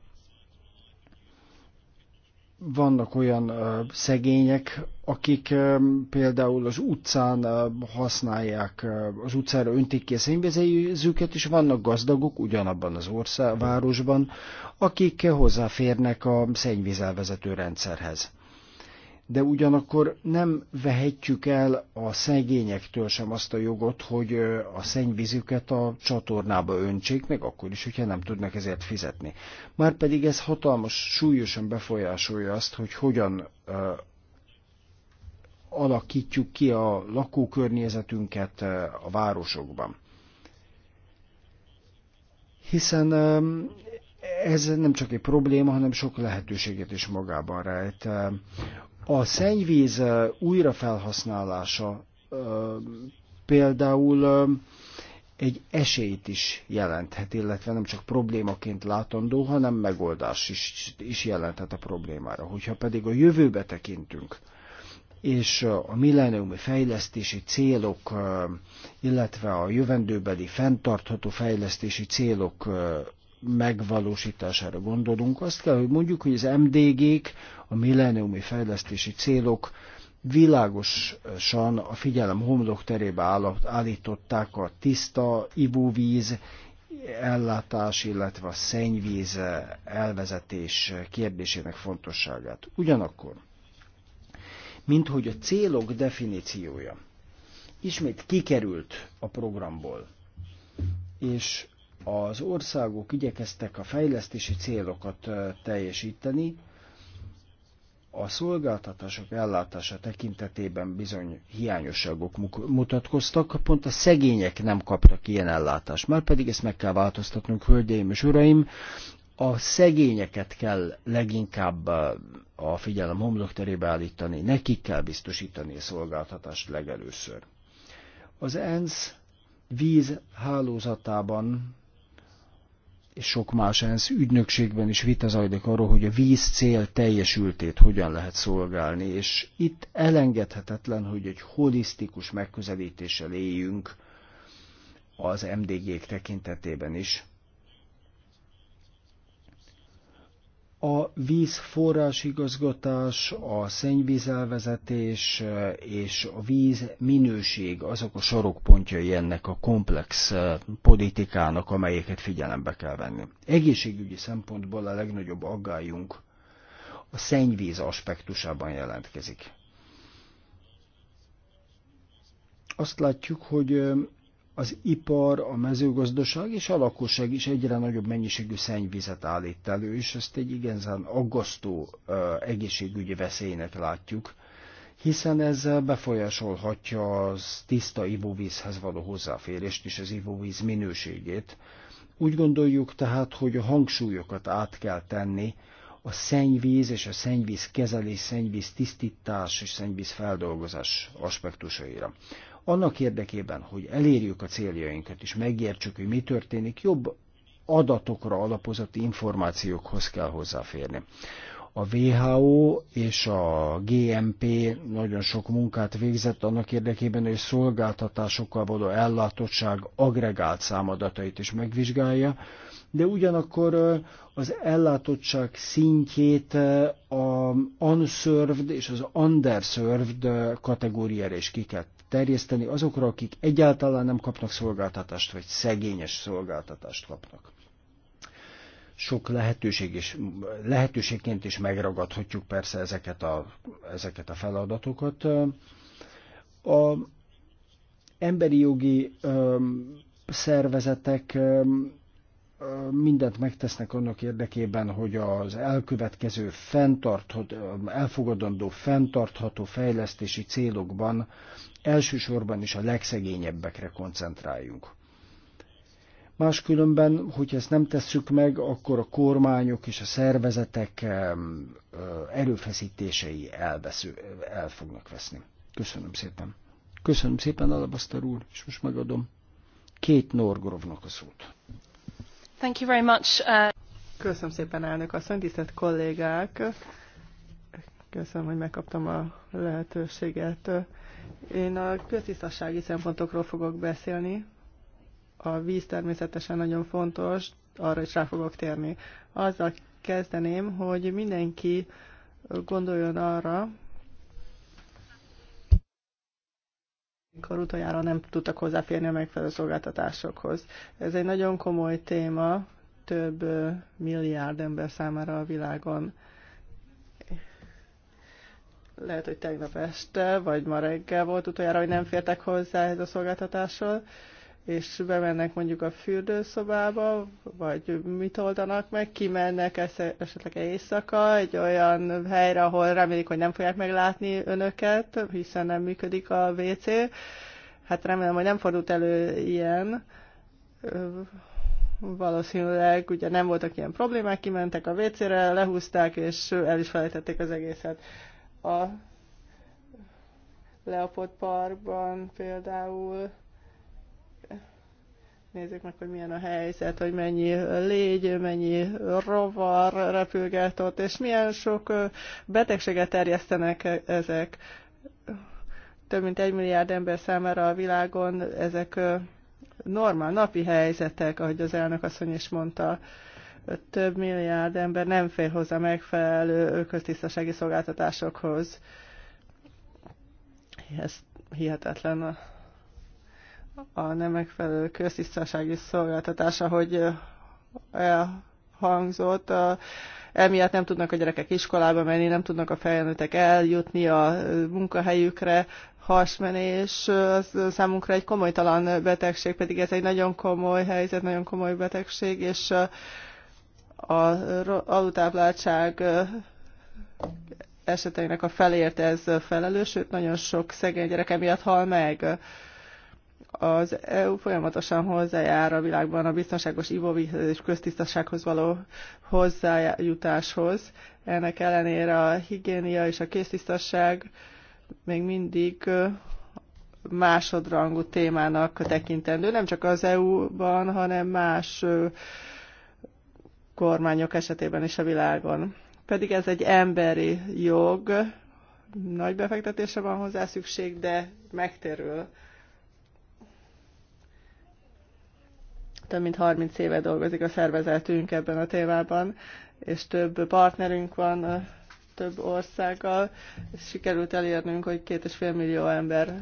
vannak olyan szegények, akik például az utcán használják, az utcára öntik ki a szennyvizéjüket, és vannak gazdagok ugyanabban az ország, városban, akik hozzáférnek a szennyvízelvezető rendszerhez de ugyanakkor nem vehetjük el a szegényektől sem azt a jogot, hogy a szennyvízüket a csatornába öntsék, meg akkor is, hogyha nem tudnak ezért fizetni. Márpedig ez hatalmas, súlyosan befolyásolja azt, hogy hogyan alakítjuk ki a lakókörnyezetünket a városokban. Hiszen ez nem csak egy probléma, hanem sok lehetőséget is magában rejt. A szennyvíz újrafelhasználása például egy esélyt is jelenthet, illetve nem csak problémaként látandó, hanem megoldás is, is jelenthet a problémára. Hogyha pedig a jövőbe tekintünk, és a milleniumi fejlesztési célok, illetve a jövendőbeli fenntartható fejlesztési célok megvalósítására gondolunk. Azt kell, hogy mondjuk, hogy az MDG-k, a milleniumi fejlesztési célok világosan a figyelem homlok terébe állították a tiszta ivóvíz ellátás, illetve a szennyvíz elvezetés kérdésének fontosságát. Ugyanakkor, mint hogy a célok definíciója ismét kikerült a programból, és az országok igyekeztek a fejlesztési célokat teljesíteni, a szolgáltatások ellátása tekintetében bizony hiányosságok mutatkoztak, pont a szegények nem kaptak ilyen ellátást. Már pedig ezt meg kell változtatnunk, hölgyeim és uraim, a szegényeket kell leginkább a figyelem homlokterébe állítani, nekik kell biztosítani a szolgáltatást legelőször. Az ENSZ víz hálózatában és sok más ENSZ ügynökségben is vita zajlik arról, hogy a víz cél teljesültét hogyan lehet szolgálni, és itt elengedhetetlen, hogy egy holisztikus megközelítéssel éljünk az MDG-k tekintetében is. a vízforrásigazgatás, a szennyvízelvezetés eh, és a víz minőség azok a sarokpontjai ennek a komplex eh, politikának, amelyeket figyelembe kell venni. Egészségügyi szempontból a legnagyobb aggályunk a szennyvíz aspektusában jelentkezik. Azt látjuk, hogy eh, az ipar, a mezőgazdaság és a lakosság is egyre nagyobb mennyiségű szennyvizet állít elő, és ezt egy igazán aggasztó egészségügyi veszélynek látjuk, hiszen ezzel befolyásolhatja az tiszta ivóvízhez való hozzáférést és az ivóvíz minőségét. Úgy gondoljuk tehát, hogy a hangsúlyokat át kell tenni a szennyvíz és a szennyvíz kezelés, szennyvíz tisztítás és szennyvíz feldolgozás aspektusaira. Annak érdekében, hogy elérjük a céljainkat és megértsük, hogy mi történik, jobb adatokra alapozott információkhoz kell hozzáférni. A WHO és a GMP nagyon sok munkát végzett annak érdekében, hogy szolgáltatásokkal való ellátottság agregált számadatait is megvizsgálja, de ugyanakkor az ellátottság szintjét a unserved és az underserved kategóriára is ki kell terjeszteni azokra, akik egyáltalán nem kapnak szolgáltatást, vagy szegényes szolgáltatást kapnak. Sok lehetőség is, lehetőségként is megragadhatjuk persze ezeket a, ezeket a feladatokat. A emberi jogi szervezetek mindent megtesznek annak érdekében, hogy az elkövetkező fenntartható, elfogadandó fenntartható fejlesztési célokban elsősorban is a legszegényebbekre koncentráljunk. Máskülönben, hogyha ezt nem tesszük meg, akkor a kormányok és a szervezetek erőfeszítései elvesző, el fognak veszni. Köszönöm szépen. Köszönöm szépen, Alabaszter úr, és most megadom két Norgrovnak a szót. Thank you very much. Uh... Köszönöm szépen, elnök asszony, tisztelt kollégák. Köszönöm, hogy megkaptam a lehetőséget. Én a köztisztasági szempontokról fogok beszélni. A víz természetesen nagyon fontos, arra is rá fogok térni. Azzal kezdeném, hogy mindenki gondoljon arra, amikor utoljára nem tudtak hozzáférni a megfelelő szolgáltatásokhoz. Ez egy nagyon komoly téma, több milliárd ember számára a világon. Lehet, hogy tegnap este, vagy ma reggel volt utoljára, hogy nem fértek hozzá ez a szolgáltatásról és bemennek mondjuk a fürdőszobába, vagy mit oldanak meg, kimennek esetleg éjszaka egy olyan helyre, ahol remélik, hogy nem fogják meglátni önöket, hiszen nem működik a WC. Hát remélem, hogy nem fordult elő ilyen. Valószínűleg ugye nem voltak ilyen problémák, kimentek a WC-re, lehúzták, és el is felejtették az egészet. A Leopold Parkban például nézzük meg, hogy milyen a helyzet, hogy mennyi légy, mennyi rovar repülget ott, és milyen sok betegséget terjesztenek e-, ezek. Több mint egy milliárd ember számára a világon ezek normál, napi helyzetek, ahogy az elnök asszony is mondta. Több milliárd ember nem fér hozzá megfelelő köztisztasági szolgáltatásokhoz. Ez hihetetlen a nem megfelelő köztisztasági szolgáltatása, hogy elhangzott, emiatt nem tudnak a gyerekek iskolába menni, nem tudnak a felnőttek eljutni a munkahelyükre, hasmenés az számunkra egy komolytalan betegség, pedig ez egy nagyon komoly helyzet, nagyon komoly betegség, és a alutápláltság eseteinek a felért ez felelős, sőt nagyon sok szegény gyerek emiatt hal meg. Az EU folyamatosan hozzájár a világban a biztonságos ivóvíz és köztisztasághoz való hozzájutáshoz. Ennek ellenére a higiénia és a késztisztaság még mindig másodrangú témának tekintendő, nem csak az EU-ban, hanem más kormányok esetében is a világon. Pedig ez egy emberi jog, nagy befektetésre van hozzá szükség, de megtérül. Több mint 30 éve dolgozik a szervezetünk ebben a témában, és több partnerünk van több országgal. Sikerült elérnünk, hogy két és fél millió ember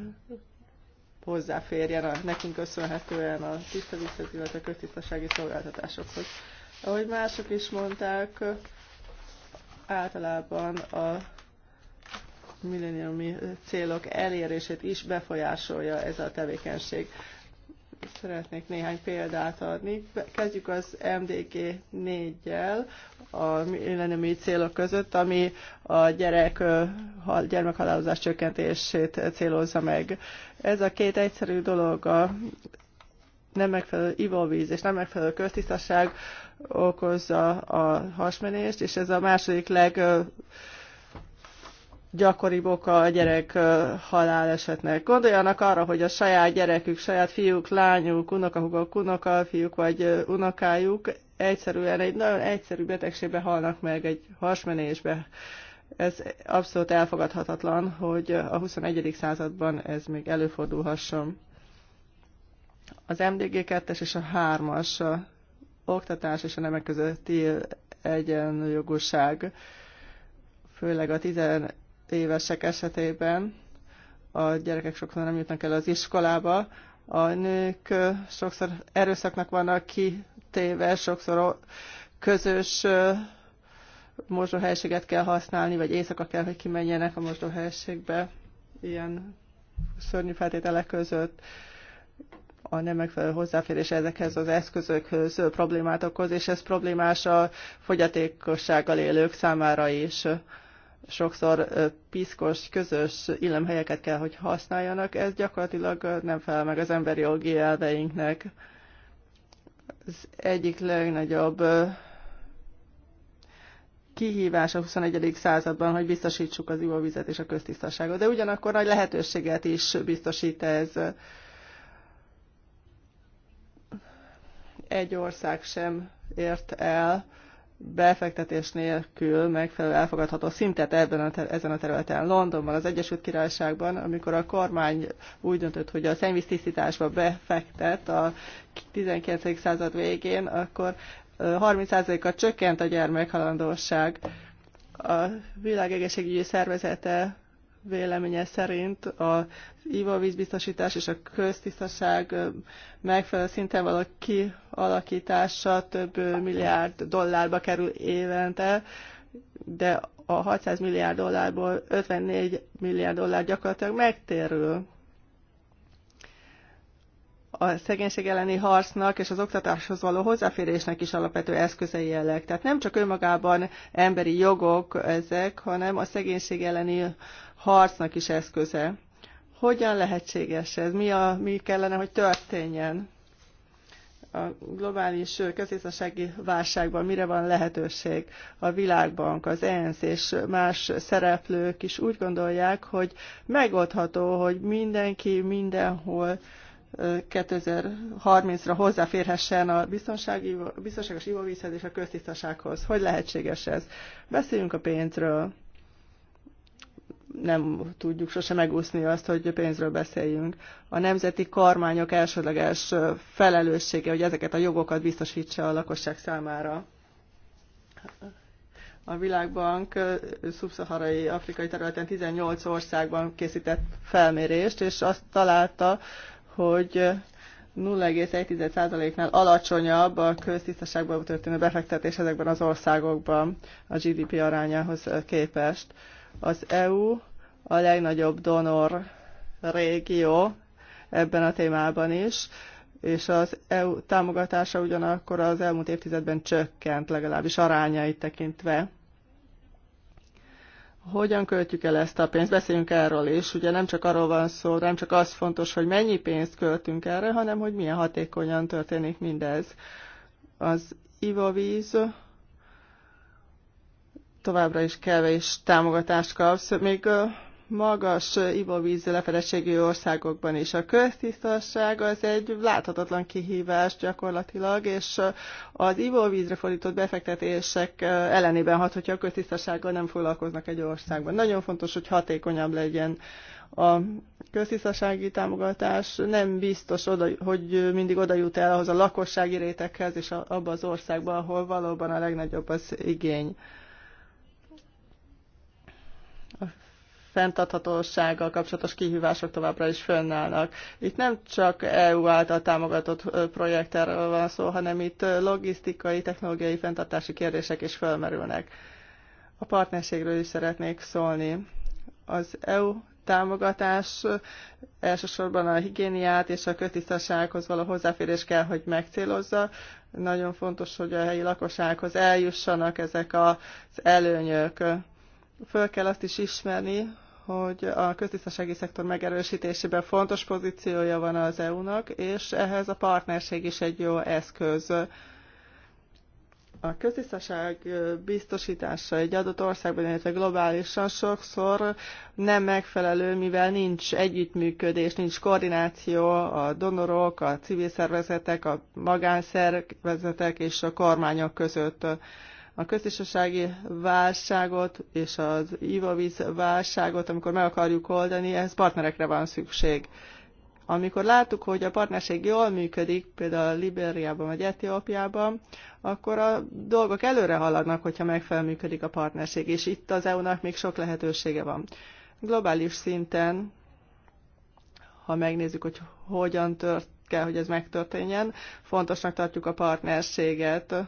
hozzáférjen a, nekünk köszönhetően a tiszta visszat, illetve a köztisztasági szolgáltatásokhoz. Ahogy mások is mondták, általában a milleniumi célok elérését is befolyásolja ez a tevékenység. Szeretnék néhány példát adni. Kezdjük az MDG 4-jel, a millenniumi célok között, ami a gyerek, gyermekhalálozás csökkentését célozza meg. Ez a két egyszerű dolog a nem megfelelő ivóvíz és nem megfelelő köztisztaság okozza a hasmenést, és ez a második leg gyakoribb oka a gyerek halálesetnek. Gondoljanak arra, hogy a saját gyerekük, saját fiúk, lányuk, unokahugok, unokafiúk vagy unokájuk egyszerűen egy nagyon egyszerű betegségbe halnak meg, egy hasmenésbe. Ez abszolút elfogadhatatlan, hogy a 21. században ez még előfordulhasson. Az MDG 2-es és a 3-as oktatás és a nemek közötti egyenjogúság, főleg a 11 évesek esetében a gyerekek sokszor nem jutnak el az iskolába, a nők sokszor erőszaknak vannak kitéve, sokszor közös mosdóhelységet kell használni, vagy éjszaka kell, hogy kimenjenek a mosdóhelységbe ilyen szörnyű feltételek között a nem megfelelő hozzáférés ezekhez az eszközökhöz problémát okoz, és ez problémás a fogyatékossággal élők számára is sokszor piszkos, közös illemhelyeket kell, hogy használjanak, ez gyakorlatilag nem felel meg az emberi jogi elveinknek. Az egyik legnagyobb kihívás a XXI. században, hogy biztosítsuk az ivóvizet és a köztisztaságot, de ugyanakkor nagy lehetőséget is biztosít ez. Egy ország sem ért el befektetés nélkül megfelelő elfogadható szintet ebben a ter- ezen a területen. Londonban, az Egyesült Királyságban, amikor a kormány úgy döntött, hogy a szennyvíztisztításba befektet a 19. század végén, akkor 30%-kal csökkent a gyermekhalandóság. A világegészségügyi szervezete véleménye szerint a ivóvízbiztosítás és a köztisztaság megfelelő szinten való kialakítása több milliárd dollárba kerül évente, de a 600 milliárd dollárból 54 milliárd dollár gyakorlatilag megtérül. A szegénység elleni harcnak és az oktatáshoz való hozzáférésnek is alapvető eszközei jelleg. Tehát nem csak önmagában emberi jogok ezek, hanem a szegénység elleni harcnak is eszköze. Hogyan lehetséges ez? Mi, a, mi kellene, hogy történjen? A globális közgazdasági válságban mire van lehetőség? A Világbank, az ENSZ és más szereplők is úgy gondolják, hogy megoldható, hogy mindenki mindenhol 2030-ra hozzáférhessen a biztonsági, biztonságos ivóvízhez és a köztisztasághoz. Hogy lehetséges ez? Beszéljünk a pénzről nem tudjuk sose megúszni azt, hogy pénzről beszéljünk. A nemzeti kormányok elsődleges felelőssége, hogy ezeket a jogokat biztosítsa a lakosság számára. A Világbank szubszaharai afrikai területen 18 országban készített felmérést, és azt találta, hogy 0,1%-nál alacsonyabb a köztisztaságban történő befektetés ezekben az országokban a GDP arányához képest. Az EU a legnagyobb donor régió ebben a témában is, és az EU támogatása ugyanakkor az elmúlt évtizedben csökkent, legalábbis arányait tekintve. Hogyan költjük el ezt a pénzt? Beszéljünk erről is. Ugye nem csak arról van szó, nem csak az fontos, hogy mennyi pénzt költünk erre, hanem hogy milyen hatékonyan történik mindez. Az ivóvíz továbbra is kevés támogatást kapsz, még magas ivóvíz lefedettségű országokban is. A köztisztaság az egy láthatatlan kihívás gyakorlatilag, és az ivóvízre fordított befektetések ellenében hat, hogyha a köztisztasággal nem foglalkoznak egy országban. Nagyon fontos, hogy hatékonyabb legyen a köztisztasági támogatás nem biztos, oda, hogy mindig oda jut el ahhoz a lakossági réteghez és abba az országba, ahol valóban a legnagyobb az igény. A fenntarthatósággal kapcsolatos kihívások továbbra is fönnállnak. Itt nem csak EU által támogatott projektről van szó, hanem itt logisztikai, technológiai fenntartási kérdések is felmerülnek. A partnerségről is szeretnék szólni. Az EU támogatás elsősorban a higiéniát és a köztisztasághoz való hozzáférés kell, hogy megcélozza. Nagyon fontos, hogy a helyi lakossághoz eljussanak ezek az előnyök Föl kell azt is ismerni, hogy a köztisztasági szektor megerősítésében fontos pozíciója van az EU-nak, és ehhez a partnerség is egy jó eszköz. A köztisztaság biztosítása egy adott országban, illetve globálisan sokszor nem megfelelő, mivel nincs együttműködés, nincs koordináció a donorok, a civil szervezetek, a magánszervezetek és a kormányok között a köztársasági válságot és az ivavíz válságot, amikor meg akarjuk oldani, ehhez partnerekre van szükség. Amikor láttuk, hogy a partnerség jól működik, például Libériában vagy Etiópiában, akkor a dolgok előre haladnak, hogyha megfelelően működik a partnerség, és itt az EU-nak még sok lehetősége van. Globális szinten, ha megnézzük, hogy hogyan tört, kell, hogy ez megtörténjen, fontosnak tartjuk a partnerséget,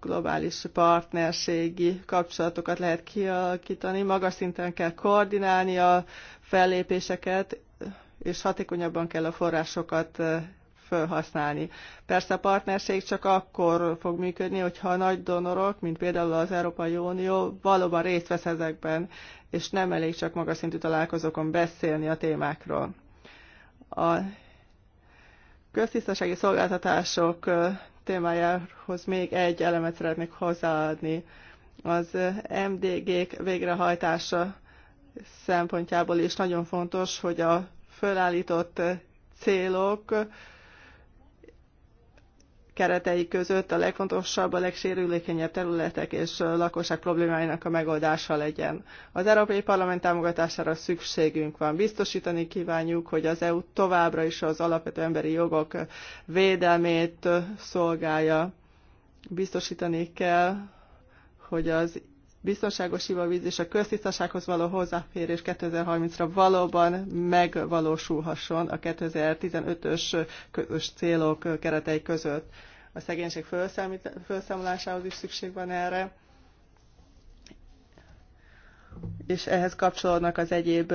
globális partnerségi kapcsolatokat lehet kialakítani, magas szinten kell koordinálni a fellépéseket, és hatékonyabban kell a forrásokat felhasználni. Persze a partnerség csak akkor fog működni, hogyha a nagy donorok, mint például az Európai Unió valóban részt vesz ezekben, és nem elég csak magas szintű találkozókon beszélni a témákról. A köztisztasági szolgáltatások témájához még egy elemet szeretnék hozzáadni. Az MDG-k végrehajtása szempontjából is nagyon fontos, hogy a fölállított célok keretei között a legfontosabb, a legsérülékenyebb területek és lakosság problémáinak a megoldása legyen. Az Európai Parlament támogatására szükségünk van. Biztosítani kívánjuk, hogy az EU továbbra is az alapvető emberi jogok védelmét szolgálja. Biztosítani kell, hogy az biztonságos ivóvíz és a köztisztasághoz való hozzáférés 2030-ra valóban megvalósulhasson a 2015-ös közös célok keretei között. A szegénység felszámolásához is szükség van erre, és ehhez kapcsolódnak az egyéb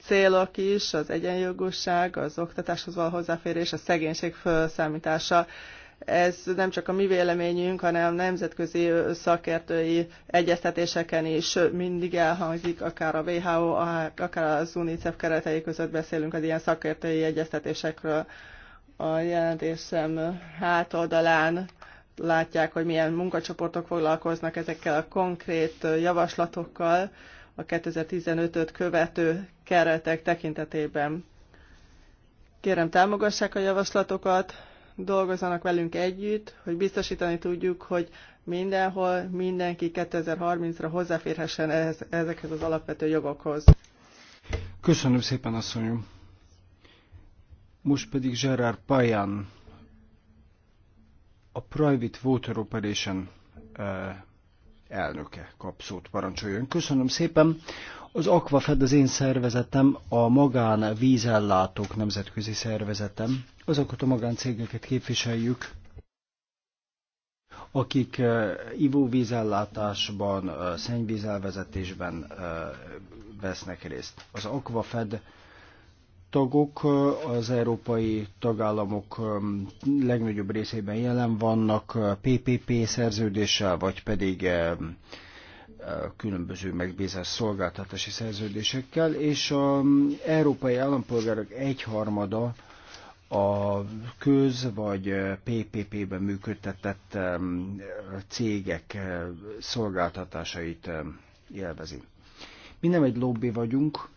célok is, az egyenjogúság, az oktatáshoz való hozzáférés, a szegénység felszámítása. Ez nem csak a mi véleményünk, hanem nemzetközi szakértői egyeztetéseken is mindig elhangzik, akár a WHO, akár az UNICEF keretei között beszélünk az ilyen szakértői egyeztetésekről. A jelentésem hátoldalán látják, hogy milyen munkacsoportok foglalkoznak ezekkel a konkrét javaslatokkal a 2015-öt követő keretek tekintetében. Kérem támogassák a javaslatokat, dolgozzanak velünk együtt, hogy biztosítani tudjuk, hogy mindenhol mindenki 2030-ra hozzáférhessen ehhez, ezekhez az alapvető jogokhoz. Köszönöm szépen, asszonyom. Most pedig Gerard Payan, a Private Water Operation eh, elnöke kap szót, parancsoljon. Köszönöm szépen. Az Aquafed az én szervezetem, a magán vízellátók nemzetközi szervezetem. Azokat a magáncégeket képviseljük, akik eh, ivóvízellátásban, eh, szennyvízelvezetésben eh, vesznek részt. Az Aquafed tagok az európai tagállamok legnagyobb részében jelen vannak PPP szerződéssel, vagy pedig különböző megbízás szolgáltatási szerződésekkel, és az európai állampolgárok egyharmada a köz- vagy PPP-ben működtetett cégek szolgáltatásait élvezi. Mi nem egy lobby vagyunk,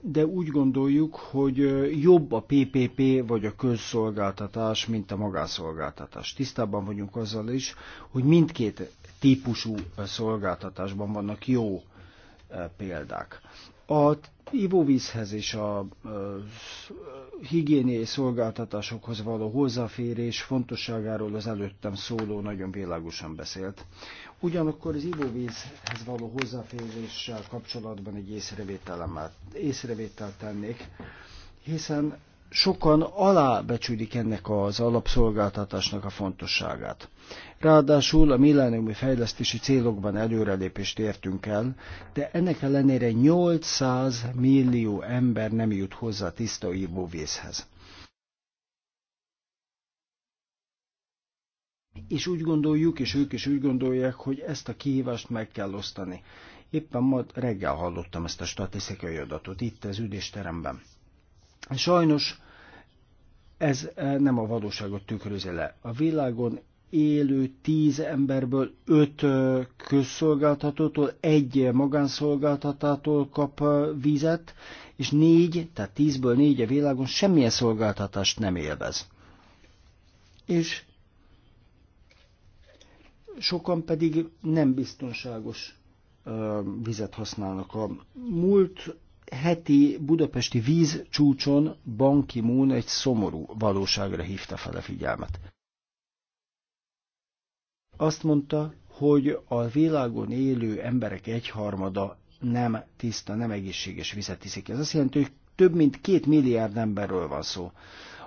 de úgy gondoljuk, hogy jobb a PPP vagy a közszolgáltatás, mint a magánszolgáltatás. Tisztában vagyunk azzal is, hogy mindkét típusú szolgáltatásban vannak jó példák. A ivóvízhez és a higiéniai szolgáltatásokhoz való hozzáférés fontosságáról az előttem szóló nagyon világosan beszélt. Ugyanakkor az ivóvízhez való hozzáféréssel kapcsolatban egy észrevételt tennék, hiszen sokan alábecsülik ennek az alapszolgáltatásnak a fontosságát. Ráadásul a millenniumi fejlesztési célokban előrelépést értünk el, de ennek ellenére 800 millió ember nem jut hozzá tiszta ivóvízhez. És úgy gondoljuk, és ők is úgy gondolják, hogy ezt a kihívást meg kell osztani. Éppen ma reggel hallottam ezt a statisztikai adatot itt az üdésteremben. Sajnos ez eh, nem a valóságot tükrözi le. A világon élő tíz emberből öt közszolgáltatótól, egy magánszolgáltatától kap vizet, és négy, tehát tízből négy a világon semmilyen szolgáltatást nem élvez. És sokan pedig nem biztonságos vizet használnak. A múlt heti budapesti vízcsúcson Banki ki egy szomorú valóságra hívta fel a figyelmet. Azt mondta, hogy a világon élő emberek egyharmada nem tiszta, nem egészséges vizet iszik. Ez azt jelenti, hogy több mint két milliárd emberről van szó.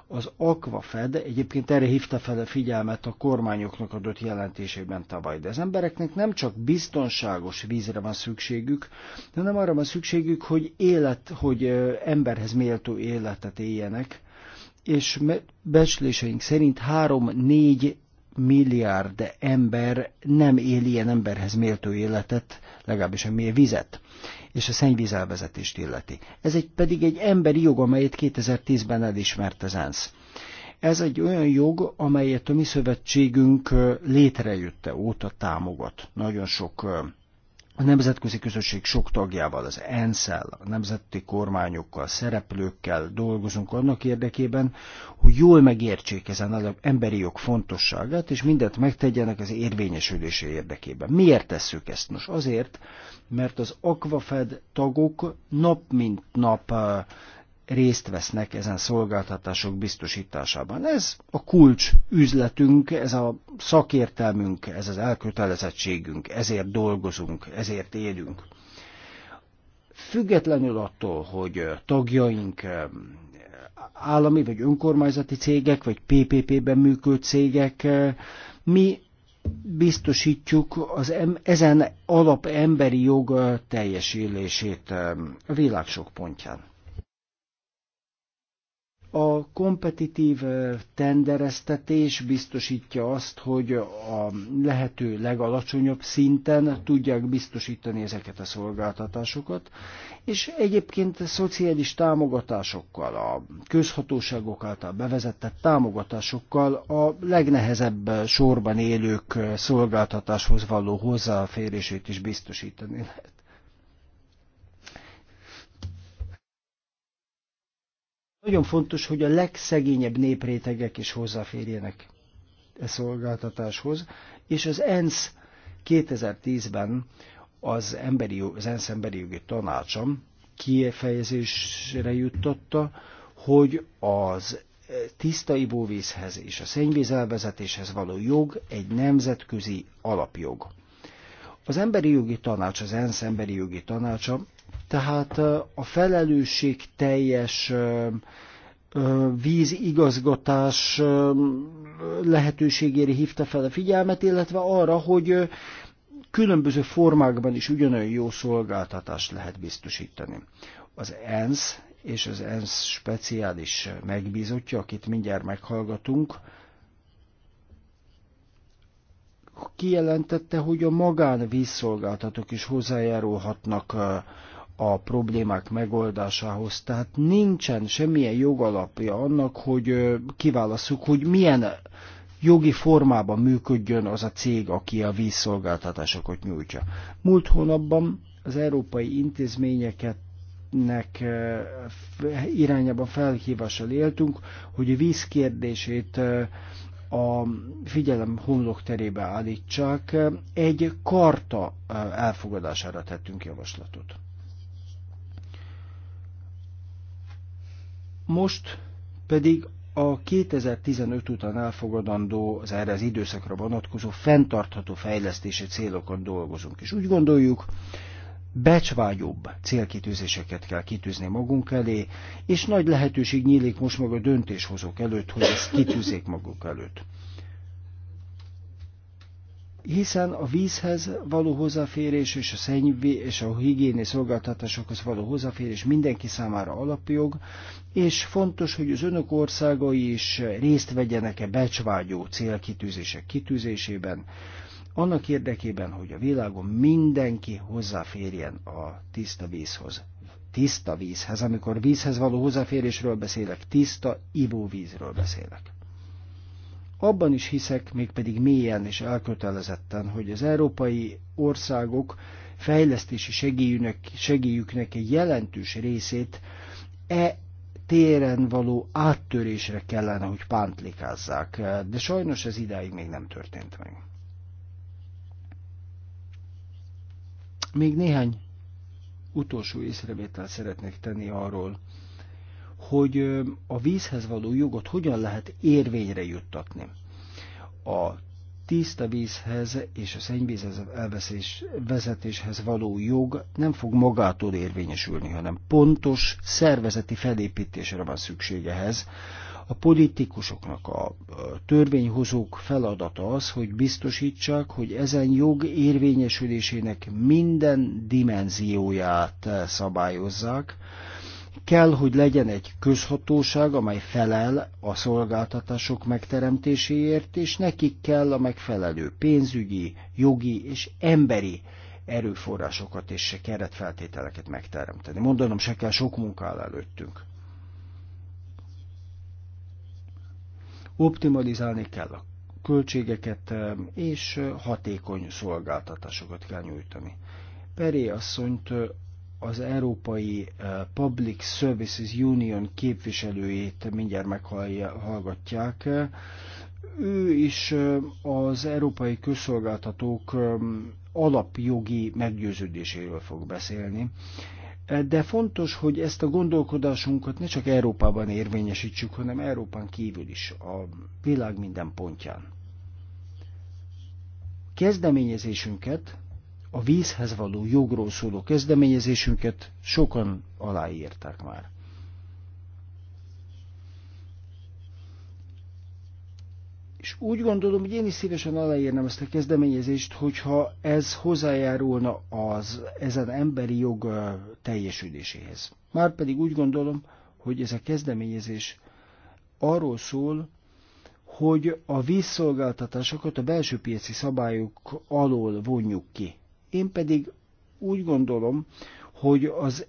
Az Aquafed egyébként erre hívta fel a figyelmet a kormányoknak adott jelentésében tavaly, de az embereknek nem csak biztonságos vízre van szükségük, hanem arra van szükségük, hogy élet, hogy emberhez méltó életet éljenek, és becsléseink szerint 3-4 milliárd ember nem él ilyen emberhez méltó életet, legalábbis ami a vizet és a szennyvízelvezetést illeti. Ez egy, pedig egy emberi jog, amelyet 2010-ben elismert az ENSZ. Ez egy olyan jog, amelyet a mi szövetségünk létrejötte óta támogat. Nagyon sok a nemzetközi közösség sok tagjával, az ensz a nemzeti kormányokkal, szereplőkkel dolgozunk annak érdekében, hogy jól megértsék ezen az emberi jog fontosságát, és mindent megtegyenek az érvényesülése érdekében. Miért tesszük ezt? Nos, azért, mert az Aquafed tagok nap mint nap részt vesznek ezen szolgáltatások biztosításában. Ez a kulcs üzletünk, ez a szakértelmünk, ez az elkötelezettségünk, ezért dolgozunk, ezért élünk. Függetlenül attól, hogy tagjaink állami vagy önkormányzati cégek, vagy PPP-ben működő cégek, mi biztosítjuk az em- ezen alap emberi jog teljesülését um, a világ sok pontján. A kompetitív tendereztetés biztosítja azt, hogy a lehető legalacsonyabb szinten tudják biztosítani ezeket a szolgáltatásokat, és egyébként szociális támogatásokkal, a közhatóságok által bevezetett támogatásokkal a legnehezebb sorban élők szolgáltatáshoz való hozzáférését is biztosítani lehet. Nagyon fontos, hogy a legszegényebb néprétegek is hozzáférjenek e szolgáltatáshoz, és az ENSZ 2010-ben az, emberi, az ENSZ emberi jogi tanácsom kifejezésre juttatta, hogy az e, tiszta ivóvízhez és a szennyvíz elvezetéshez való jog egy nemzetközi alapjog. Az Emberi Jogi Tanács, az ENSZ Emberi Jogi Tanácsa tehát a felelősség teljes vízigazgatás lehetőségére hívta fel a figyelmet, illetve arra, hogy különböző formákban is ugyanolyan jó szolgáltatást lehet biztosítani. Az ENSZ és az ENSZ speciális megbízottja, akit mindjárt meghallgatunk, kijelentette, hogy a magán vízszolgáltatók is hozzájárulhatnak a problémák megoldásához. Tehát nincsen semmilyen jogalapja annak, hogy kiválasszuk, hogy milyen jogi formában működjön az a cég, aki a vízszolgáltatásokat nyújtja. Múlt hónapban az európai intézményeket nek irányában felhívással éltünk, hogy a vízkérdését a figyelem homlok terébe állítsák. Egy karta elfogadására tettünk javaslatot. Most pedig a 2015 után elfogadandó, az erre az időszakra vonatkozó fenntartható fejlesztési célokon dolgozunk. És úgy gondoljuk, becsvágyobb célkitűzéseket kell kitűzni magunk elé, és nagy lehetőség nyílik most meg a döntéshozók előtt, hogy ezt kitűzzék maguk előtt hiszen a vízhez való hozzáférés és a szennyvé és a higiéni szolgáltatásokhoz való hozzáférés mindenki számára alapjog, és fontos, hogy az önök országai is részt vegyenek-e becsvágyó célkitűzések kitűzésében, annak érdekében, hogy a világon mindenki hozzáférjen a tiszta vízhoz. Tiszta vízhez, amikor vízhez való hozzáférésről beszélek, tiszta ivóvízről beszélek. Abban is hiszek, mégpedig mélyen és elkötelezetten, hogy az európai országok fejlesztési segélyüknek, segélyüknek egy jelentős részét e téren való áttörésre kellene, hogy pántlikázzák, de sajnos ez idáig még nem történt meg. Még néhány utolsó észrevételt szeretnék tenni arról, hogy a vízhez való jogot hogyan lehet érvényre juttatni. A tiszta vízhez és a szennyvízhez elveszés, vezetéshez való jog nem fog magától érvényesülni, hanem pontos szervezeti felépítésre van szükségehez. A politikusoknak, a törvényhozók feladata az, hogy biztosítsák, hogy ezen jog érvényesülésének minden dimenzióját eh, szabályozzák, Kell, hogy legyen egy közhatóság, amely felel a szolgáltatások megteremtéséért, és nekik kell a megfelelő pénzügyi, jogi és emberi erőforrásokat és keretfeltételeket megteremteni. Mondanom se kell, sok munka áll előttünk. Optimalizálni kell a költségeket, eh, és eh, hatékony szolgáltatásokat kell nyújtani. Peré asszonyt eh, az Európai eh, Public Services Union képviselőjét mindjárt meghallgatják. Ő is eh, az európai közszolgáltatók eh, alapjogi meggyőződéséről fog beszélni. De fontos, hogy ezt a gondolkodásunkat ne csak Európában érvényesítsük, hanem Európán kívül is, a világ minden pontján. Kezdeményezésünket a vízhez való jogról szóló kezdeményezésünket sokan aláírták már. És úgy gondolom, hogy én is szívesen aláírnám ezt a kezdeményezést, hogyha ez hozzájárulna az ezen emberi jog teljesüléséhez. Márpedig úgy gondolom, hogy ez a kezdeményezés arról szól, hogy a vízszolgáltatásokat a belső piaci szabályok alól vonjuk ki. Én pedig úgy gondolom, hogy az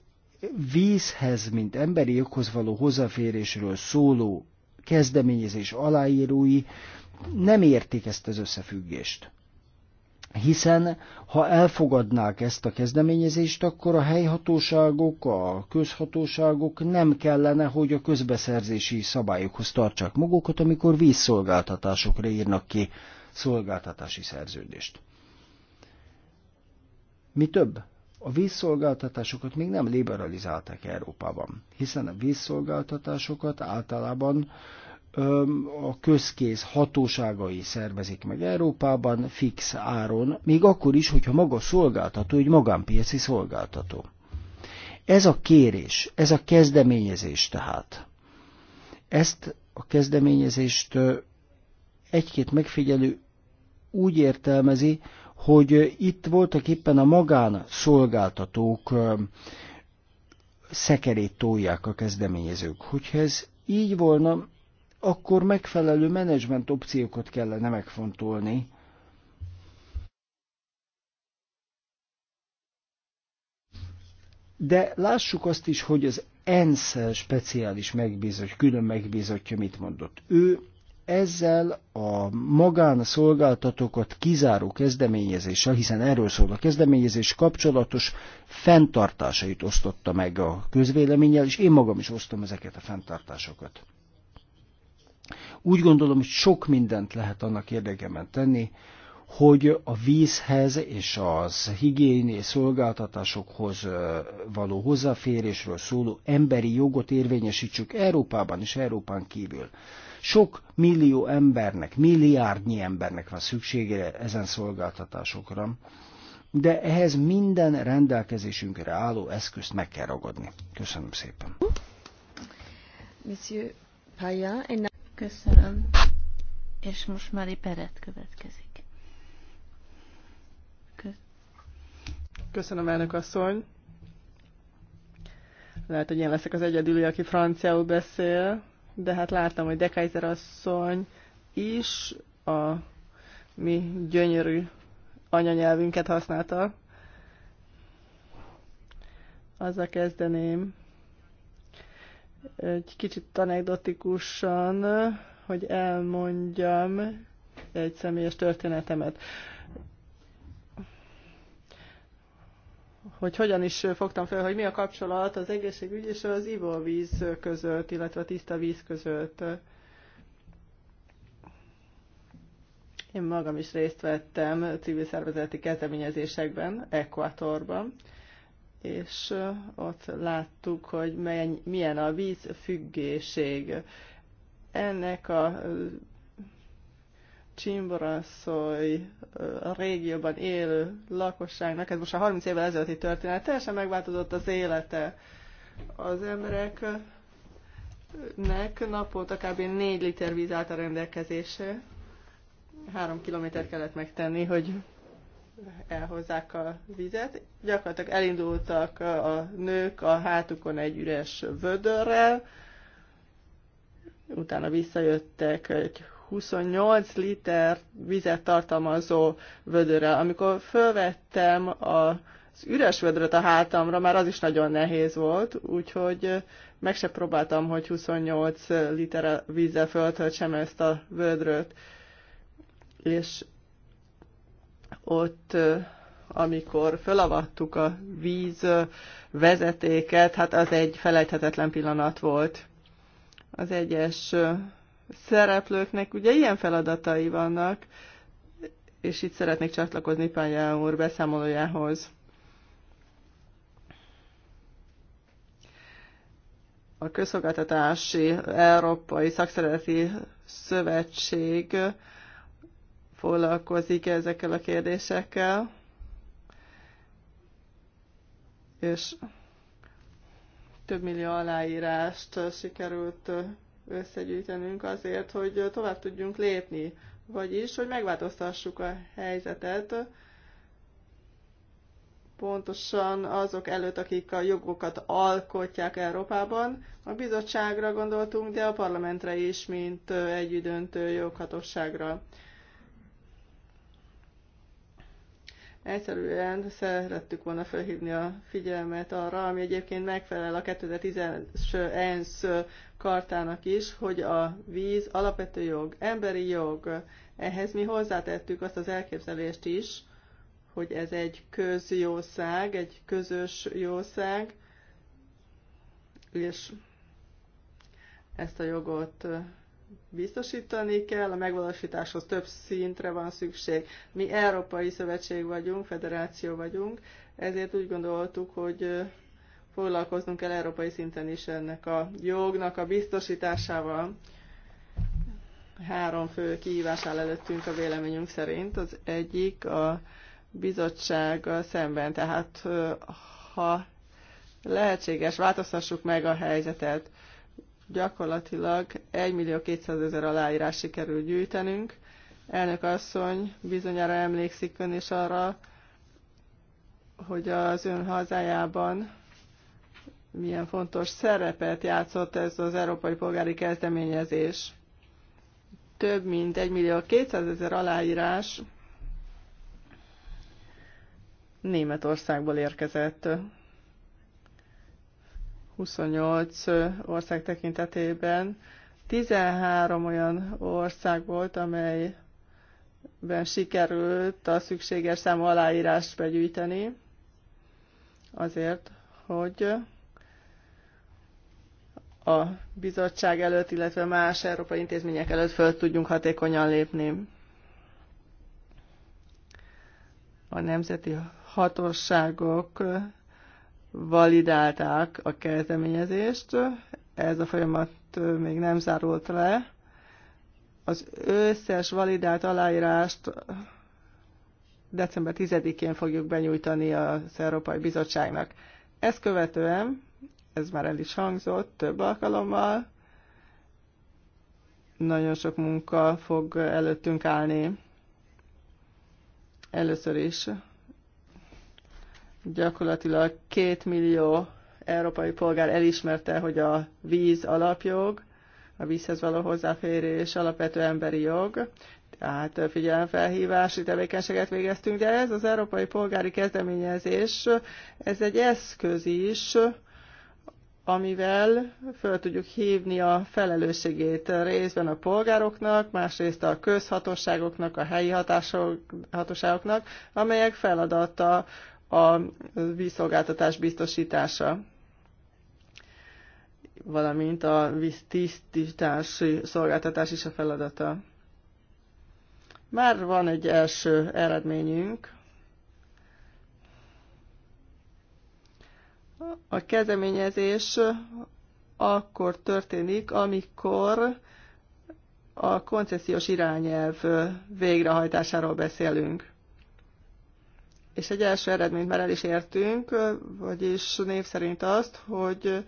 vízhez, mint emberi joghoz való hozzáférésről szóló kezdeményezés aláírói nem értik ezt az összefüggést. Hiszen, ha elfogadnák ezt a kezdeményezést, akkor a helyhatóságok, a közhatóságok nem kellene, hogy a közbeszerzési szabályokhoz tartsák magukat, amikor vízszolgáltatásokra írnak ki szolgáltatási szerződést. Mi több, a vízszolgáltatásokat még nem liberalizálták Európában, hiszen a vízszolgáltatásokat általában a közkéz hatóságai szervezik meg Európában fix áron, még akkor is, hogyha maga szolgáltató egy magánpiaci szolgáltató. Ez a kérés, ez a kezdeményezés tehát. Ezt a kezdeményezést egy-két megfigyelő úgy értelmezi, hogy itt voltak éppen a magán szolgáltatók szekerét tolják a kezdeményezők. Hogyha ez így volna, akkor megfelelő menedzsment opciókat kellene megfontolni, De lássuk azt is, hogy az ENSZ speciális megbízott, külön megbízottja mit mondott. Ő ezzel a magánszolgáltatókat kizáró kezdeményezéssel, hiszen erről szól a kezdeményezés kapcsolatos fenntartásait osztotta meg a közvéleménnyel, és én magam is osztom ezeket a fenntartásokat. Úgy gondolom, hogy sok mindent lehet annak érdekében tenni, hogy a vízhez és az higiéni szolgáltatásokhoz való hozzáférésről szóló emberi jogot érvényesítsük Európában és Európán kívül. Sok millió embernek, milliárdnyi embernek van szüksége ezen szolgáltatásokra, de ehhez minden rendelkezésünkre álló eszközt meg kell ragadni. Köszönöm szépen. Köszönöm. És most Mari Peret következik. Köszönöm, elnök asszony. Lehet, hogy én leszek az egyedüli, aki franciául beszél de hát láttam, hogy Dekaiser asszony is a mi gyönyörű anyanyelvünket használta. Azzal kezdeném egy kicsit anekdotikusan, hogy elmondjam egy személyes történetemet. hogy hogyan is fogtam fel, hogy mi a kapcsolat az egészségügy és az ivóvíz között, illetve a tiszta víz között. Én magam is részt vettem civil szervezeti kezdeményezésekben, Ekvatorban, és eh, ott láttuk, hogy milyen a vízfüggéség. Ennek a eh, csimboraszói a régióban élő lakosságnak, ez most a 30 évvel ezelőtti történet, teljesen megváltozott az élete. Az embereknek naponta kb. 4 liter víz állt a rendelkezésre. 3 kilométert kellett megtenni, hogy elhozzák a vizet. Gyakorlatilag elindultak a nők a hátukon egy üres vödörrel, utána visszajöttek egy 28 liter vizet tartalmazó vödörrel. Amikor fölvettem az üres vödröt a hátamra, már az is nagyon nehéz volt, úgyhogy meg se próbáltam, hogy 28 liter vízzel föltöltsem ezt a vödröt. És ott amikor fölavattuk a víz vezetéket, hát az egy felejthetetlen pillanat volt. Az egyes szereplőknek ugye ilyen feladatai vannak, és itt szeretnék csatlakozni Pálya úr beszámolójához. A Közszolgáltatási Európai Szakszereti Szövetség foglalkozik ezekkel a kérdésekkel, és több millió aláírást sikerült összegyűjtenünk azért, hogy tovább tudjunk lépni, vagyis, hogy megváltoztassuk a helyzetet pontosan azok előtt, akik a jogokat alkotják Európában. A bizottságra gondoltunk, de a parlamentre is, mint együdöntő joghatóságra. egyszerűen szerettük volna felhívni a figyelmet arra, ami egyébként megfelel a 2010-es ENSZ kartának is, hogy a víz alapvető jog, emberi jog. Ehhez mi hozzátettük azt az elképzelést is, hogy ez egy közjószág, egy közös jószág, és ezt a jogot biztosítani kell, a megvalósításhoz több szintre van szükség. Mi Európai Szövetség vagyunk, federáció vagyunk, ezért úgy gondoltuk, hogy foglalkoznunk kell európai szinten is ennek a jognak a biztosításával. Három fő kihívás áll előttünk a véleményünk szerint. Az egyik a bizottság szemben, tehát ha lehetséges, változtassuk meg a helyzetet. Gyakorlatilag 1 millió 200 ezer aláírás sikerült gyűjtenünk. Elnök asszony bizonyára emlékszik ön is arra, hogy az ön hazájában milyen fontos szerepet játszott ez az európai polgári kezdeményezés. Több mint 1 millió 200 ezer aláírás Németországból érkezett. 28 ország tekintetében 13 olyan ország volt, amelyben sikerült a szükséges számú aláírást begyűjteni azért, hogy a bizottság előtt, illetve más európai intézmények előtt föl tudjunk hatékonyan lépni. A nemzeti hatóságok validálták a kezdeményezést, ez a folyamat még nem zárult le. Az összes validált aláírást december 10-én fogjuk benyújtani az Európai Bizottságnak. Ezt követően ez már el is hangzott több alkalommal. Nagyon sok munka fog előttünk állni. Először is gyakorlatilag két millió európai polgár elismerte, hogy a víz alapjog, a vízhez való hozzáférés alapvető emberi jog, tehát figyelemfelhívási tevékenységet végeztünk, de ez az európai polgári kezdeményezés, ez egy eszköz is, amivel föl tudjuk hívni a felelősségét részben a polgároknak, másrészt a közhatóságoknak, a helyi hatások, hatóságoknak, amelyek feladata a vízszolgáltatás biztosítása valamint a víztisztítási szolgáltatás is a feladata. Már van egy első eredményünk, a kezdeményezés akkor történik, amikor a koncesziós irányelv végrehajtásáról beszélünk. És egy első eredményt már el is értünk, vagyis név szerint azt, hogy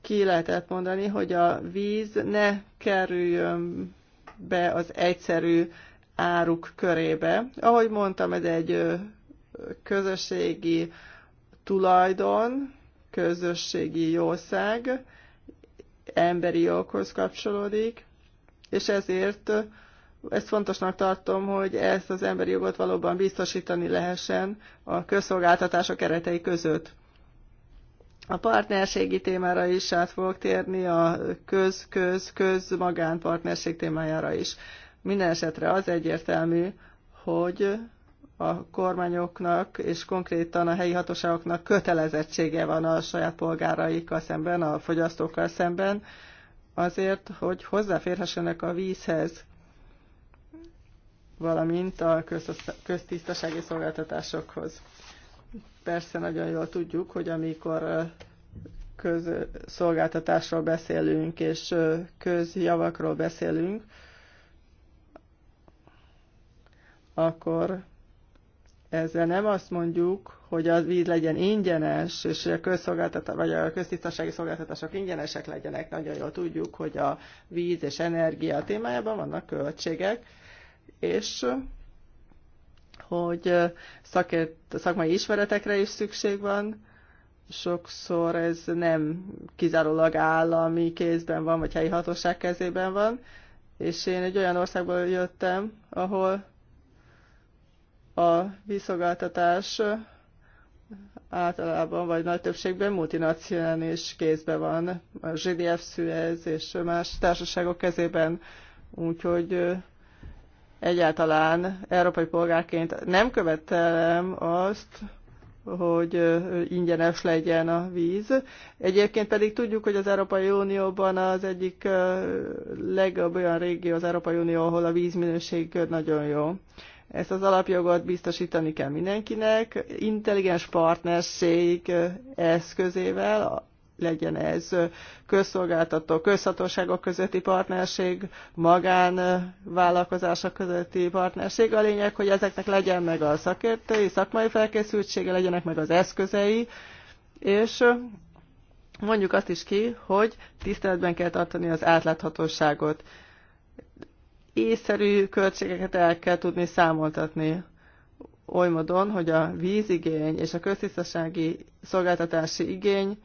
ki lehetett mondani, hogy a víz ne kerüljön be az egyszerű áruk körébe. Ahogy mondtam, ez egy közösségi tulajdon, közösségi jószág, emberi joghoz kapcsolódik, és ezért ezt fontosnak tartom, hogy ezt az emberi jogot valóban biztosítani lehessen a közszolgáltatások keretei között. A partnerségi témára is át fogok térni, a köz köz köz magánpartnerség témájára is. Minden esetre az egyértelmű, hogy a kormányoknak és konkrétan a helyi hatóságoknak kötelezettsége van a saját polgáraikkal szemben, a fogyasztókkal szemben, azért, hogy hozzáférhessenek a vízhez, valamint a köztisztasági szolgáltatásokhoz. Persze nagyon jól tudjuk, hogy amikor közszolgáltatásról beszélünk és közjavakról beszélünk, akkor ezzel nem azt mondjuk, hogy a víz legyen ingyenes, és a közszolgáltatás, vagy a köztisztasági szolgáltatások ingyenesek legyenek. Nagyon jól tudjuk, hogy a víz és energia témájában vannak költségek, és hogy szakért, szakmai ismeretekre is szükség van, sokszor ez nem kizárólag állami kézben van, vagy helyi hatóság kezében van, és én egy olyan országból jöttem, ahol a vízszolgáltatás általában vagy nagy többségben multinacionális kézben van, a GDF Suez és más társaságok kezében, úgyhogy egyáltalán európai polgárként nem követelem azt, hogy ingyenes legyen a víz. Egyébként pedig tudjuk, hogy az Európai Unióban az egyik legjobb olyan régió az Európai Unió, ahol a vízminőség nagyon jó. Ezt az alapjogot biztosítani kell mindenkinek, intelligens partnerség eszközével, legyen ez közszolgáltató, közhatóságok közötti partnerség, magánvállalkozások közötti partnerség. A lényeg, hogy ezeknek legyen meg a szakértői, szakmai felkészültsége, legyenek meg az eszközei, és mondjuk azt is ki, hogy tiszteletben kell tartani az átláthatóságot észszerű költségeket el kell tudni számoltatni oly módon, hogy a vízigény és a köztisztasági szolgáltatási igény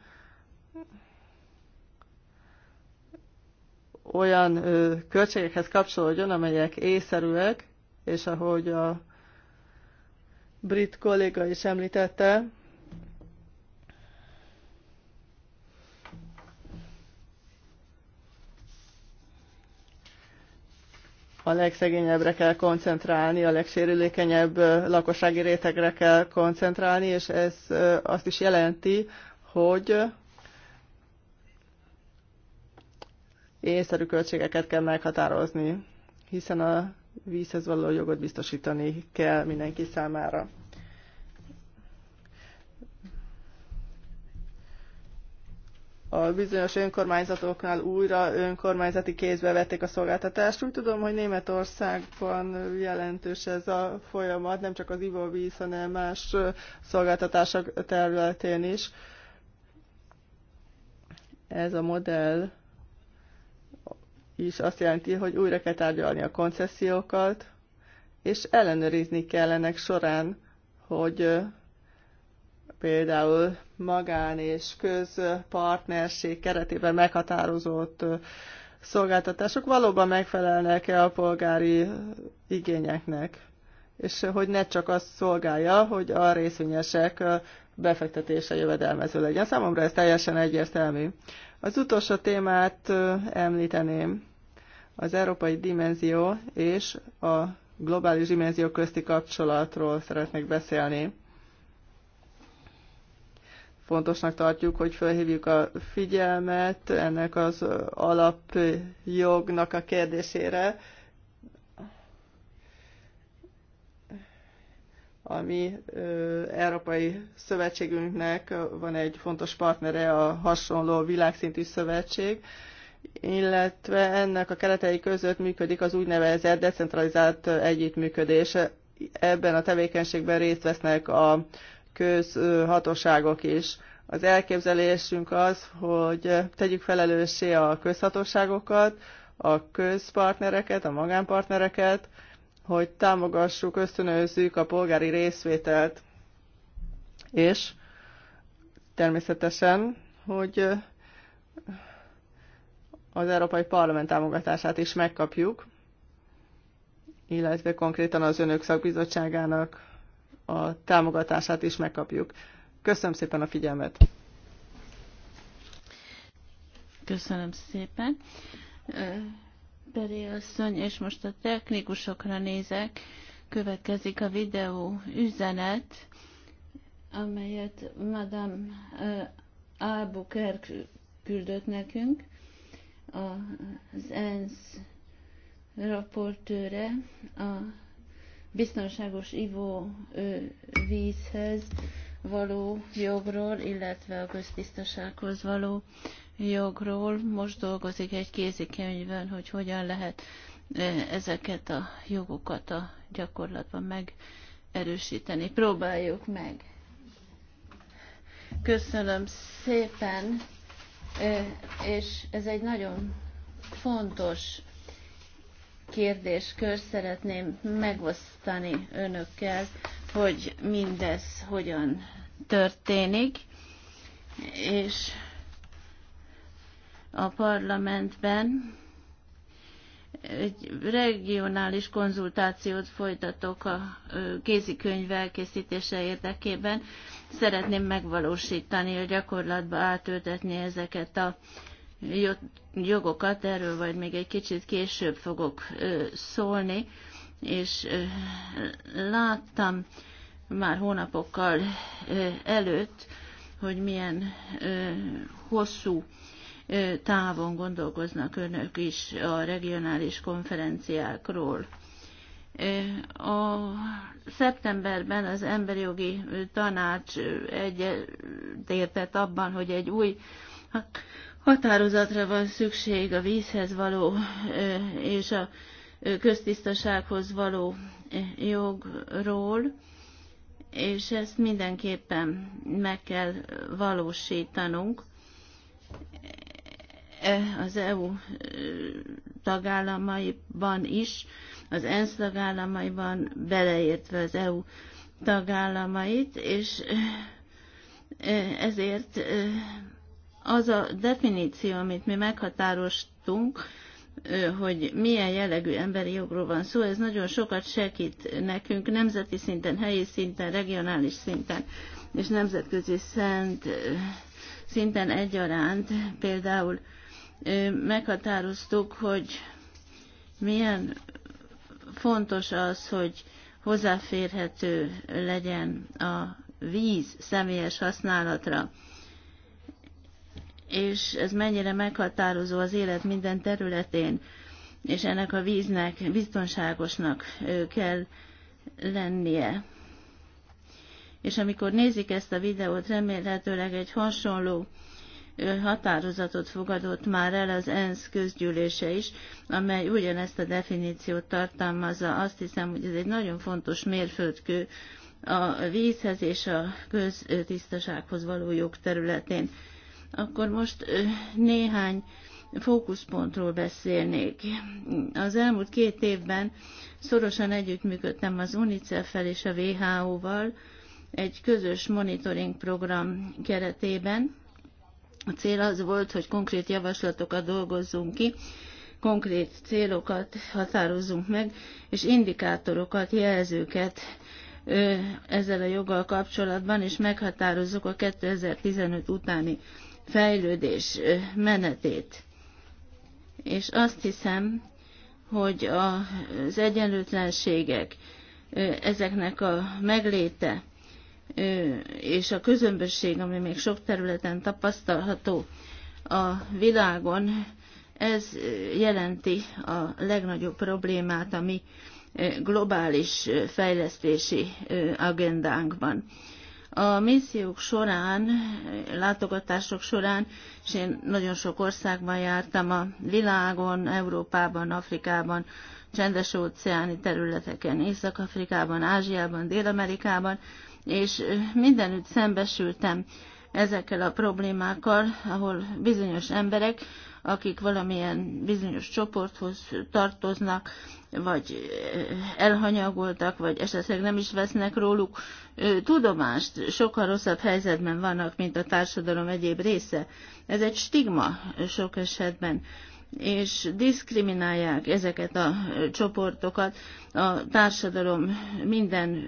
olyan ö, költségekhez kapcsolódjon, amelyek észszerűek, és ahogy a brit kolléga is említette, a legszegényebbre kell koncentrálni, a legsérülékenyebb lakossági rétegre kell koncentrálni, és ez azt is jelenti, hogy észszerű költségeket kell meghatározni, hiszen a vízhez való jogot biztosítani kell mindenki számára. a bizonyos önkormányzatoknál újra önkormányzati kézbe vették a szolgáltatást. Úgy tudom, hogy Németországban jelentős ez a folyamat, nem csak az ivóvíz, hanem más szolgáltatások területén is. Ez a modell is azt jelenti, hogy újra kell tárgyalni a koncesziókat, és ellenőrizni kell ennek során, hogy például magán és közpartnerség keretében meghatározott szolgáltatások valóban megfelelnek-e a polgári igényeknek, és hogy ne csak azt szolgálja, hogy a részvényesek befektetése jövedelmező legyen. Számomra ez teljesen egyértelmű. Az utolsó témát említeném, az európai dimenzió és a globális dimenzió közti kapcsolatról szeretnék beszélni fontosnak tartjuk, hogy felhívjuk a figyelmet ennek az alapjognak a kérdésére, ami Európai Szövetségünknek van egy fontos partnere, a hasonló világszintű szövetség, illetve ennek a keretei között működik az úgynevezett decentralizált együttműködés. Ebben a tevékenységben részt vesznek a közhatóságok is. Az elképzelésünk az, hogy tegyük felelőssé a közhatóságokat, a közpartnereket, a magánpartnereket, hogy támogassuk, ösztönözzük a polgári részvételt, és természetesen, hogy az Európai Parlament támogatását is megkapjuk, illetve konkrétan az önök szakbizottságának a támogatását is megkapjuk. Köszönöm szépen a figyelmet! Köszönöm szépen! Beri asszony, és most a technikusokra nézek. Következik a videó üzenet, amelyet Madame Albuquerque küldött nekünk, az ENSZ raportőre a biztonságos ivóvízhez való jogról, illetve a köztisztasághoz való jogról. Most dolgozik egy kézikönyvön, hogy hogyan lehet ezeket a jogokat a gyakorlatban megerősíteni. Próbáljuk meg. Köszönöm szépen, és ez egy nagyon fontos kérdéskör szeretném megosztani önökkel, hogy mindez hogyan történik, és a parlamentben egy regionális konzultációt folytatok a kézikönyv elkészítése érdekében. Szeretném megvalósítani, a gyakorlatba átültetni ezeket a jogokat, erről majd még egy kicsit később fogok szólni, és láttam már hónapokkal előtt, hogy milyen hosszú távon gondolkoznak önök is a regionális konferenciákról. A szeptemberben az emberi jogi tanács egyetértett abban, hogy egy új Határozatra van szükség a vízhez való és a köztisztasághoz való jogról, és ezt mindenképpen meg kell valósítanunk e, az EU tagállamaiban is, az ENSZ tagállamaiban beleértve az EU tagállamait, és ezért az a definíció, amit mi meghatároztunk, hogy milyen jellegű emberi jogról van szó, ez nagyon sokat segít nekünk nemzeti szinten, helyi szinten, regionális szinten és nemzetközi szent szinten egyaránt. Például meghatároztuk, hogy milyen fontos az, hogy hozzáférhető legyen a víz személyes használatra és ez mennyire meghatározó az élet minden területén, és ennek a víznek biztonságosnak kell lennie. És amikor nézik ezt a videót, remélhetőleg egy hasonló határozatot fogadott már el az ENSZ közgyűlése is, amely ugyanezt a definíciót tartalmazza. Azt hiszem, hogy ez egy nagyon fontos mérföldkő a vízhez és a köztisztasághoz való jog területén akkor most néhány fókuszpontról beszélnék. Az elmúlt két évben szorosan együttműködtem az UNICEF-fel és a WHO-val egy közös monitoring program keretében. A cél az volt, hogy konkrét javaslatokat dolgozzunk ki, konkrét célokat határozzunk meg, és indikátorokat, jelzőket ezzel a joggal kapcsolatban, és meghatározzuk a 2015 utáni fejlődés menetét. És azt hiszem, hogy az egyenlőtlenségek, ezeknek a megléte és a közömbösség, ami még sok területen tapasztalható a világon, ez jelenti a legnagyobb problémát ami globális fejlesztési agendánkban. A missziók során, látogatások során, és én nagyon sok országban jártam a világon, Európában, Afrikában, csendes óceáni területeken, Észak-Afrikában, Ázsiában, Dél-Amerikában, és mindenütt szembesültem ezekkel a problémákkal, ahol bizonyos emberek akik valamilyen bizonyos csoporthoz tartoznak, vagy eh, elhanyagoltak, vagy esetleg nem is vesznek róluk eh, tudomást, sokkal rosszabb helyzetben vannak, mint a társadalom egyéb része. Ez egy stigma sok esetben és diszkriminálják ezeket a eh, csoportokat a társadalom minden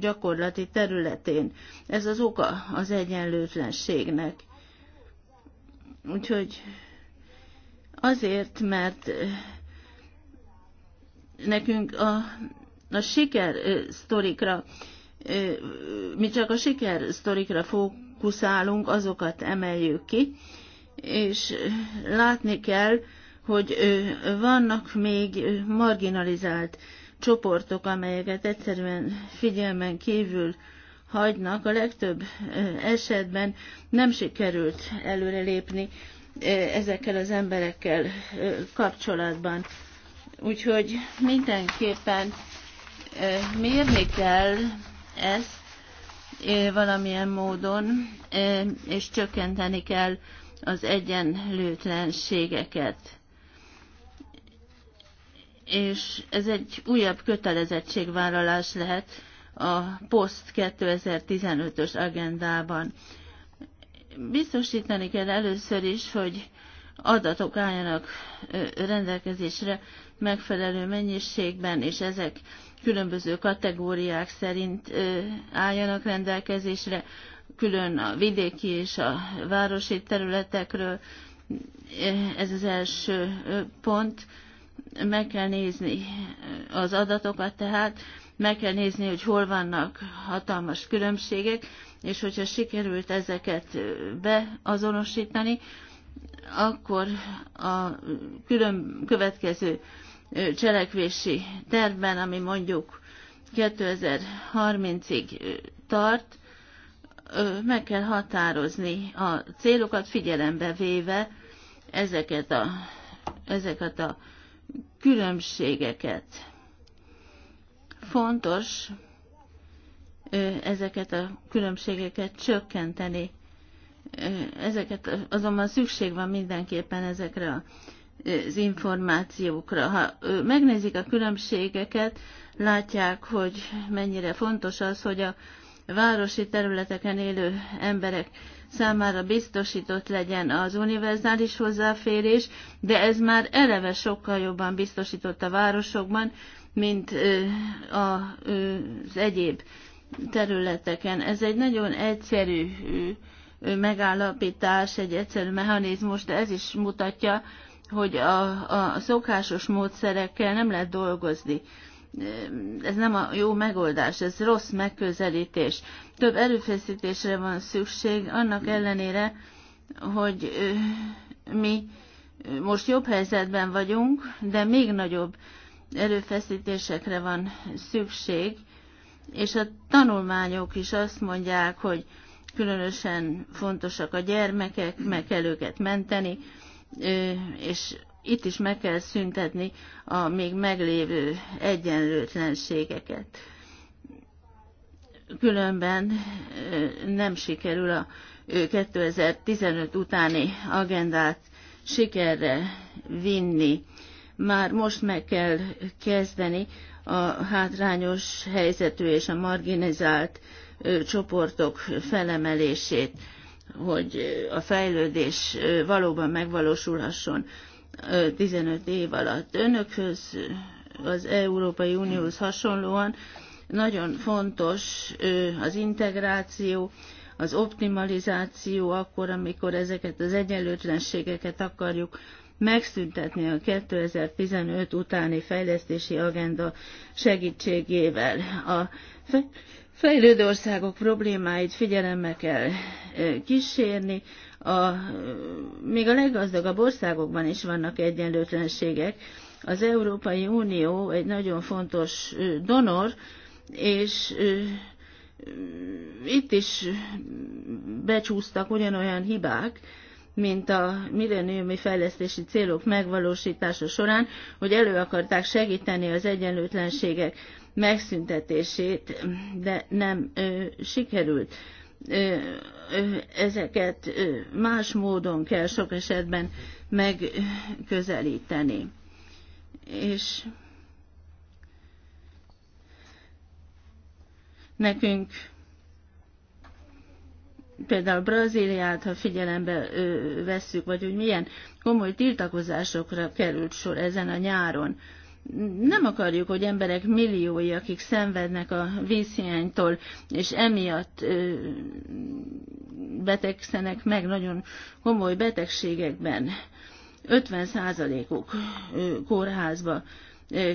gyakorlati területén. Ez az oka az egyenlőtlenségnek. Úgyhogy Azért, mert nekünk a, a siker sztorikra, mi csak a siker sztorikra fókuszálunk, azokat emeljük ki, és látni kell, hogy vannak még marginalizált csoportok, amelyeket egyszerűen figyelmen kívül hagynak. A legtöbb esetben nem sikerült előrelépni ezekkel az emberekkel kapcsolatban. Úgyhogy mindenképpen mérni kell ezt valamilyen módon, és csökkenteni kell az egyenlőtlenségeket. És ez egy újabb kötelezettségvállalás lehet a POST 2015-ös agendában. Biztosítani kell először is, hogy adatok álljanak rendelkezésre megfelelő mennyiségben, és ezek különböző kategóriák szerint álljanak rendelkezésre, külön a vidéki és a városi területekről. Ez az első pont. Meg kell nézni az adatokat tehát, meg kell nézni, hogy hol vannak hatalmas különbségek, és hogyha sikerült ezeket beazonosítani, akkor a külön következő cselekvési tervben, ami mondjuk 2030-ig tart, meg kell határozni a célokat figyelembe véve ezeket a, ezeket a különbségeket. Fontos ezeket a különbségeket csökkenteni. Ezeket azonban szükség van mindenképpen ezekre az információkra. Ha megnézik a különbségeket, látják, hogy mennyire fontos az, hogy a városi területeken élő emberek számára biztosított legyen az univerzális hozzáférés, de ez már eleve sokkal jobban biztosított a városokban, mint az egyéb területeken. Ez egy nagyon egyszerű megállapítás, egy egyszerű mechanizmus, de ez is mutatja, hogy a, a szokásos módszerekkel nem lehet dolgozni. Ez nem a jó megoldás, ez rossz megközelítés. Több erőfeszítésre van szükség, annak ellenére, hogy mi most jobb helyzetben vagyunk, de még nagyobb erőfeszítésekre van szükség, és a tanulmányok is azt mondják, hogy különösen fontosak a gyermekek, meg kell őket menteni, és itt is meg kell szüntetni a még meglévő egyenlőtlenségeket. Különben nem sikerül a 2015 utáni agendát sikerre vinni már most meg kell kezdeni a hátrányos helyzetű és a marginalizált csoportok felemelését, hogy a fejlődés valóban megvalósulhasson 15 év alatt. Önökhöz az Európai Unióhoz hasonlóan nagyon fontos az integráció, az optimalizáció akkor, amikor ezeket az egyenlőtlenségeket akarjuk megszüntetni a 2015 utáni fejlesztési agenda segítségével. A fejlődő országok problémáit figyelemmel kell kísérni, a, még a leggazdagabb országokban is vannak egyenlőtlenségek. Az Európai Unió egy nagyon fontos donor, és itt is becsúsztak ugyanolyan hibák, mint a milleniumi fejlesztési célok megvalósítása során, hogy elő akarták segíteni az egyenlőtlenségek megszüntetését, de nem ö, sikerült. Ö, ö, ezeket ö, más módon kell sok esetben megközelíteni. És nekünk például Brazíliát, ha figyelembe vesszük, vagy hogy milyen komoly tiltakozásokra került sor ezen a nyáron. Nem akarjuk, hogy emberek milliói, akik szenvednek a vízhiánytól, és emiatt ö, betegszenek meg nagyon komoly betegségekben. 50%-uk kórházba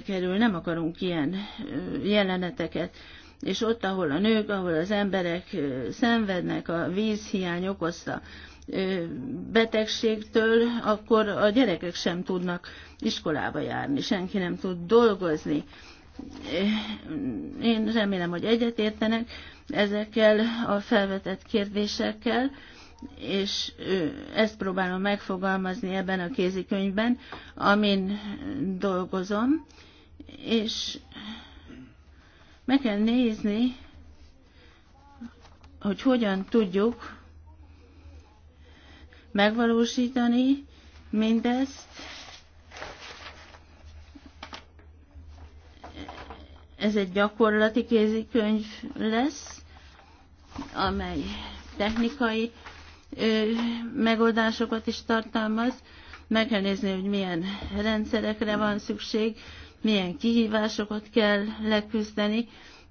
kerül, nem akarunk ilyen jeleneteket. Ö, és ott, ahol a nők, ahol az emberek szenvednek a vízhiány okozta betegségtől, akkor a gyerekek sem tudnak iskolába járni, senki nem tud dolgozni. Én remélem, hogy egyetértenek ezekkel a felvetett kérdésekkel, és ezt próbálom megfogalmazni ebben a kézikönyvben, amin dolgozom, és meg kell nézni, hogy hogyan tudjuk megvalósítani mindezt. Ez egy gyakorlati kézikönyv lesz, amely technikai ö, megoldásokat is tartalmaz. Meg kell nézni, hogy milyen rendszerekre van szükség, milyen kihívásokat kell leküzdeni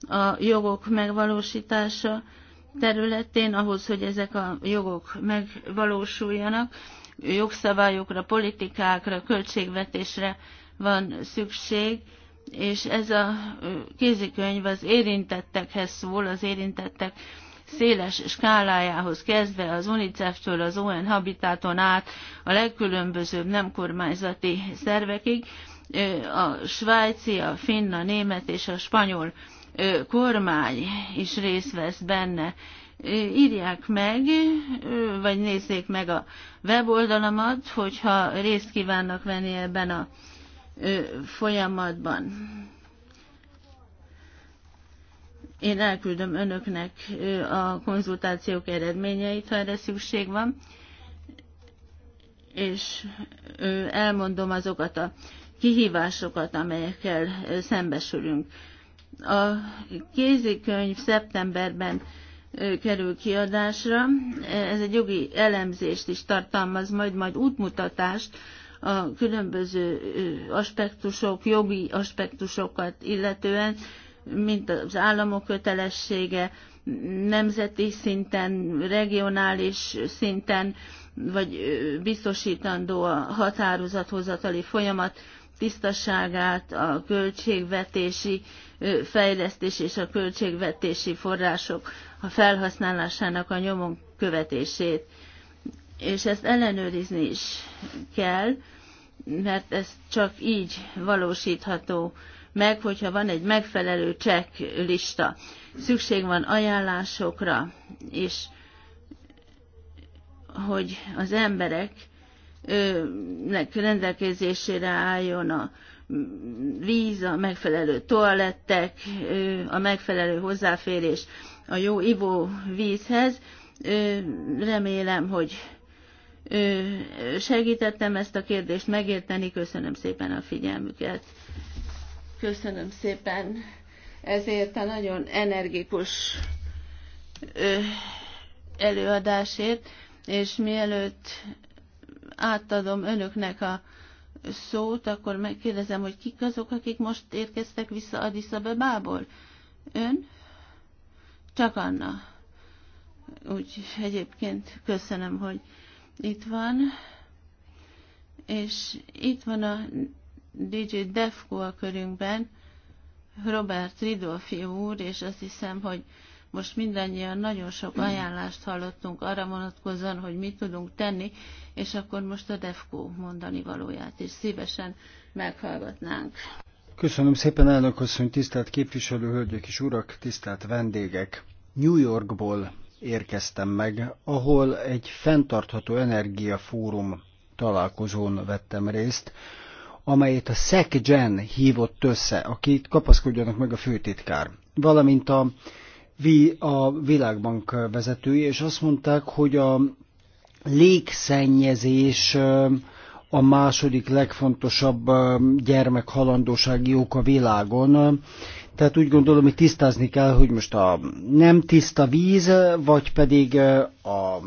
a jogok megvalósítása területén, ahhoz, hogy ezek a jogok megvalósuljanak. Jogszabályokra, politikákra, költségvetésre van szükség, és ez a kézikönyv az érintettekhez szól, az érintettek széles skálájához kezdve az UNICEF-től az UN Habitaton át a legkülönbözőbb nem kormányzati szervekig, a svájci, a finn, a német és a spanyol kormány is részt vesz benne. Írják meg, vagy nézzék meg a weboldalamat, hogyha részt kívánnak venni ebben a folyamatban. Én elküldöm önöknek a konzultációk eredményeit, ha erre szükség van, és elmondom azokat a kihívásokat, amelyekkel szembesülünk. A kézikönyv szeptemberben kerül kiadásra. Ez egy jogi elemzést is tartalmaz, majd majd útmutatást a különböző aspektusok, jogi aspektusokat illetően, mint az államok kötelessége, nemzeti szinten, regionális szinten, vagy biztosítandó a határozathozatali folyamat, tisztaságát, a költségvetési fejlesztés és a költségvetési források a felhasználásának a nyomon követését. És ezt ellenőrizni is kell, mert ez csak így valósítható meg, hogyha van egy megfelelő checklista. Szükség van ajánlásokra, és hogy az emberek rendelkezésére álljon a víz, a megfelelő toalettek, a megfelelő hozzáférés a jó ivóvízhez. Remélem, hogy segítettem ezt a kérdést megérteni. Köszönöm szépen a figyelmüket. Köszönöm szépen ezért a nagyon energikus előadásért, és mielőtt átadom önöknek a szót, akkor megkérdezem, hogy kik azok, akik most érkeztek vissza Addis Abebából? Ön? Csak Anna. Úgy egyébként köszönöm, hogy itt van. És itt van a DJ Defko a körünkben, Robert Ridolfi úr, és azt hiszem, hogy most mindannyian nagyon sok ajánlást hallottunk arra vonatkozóan, hogy mit tudunk tenni, és akkor most a DEFCO mondani valóját is szívesen meghallgatnánk. Köszönöm szépen, elnök asszony, tisztelt képviselő, hölgyek és urak, tisztelt vendégek! New Yorkból érkeztem meg, ahol egy fenntartható energiafórum találkozón vettem részt, amelyet a SecGen hívott össze, akit kapaszkodjanak meg a főtitkár, valamint a a Világbank vezetői, és azt mondták, hogy a légszennyezés a második legfontosabb gyermekhalandósági ok a világon. Tehát úgy gondolom, hogy tisztázni kell, hogy most a nem tiszta víz, vagy pedig a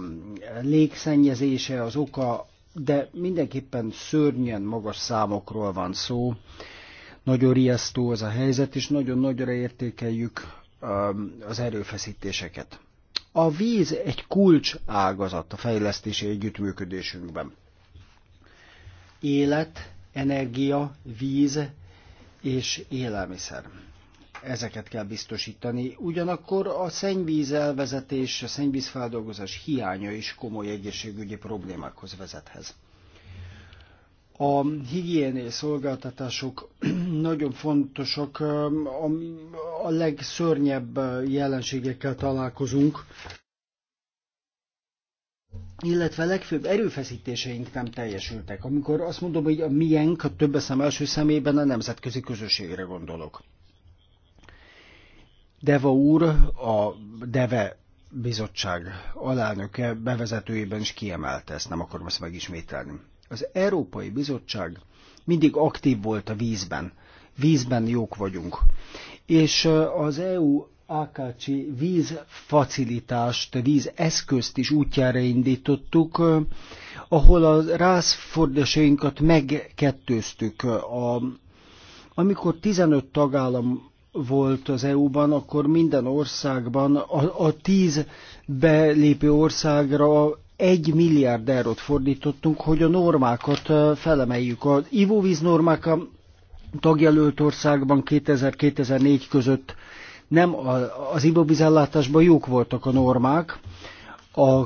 légszennyezése az oka, de mindenképpen szörnyen magas számokról van szó. Nagyon riasztó az a helyzet, és nagyon nagyra értékeljük az erőfeszítéseket. A víz egy kulcs ágazat a fejlesztési együttműködésünkben. Élet, energia, víz és élelmiszer. Ezeket kell biztosítani. Ugyanakkor a szennyvíz elvezetés, a szennyvízfeldolgozás hiánya is komoly egészségügyi problémákhoz vezethez a higiénés szolgáltatások nagyon fontosak, a legszörnyebb jelenségekkel találkozunk, illetve a legfőbb erőfeszítéseink nem teljesültek. Amikor azt mondom, hogy a miénk, a több eszem első szemében a nemzetközi közösségre gondolok. Deva úr, a Deve bizottság alelnöke bevezetőjében is kiemelte ezt, nem akarom ezt megismételni. Az Európai Bizottság mindig aktív volt a vízben. Vízben jók vagyunk. És az EU AKC vízfacilitást, vízeszközt is útjára indítottuk, ahol a rászfordásainkat megkettőztük. A, amikor 15 tagállam volt az EU-ban, akkor minden országban, a, a 10 belépő országra egy milliárd eurót fordítottunk, hogy a normákat felemeljük. Az ivóvíz normák a tagjelölt országban 2000-2004 között nem az ivóvízellátásban jók voltak a normák, a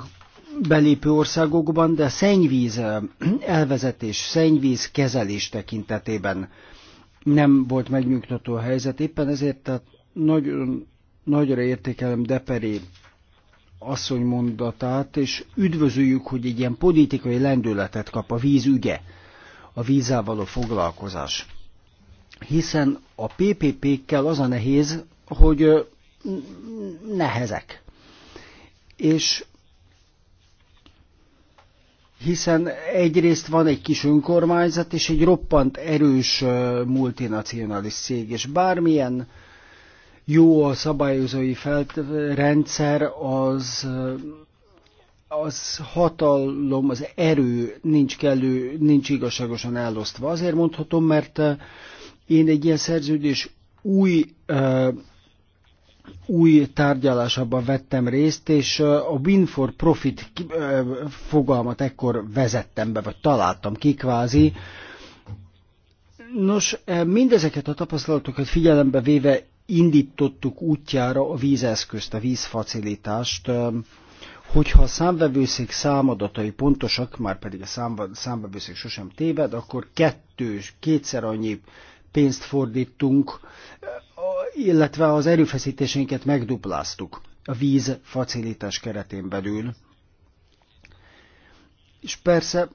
belépő országokban, de szennyvíz elvezetés, szennyvíz kezelés tekintetében nem volt megnyugtató a helyzet. Éppen ezért tehát nagyon, nagyra értékelem deperi asszony mondatát, és üdvözöljük, hogy egy ilyen politikai lendületet kap a víz ügye, a vízzel való foglalkozás. Hiszen a PPP-kkel az a nehéz, hogy nehezek. És hiszen egyrészt van egy kis önkormányzat és egy roppant erős multinacionalis cég, és bármilyen jó a szabályozói felt, rendszer, az, az hatalom, az erő nincs kellő, nincs igazságosan elosztva. Azért mondhatom, mert eh, én egy ilyen szerződés új eh, új tárgyalásában vettem részt, és eh, a win for profit fogalmat ekkor vezettem be, vagy találtam ki kvázi. Nos, mindezeket a tapasztalatokat figyelembe véve indítottuk útjára a vízeszközt, a vízfacilitást, hogyha a számvevőszék számadatai pontosak, már pedig a számvevőszék sosem téved, akkor kettős, kétszer annyi pénzt fordítunk, illetve az erőfeszítésénket megdupláztuk a víz facilitás keretén belül. És persze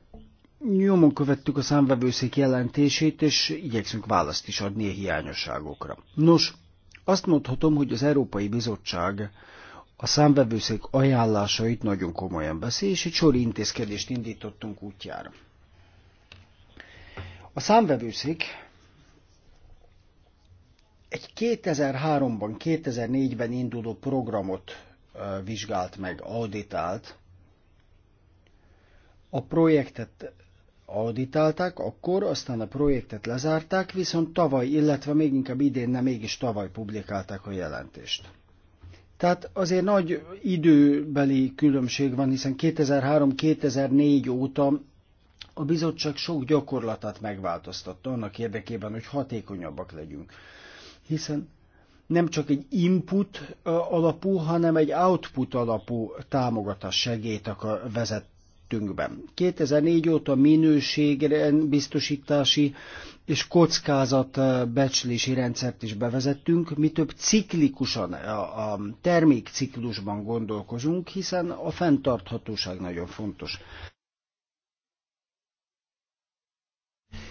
nyomon követtük a számvevőszék jelentését, és igyekszünk választ is adni a hiányosságokra. Nos, azt mondhatom, hogy az Európai Bizottság a számvevőszék ajánlásait nagyon komolyan veszi, és egy sor intézkedést indítottunk útjára. A számvevőszék egy 2003-ban, 2004-ben induló programot vizsgált meg, auditált. A projektet auditálták, akkor aztán a projektet lezárták, viszont tavaly, illetve még inkább idén, nem mégis tavaly publikálták a jelentést. Tehát azért nagy időbeli különbség van, hiszen 2003-2004 óta a bizottság sok gyakorlatát megváltoztatta annak érdekében, hogy hatékonyabbak legyünk. Hiszen nem csak egy input alapú, hanem egy output alapú támogatás segélyt vezet, tettünkben. 2004 óta minőségre biztosítási és kockázat becslési rendszert is bevezettünk, mi több ciklikusan, a, a termékciklusban gondolkozunk, hiszen a fenntarthatóság nagyon fontos.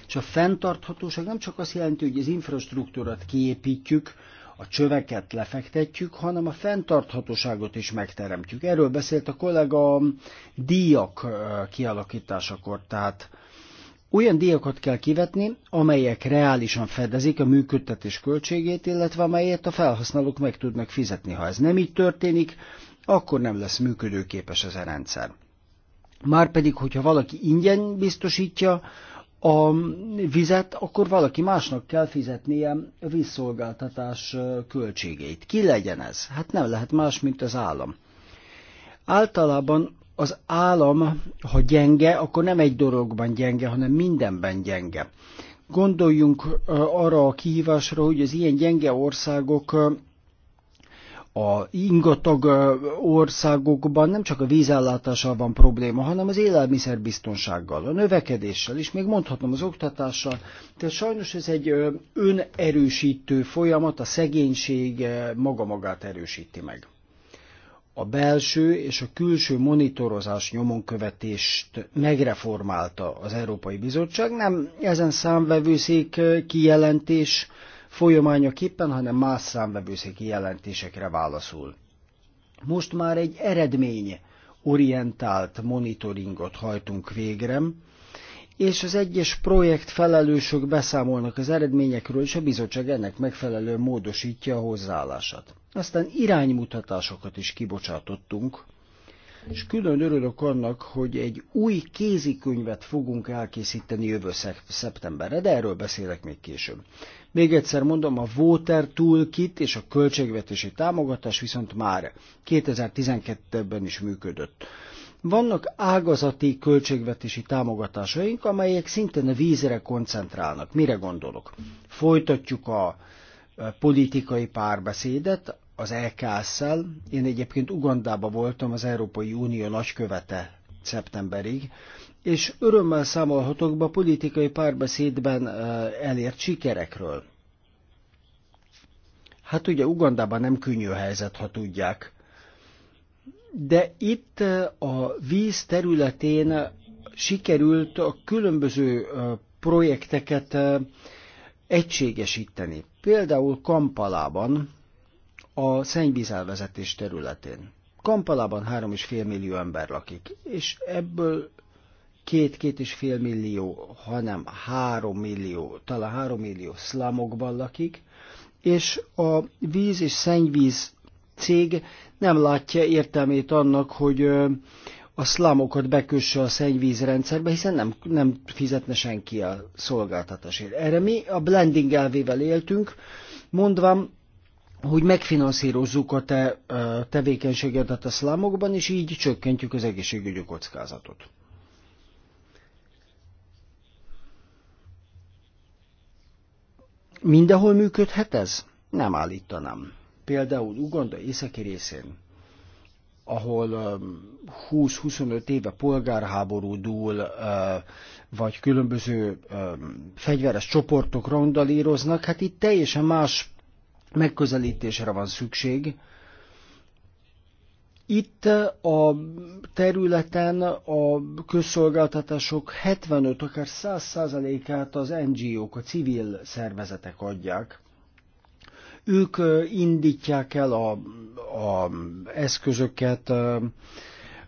És a fenntarthatóság nem csak azt jelenti, hogy az infrastruktúrát kiépítjük, a csöveket lefektetjük, hanem a fenntarthatóságot is megteremtjük. Erről beszélt a kollega a díjak kialakításakor, tehát olyan díjakat kell kivetni, amelyek reálisan fedezik a működtetés költségét, illetve amelyet a felhasználók meg tudnak fizetni. Ha ez nem így történik, akkor nem lesz működőképes ez a rendszer. Márpedig, hogyha valaki ingyen biztosítja a vizet, akkor valaki másnak kell fizetnie a vízszolgáltatás költségeit. Ki legyen ez? Hát nem lehet más, mint az állam. Általában az állam, ha gyenge, akkor nem egy dologban gyenge, hanem mindenben gyenge. Gondoljunk arra a kihívásra, hogy az ilyen gyenge országok a ingatag országokban nem csak a vízellátással van probléma, hanem az élelmiszerbiztonsággal, a növekedéssel, és még mondhatom az oktatással. Tehát sajnos ez egy önerősítő folyamat, a szegénység maga magát erősíti meg. A belső és a külső monitorozás nyomon követést megreformálta az Európai Bizottság, nem ezen számvevőszék kijelentés, folyamányaképpen, hanem más számbevőszéki jelentésekre válaszul. Most már egy eredmény orientált monitoringot hajtunk végre, és az egyes projekt felelősök beszámolnak az eredményekről, és a bizottság ennek megfelelően módosítja a hozzáállását. Aztán iránymutatásokat is kibocsátottunk, és külön örülök annak, hogy egy új kézikönyvet fogunk elkészíteni jövő szeptemberre, de erről beszélek még később. Még egyszer mondom, a Water Toolkit és a költségvetési támogatás viszont már 2012-ben is működött. Vannak ágazati költségvetési támogatásaink, amelyek szintén a vízre koncentrálnak. Mire gondolok? Folytatjuk a e, politikai párbeszédet az EKS-szel. Én egyébként Ugandába voltam az Európai Unió nagykövete szeptemberig, és örömmel számolhatok be a politikai párbeszédben elért sikerekről. Hát ugye Ugandában nem könnyű a helyzet, ha tudják. De itt a víz területén sikerült a különböző projekteket egységesíteni. Például Kampalában, a szennyvízelvezetés területén. Kampalában 3,5 millió ember lakik, és ebből két-két és fél millió, hanem három millió, talán három millió szlámokban lakik, és a víz és szennyvíz cég nem látja értelmét annak, hogy a szlámokat bekösse a szennyvízrendszerbe, hiszen nem, nem fizetne senki a szolgáltatásért. Erre mi a blending elvével éltünk, mondvám, hogy megfinanszírozzuk a te a tevékenységedet a szlámokban, és így csökkentjük az egészségügyi kockázatot. Mindenhol működhet ez? Nem állítanám. Például Uganda északi részén, ahol 20-25 um, éve polgárháború dúl, uh, vagy különböző um, fegyveres csoportok randalíroznak, hát itt teljesen más megközelítésre van szükség, itt a területen a közszolgáltatások 75, akár 100%-át az NGO-k, a civil szervezetek adják. Ők indítják el a, a eszközöket,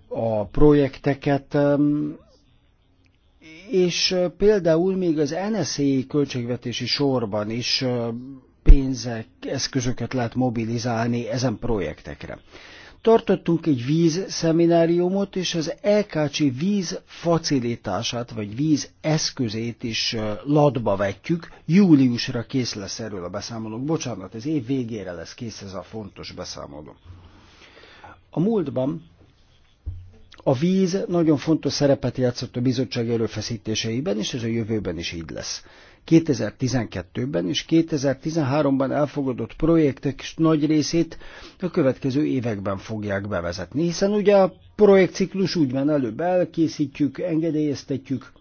a projekteket, és például még az NSA költségvetési sorban is pénzek, eszközöket lehet mobilizálni ezen projektekre. Tartottunk egy víz szemináriumot, és az LKC víz facilitását, vagy víz eszközét is ladba vetjük. Júliusra kész lesz erről a beszámolók. Bocsánat, ez év végére lesz kész ez a fontos beszámoló. A múltban a víz nagyon fontos szerepet játszott a bizottság előfeszítéseiben, és ez a jövőben is így lesz. 2012-ben és 2013-ban elfogadott projektek nagy részét a következő években fogják bevezetni, hiszen ugye a projektciklus úgy van előbb elkészítjük, engedélyeztetjük,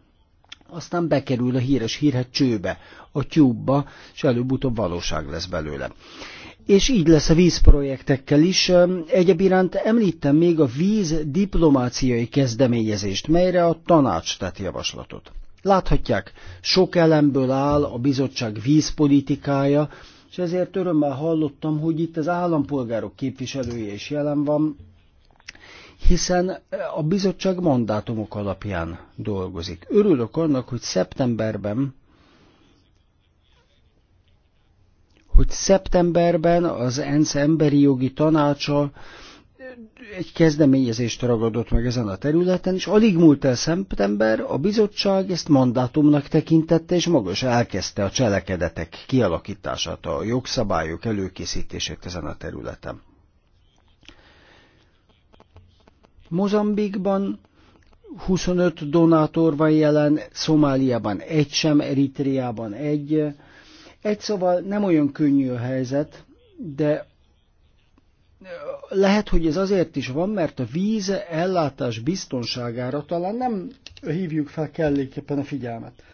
aztán bekerül a híres hírhet csőbe, a tyúbba, és előbb-utóbb valóság lesz belőle. És így lesz a vízprojektekkel is. Egyéb iránt említem még a víz diplomáciai kezdeményezést, melyre a tanács tett javaslatot. Láthatják, sok elemből áll a bizottság vízpolitikája, és ezért örömmel hallottam, hogy itt az állampolgárok képviselője is jelen van, hiszen a bizottság mandátumok alapján dolgozik. Örülök annak, hogy szeptemberben hogy szeptemberben az ENSZ emberi jogi tanácsa egy kezdeményezést ragadott meg ezen a területen, és alig múlt el szeptember, a bizottság ezt mandátumnak tekintette, és magas elkezdte a cselekedetek kialakítását, a jogszabályok előkészítését ezen a területen. Mozambikban 25 donátor van jelen, Szomáliában egy sem, Eritriában egy. Egy szóval nem olyan könnyű a helyzet, de lehet, hogy ez azért is van, mert a víz ellátás biztonságára talán nem hívjuk fel kelléképpen a figyelmet.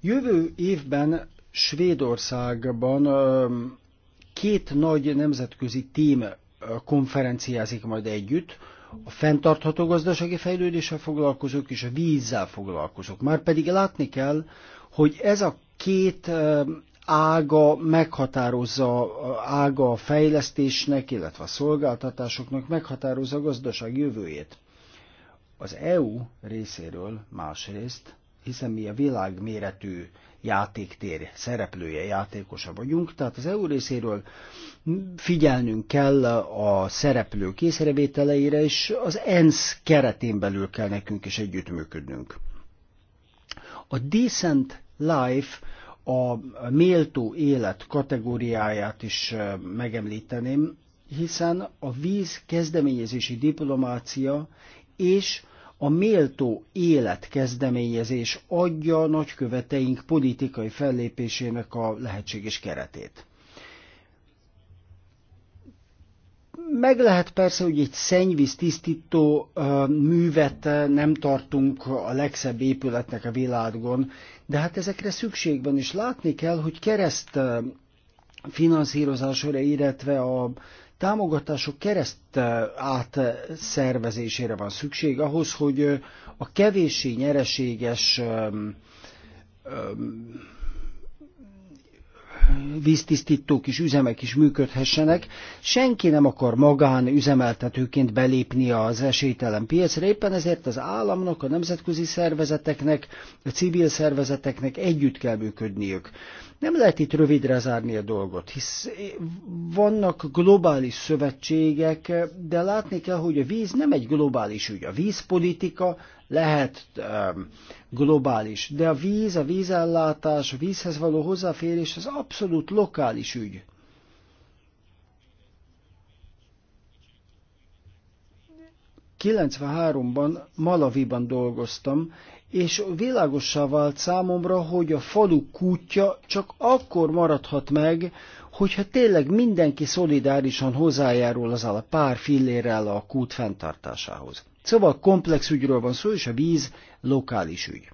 Jövő évben Svédországban két nagy nemzetközi tím konferenciázik majd együtt, a fenntartható gazdasági fejlődéssel foglalkozók és a vízzel foglalkozók. Már pedig látni kell, hogy ez a két ága meghatározza, ága a fejlesztésnek, illetve a szolgáltatásoknak meghatározza a gazdaság jövőjét. Az EU részéről másrészt, hiszen mi a világméretű játéktér szereplője, játékosa vagyunk, tehát az EU részéről figyelnünk kell a szereplők észrevételeire, és az ENSZ keretén belül kell nekünk is együttműködnünk. A Decent Life a méltó élet kategóriáját is megemlíteném, hiszen a víz kezdeményezési diplomácia és a méltó élet kezdeményezés adja nagyköveteink politikai fellépésének a lehetséges keretét. Meg lehet persze, hogy egy szennyvíz tisztító művet nem tartunk a legszebb épületnek a világon, de hát ezekre szükség van, és látni kell, hogy kereszt finanszírozásra, illetve a támogatások kereszt átszervezésére van szükség ahhoz, hogy a kevéssé nyereséges víztisztítók is, üzemek is működhessenek. Senki nem akar magán üzemeltetőként belépni az esélytelen piacra, éppen ezért az államnak, a nemzetközi szervezeteknek, a civil szervezeteknek együtt kell működniük. Nem lehet itt rövidre zárni a dolgot, hisz vannak globális szövetségek, de látni kell, hogy a víz nem egy globális ügy. A vízpolitika lehet um, globális, de a víz, a vízellátás, a vízhez való hozzáférés az abszolút lokális ügy. ban Malaviban dolgoztam, és világossá vált számomra, hogy a falu kútja csak akkor maradhat meg, hogyha tényleg mindenki szolidárisan hozzájárul az a pár fillérrel a kút fenntartásához. Szóval komplex ügyről van szó, és a víz lokális ügy.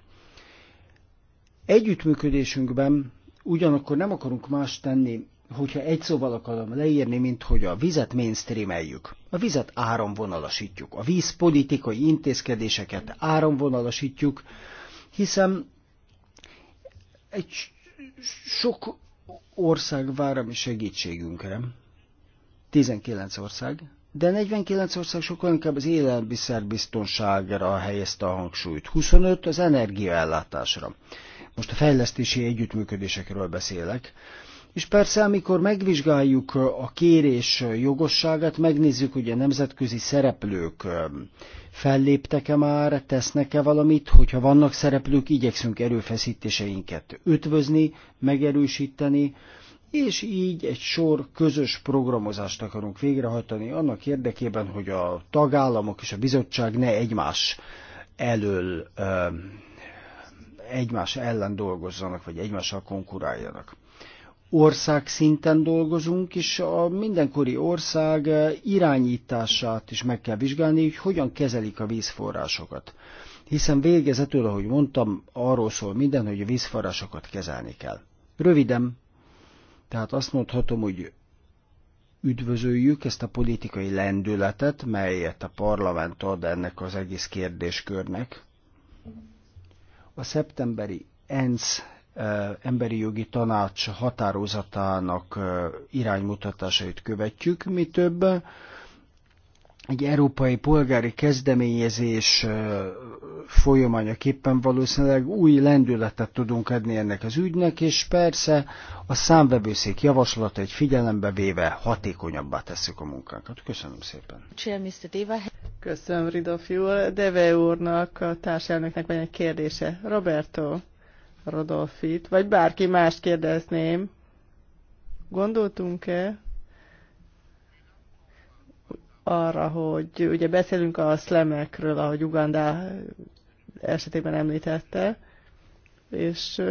Együttműködésünkben ugyanakkor nem akarunk más tenni, hogyha egy szóval akarom leírni, mint hogy a vizet mainstreameljük, a vizet áramvonalasítjuk, a vízpolitikai intézkedéseket áramvonalasítjuk, hiszen egy sok ország vár a mi segítségünkre, 19 ország, de 49 ország sokkal inkább az élelmiszerbiztonságra helyezte a hangsúlyt, 25 az energiaellátásra. Most a fejlesztési együttműködésekről beszélek. És persze, amikor megvizsgáljuk a kérés jogosságát, megnézzük, hogy a nemzetközi szereplők um, felléptek-e már, tesznek-e valamit, hogyha vannak szereplők, igyekszünk erőfeszítéseinket ötvözni, megerősíteni, és így egy sor közös programozást akarunk végrehajtani annak érdekében, hogy a tagállamok és a bizottság ne egymás elől um, egymás ellen dolgozzanak, vagy egymással konkuráljanak ország szinten dolgozunk, és a mindenkori ország eh, irányítását is meg kell vizsgálni, hogy hogyan kezelik a vízforrásokat. Hiszen végezetül, ahogy mondtam, arról szól minden, hogy a vízforrásokat kezelni kell. Röviden, tehát azt mondhatom, hogy üdvözöljük ezt a politikai lendületet, melyet a parlament ad ennek az egész kérdéskörnek. A szeptemberi ENSZ emberi jogi tanács határozatának iránymutatásait követjük, mi több egy európai polgári kezdeményezés folyamányaképpen valószínűleg új lendületet tudunk adni ennek az ügynek, és persze a számvevőszék egy figyelembe véve hatékonyabbá tesszük a munkánkat. Köszönöm szépen. Köszönöm, Ridofi úr. Deve úrnak, a társelnöknek van egy kérdése. Roberto, Rodolfit, vagy bárki más kérdezném. Gondoltunk-e arra, hogy ugye beszélünk a szlemekről, ahogy Ugandá esetében említette, és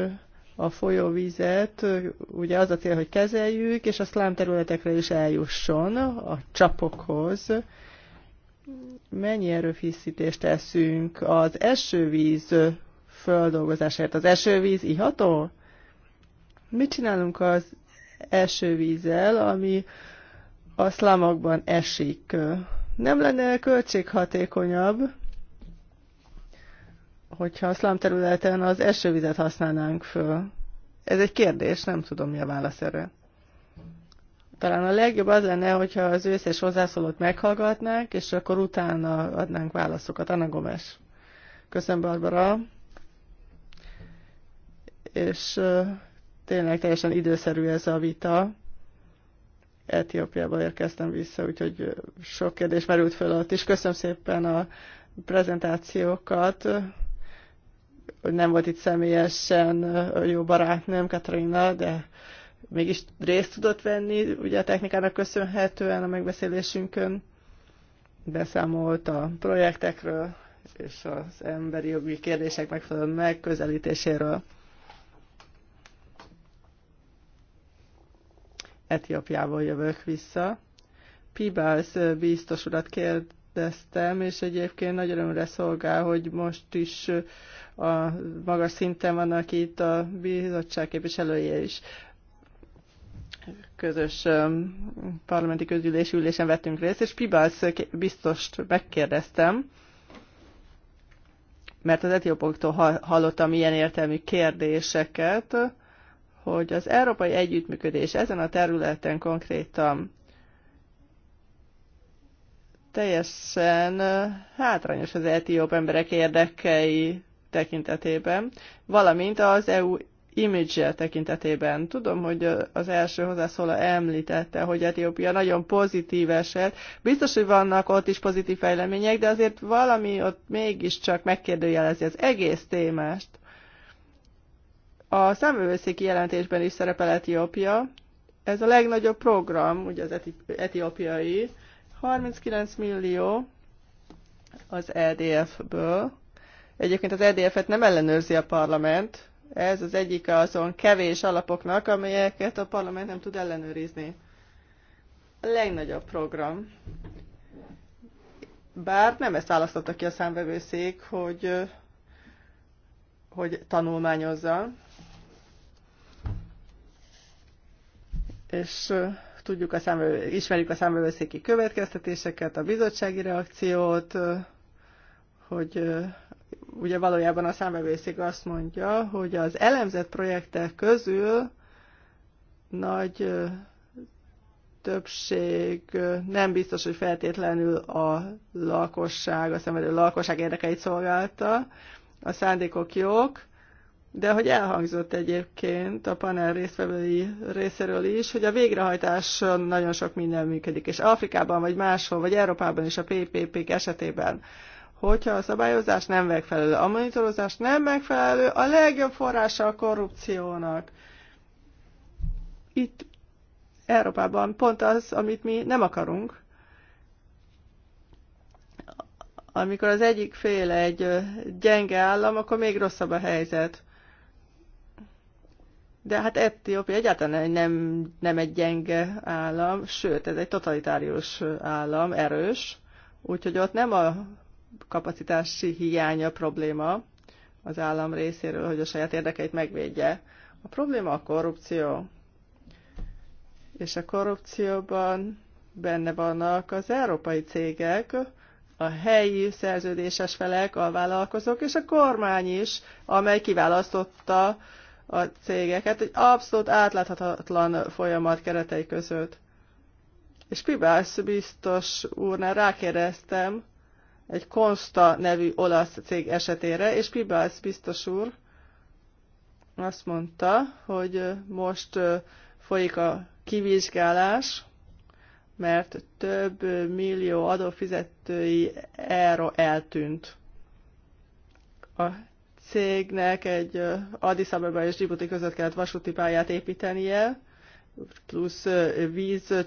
a folyóvizet, ugye az a cél, hogy kezeljük, és a szlám területekre is eljusson, a csapokhoz. Mennyi erőfészítést teszünk az esővíz földolgozásért. Az esővíz iható? Mit csinálunk az esővízzel, ami a szlamokban esik? Nem lenne költséghatékonyabb, hogyha a szlam területen az esővizet használnánk föl? Ez egy kérdés, nem tudom mi a válasz erre. Talán a legjobb az lenne, hogyha az összes hozzászólót meghallgatnánk, és akkor utána adnánk válaszokat. Anna Gomes. Köszönöm, Barbara és tényleg teljesen időszerű ez a vita. Etiópiába érkeztem vissza, úgyhogy sok kérdés merült föl ott is. Köszönöm szépen a prezentációkat. hogy Nem volt itt személyesen jó barátnőm, Katarina, de mégis részt tudott venni, ugye a technikának köszönhetően a megbeszélésünkön beszámolt a projektekről és az emberi jogi kérdések megfelelő megközelítéséről. Etiópiából jövök vissza. Pibász biztos urat kérdeztem, és egyébként nagy örömre szolgál, hogy most is a magas szinten vannak itt a bizottság képviselője is közös parlamenti közgyűlés ülésen vettünk részt, és Pibász biztost megkérdeztem, mert az etiópoktól hallottam ilyen értelmű kérdéseket, hogy az európai együttműködés ezen a területen konkrétan teljesen hátrányos az etióp emberek érdekei tekintetében, valamint az EU image tekintetében. Tudom, hogy az első hozzászóló említette, hogy Etiópia nagyon pozitív eset. Biztos, hogy vannak ott is pozitív fejlemények, de azért valami ott mégiscsak megkérdőjelezi az egész témást. A számövőszéki jelentésben is szerepel Etiópia. Ez a legnagyobb program, ugye az eti etiópiai, 39 millió az EDF-ből. Egyébként az EDF-et nem ellenőrzi a parlament. Ez az egyik azon kevés alapoknak, amelyeket a parlament nem tud ellenőrizni. A legnagyobb program. Bár nem ezt választotta ki a számvevőszék, hogy, hogy tanulmányozza. és tudjuk a számvevő, ismerjük a számvevőszéki következtetéseket, a bizottsági reakciót, hogy ugye valójában a számvevőszék azt mondja, hogy az elemzett projektek közül nagy többség nem biztos, hogy feltétlenül a lakosság, a szenvedő lakosság érdekeit szolgálta, a szándékok jók, de hogy elhangzott egyébként a panel résztvevői részéről is, hogy a végrehajtáson nagyon sok minden működik, és Afrikában, vagy máshol, vagy Európában is a PPP-k esetében hogyha a szabályozás nem megfelelő, a monitorozás nem megfelelő, a legjobb forrása a korrupciónak. Itt Európában pont az, amit mi nem akarunk. Amikor az egyik fél egy gyenge állam, akkor még rosszabb a helyzet. De hát Etiópia egyáltalán nem, nem egy gyenge állam, sőt, ez egy totalitárius állam, erős, úgyhogy ott nem a kapacitási hiánya probléma az állam részéről, hogy a saját érdekeit megvédje. A probléma a korrupció. És a korrupcióban benne vannak az európai cégek, a helyi szerződéses felek, a vállalkozók és a kormány is, amely kiválasztotta a cégeket egy abszolút átláthatatlan folyamat keretei között. És Pibász biztos úrnál rákérdeztem egy Konsta nevű olasz cég esetére, és Pibász biztos úr azt mondta, hogy most folyik a kivizsgálás, mert több millió adófizetői euró eltűnt. A cégnek egy Addis Abeba és Djibouti között kellett vasúti pályát építenie, plusz víz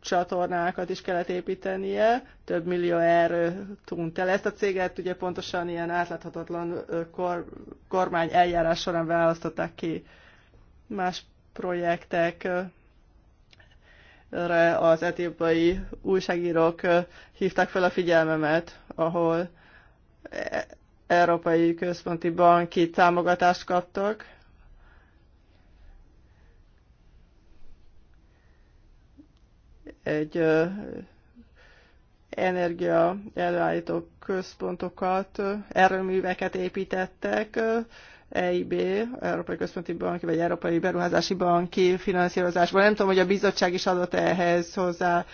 csatornákat is kellett építenie, több millió erő tűnt el. Ezt a céget ugye pontosan ilyen átláthatatlan kor, kormány eljárás során választották ki más projektek az etiópai újságírók hívták fel a figyelmemet, ahol e, Európai Központi Banki támogatást kaptak. Egy energia előállító központokat, erőműveket építettek, EIB, Európai Központi Banki, vagy Európai Beruházási Banki finanszírozásban. Nem tudom, hogy a bizottság is adott ehhez hozzá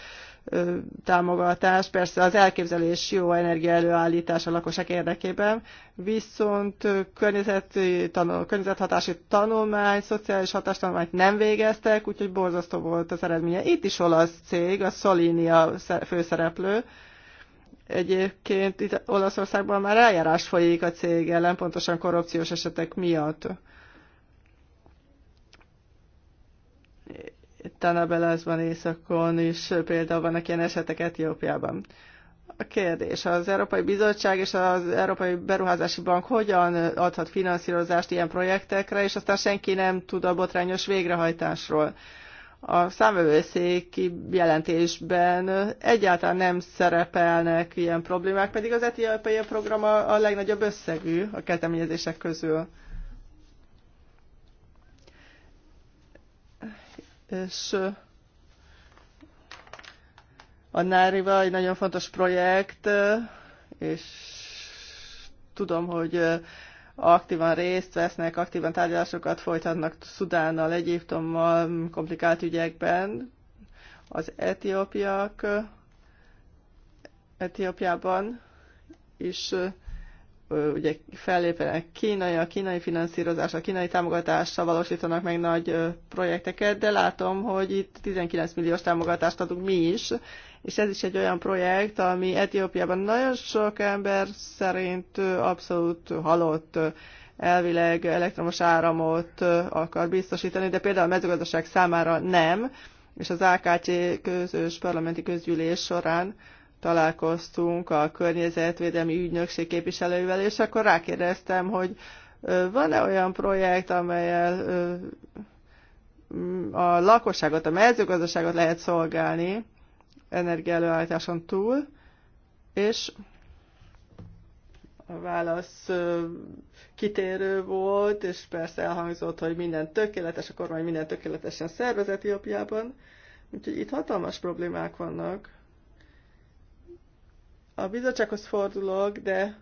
támogatás, persze az elképzelés jó energiaelőállítás a lakosság érdekében, viszont környezeti tanul, környezethatási tanulmány, szociális hatástanulmányt nem végeztek, úgyhogy borzasztó volt az eredménye. Itt is olasz cég, a Solini a főszereplő, Egyébként itt Olaszországban már eljárás folyik a cég ellen, pontosan korrupciós esetek miatt. Tanabelazban, északon is például vannak ilyen esetek Etiópiában. A kérdés, az Európai Bizottság és az Európai Beruházási Bank hogyan adhat finanszírozást ilyen projektekre, és aztán senki nem tud a botrányos végrehajtásról. A számövőszéki jelentésben egyáltalán nem szerepelnek ilyen problémák, pedig az etiópiai program a legnagyobb összegű a kezdeményezések közül. és a Náriva egy nagyon fontos projekt, és tudom, hogy aktívan részt vesznek, aktívan tárgyalásokat folytatnak Szudánnal, Egyiptommal, komplikált ügyekben. Az etiópiak Etiópiában is ugye fellépenek kínai, a kínai finanszírozás, a kínai támogatással valósítanak meg nagy projekteket, de látom, hogy itt 19 milliós támogatást adunk mi is, és ez is egy olyan projekt, ami Etiópiában nagyon sok ember szerint abszolút halott, elvileg elektromos áramot akar biztosítani, de például a mezőgazdaság számára nem, és az AKC közös parlamenti közgyűlés során találkoztunk a környezetvédelmi ügynökség képviselőivel, és akkor rákérdeztem, hogy van-e olyan projekt, amelyel a lakosságot, a mezőgazdaságot lehet szolgálni energiaelőállításon túl, és a válasz kitérő volt, és persze elhangzott, hogy minden tökéletes, a kormány minden tökéletesen szervezeti apjában, úgyhogy itt hatalmas problémák vannak. A bizottsághoz fordulok, de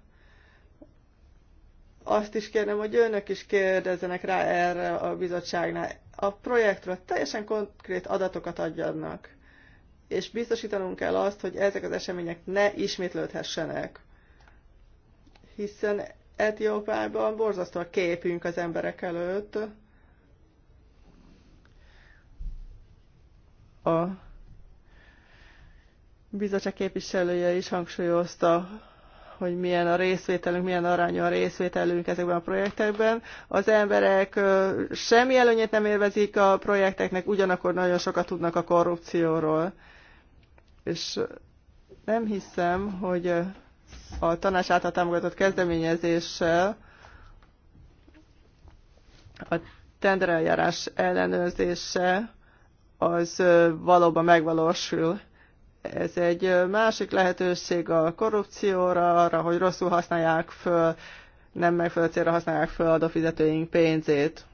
azt is kérem, hogy önök is kérdezzenek rá erre a bizottságnál. A projektről teljesen konkrét adatokat adjanak, és biztosítanunk kell azt, hogy ezek az események ne ismétlődhessenek. Hiszen etiópában borzasztó a képünk az emberek előtt. A bizottság képviselője is hangsúlyozta, hogy milyen a részvételünk, milyen arányú a részvételünk ezekben a projektekben. Az emberek semmi előnyét nem élvezik a projekteknek, ugyanakkor nagyon sokat tudnak a korrupcióról. És nem hiszem, hogy a tanács által támogatott kezdeményezéssel a tendereljárás ellenőrzése az valóban megvalósul ez egy másik lehetőség a korrupcióra, arra, hogy rosszul használják föl, nem megfelelő célra használják föl adófizetőink pénzét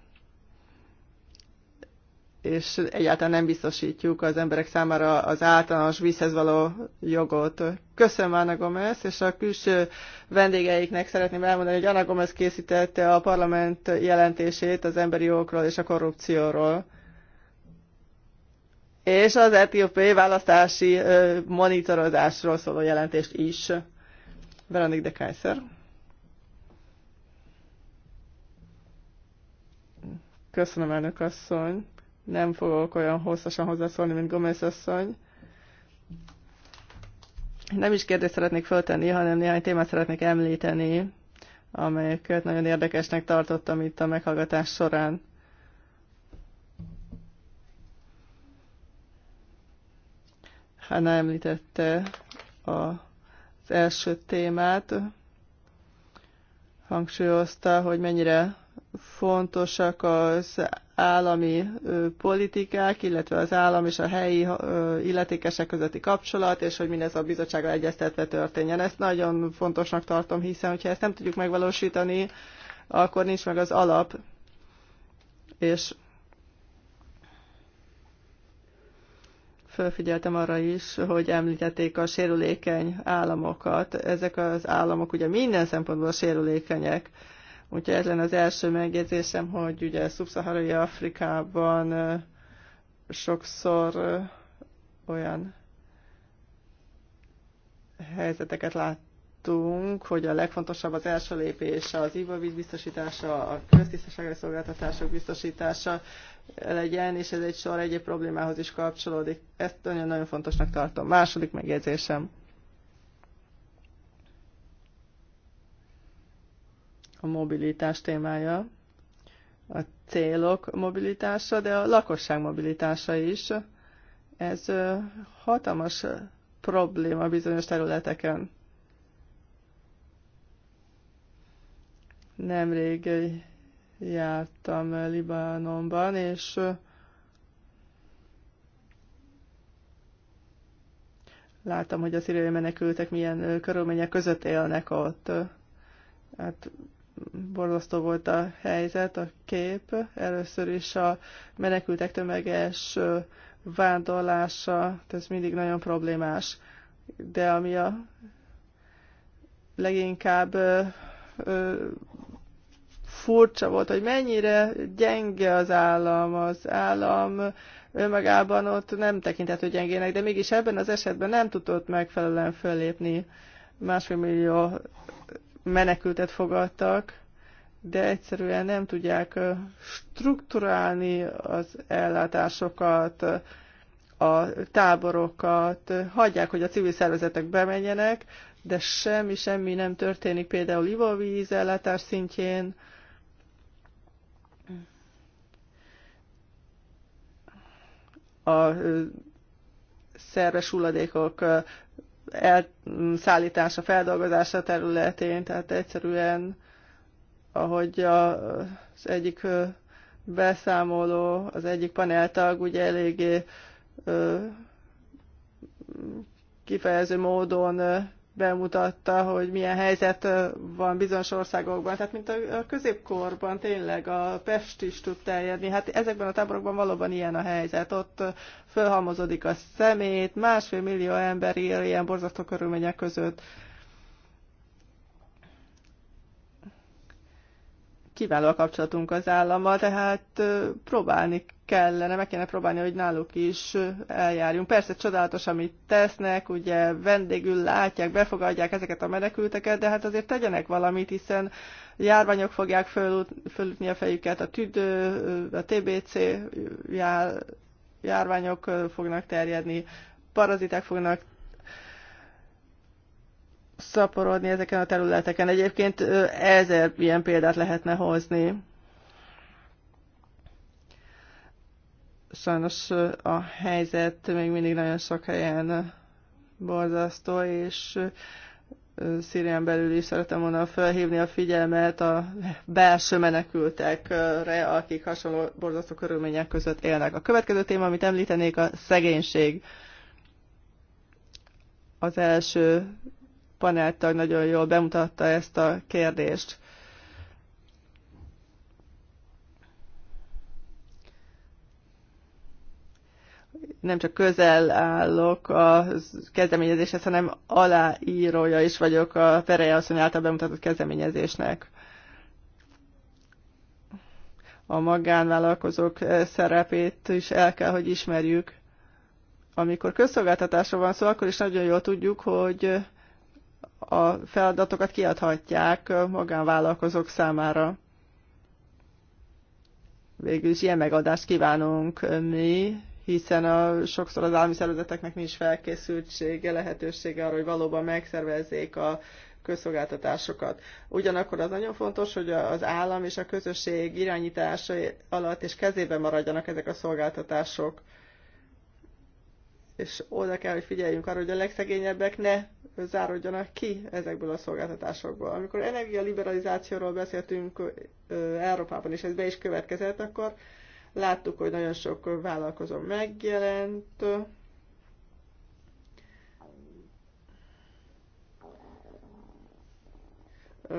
és egyáltalán nem biztosítjuk az emberek számára az általános vízhez való jogot. Köszönöm Anna Gomez, és a külső vendégeiknek szeretném elmondani, hogy Anna Gomez készítette a parlament jelentését az emberi jogokról és a korrupcióról és az ETP választási monitorozásról szóló jelentést is. Veronik de Kaiser. Köszönöm, elnök asszony. Nem fogok olyan hosszasan hozzászólni, mint Gomez asszony. Nem is kérdést szeretnék föltenni, hanem néhány témát szeretnék említeni, amelyeket nagyon érdekesnek tartottam itt a meghallgatás során. Hanna említette a, az első témát, hangsúlyozta, hogy mennyire fontosak az állami politikák, illetve az állam és a helyi illetékesek közötti kapcsolat, és hogy mindez a bizottsággal egyeztetve történjen. Ezt nagyon fontosnak tartom, hiszen hogyha ezt nem tudjuk megvalósítani, akkor nincs meg az alap, és Felfigyeltem arra is, hogy említették a sérülékeny államokat. Ezek az államok ugye minden szempontból sérülékenyek. Úgyhogy ez lenne az első megjegyzésem, hogy ugye szubszaharai Afrikában sokszor olyan helyzeteket lát láttunk, hogy a legfontosabb az első lépés az ivóvíz biztosítása, a köztisztasági szolgáltatások biztosítása legyen, és ez egy sor egyéb problémához is kapcsolódik. Ezt nagyon-nagyon fontosnak tartom. Második megjegyzésem. A mobilitás témája, a célok mobilitása, de a lakosság mobilitása is. Ez hatalmas probléma bizonyos területeken. Nemrég jártam Libanonban, és láttam, hogy a szíriai menekültek milyen körülmények között élnek ott. Hát borzasztó volt a helyzet, a kép. Először is a menekültek tömeges vándorlása, ez mindig nagyon problémás. De ami a leginkább furcsa volt, hogy mennyire gyenge az állam. Az állam önmagában ott nem tekinthető gyengének, de mégis ebben az esetben nem tudott megfelelően fölépni. Másfél millió menekültet fogadtak, de egyszerűen nem tudják strukturálni az ellátásokat, a táborokat, hagyják, hogy a civil szervezetek bemenjenek, de semmi, semmi nem történik például ivóvíz ellátás szintjén. A szerves hulladékok elszállítása, feldolgozása területén, tehát egyszerűen, ahogy az egyik beszámoló, az egyik paneltag ugye eléggé kifejező módon bemutatta, hogy milyen helyzet van bizonyos országokban. Tehát, mint a középkorban tényleg a pest is tud terjedni. Hát ezekben a táborokban valóban ilyen a helyzet. Ott fölhalmozódik a szemét, másfél millió ember él ilyen borzasztó körülmények között. kiváló a kapcsolatunk az állammal, tehát próbálni kellene, meg kellene próbálni, hogy náluk is eljárjunk. Persze csodálatos, amit tesznek, ugye vendégül látják, befogadják ezeket a menekülteket, de hát azért tegyenek valamit, hiszen járványok fogják fölütni a fejüket, a tüdő, a TBC jár, járványok fognak terjedni, paraziták fognak szaporodni ezeken a területeken. Egyébként ezer ilyen példát lehetne hozni. Sajnos a helyzet még mindig nagyon sok helyen borzasztó, és Szírián belül is szeretem volna felhívni a figyelmet a belső menekültekre, akik hasonló borzasztó körülmények között élnek. A következő téma, amit említenék, a szegénység. Az első paneltag nagyon jól bemutatta ezt a kérdést. nem csak közel állok a kezdeményezéshez, hanem aláírója is vagyok a Pereje asszony által bemutatott kezdeményezésnek. A magánvállalkozók szerepét is el kell, hogy ismerjük. Amikor közszolgáltatásról van szó, akkor is nagyon jól tudjuk, hogy a feladatokat kiadhatják magánvállalkozók számára. Végül is ilyen megadást kívánunk mi, hiszen a, sokszor az állami szervezeteknek nincs felkészültsége, lehetősége arra, hogy valóban megszervezzék a közszolgáltatásokat. Ugyanakkor az nagyon fontos, hogy az állam és a közösség irányítása alatt és kezében maradjanak ezek a szolgáltatások és oda kell, hogy figyeljünk arra, hogy a legszegényebbek ne záródjanak ki ezekből a szolgáltatásokból. Amikor energialiberalizációról beszéltünk Európában, és ez be is következett, akkor láttuk, hogy nagyon sok vállalkozó megjelent,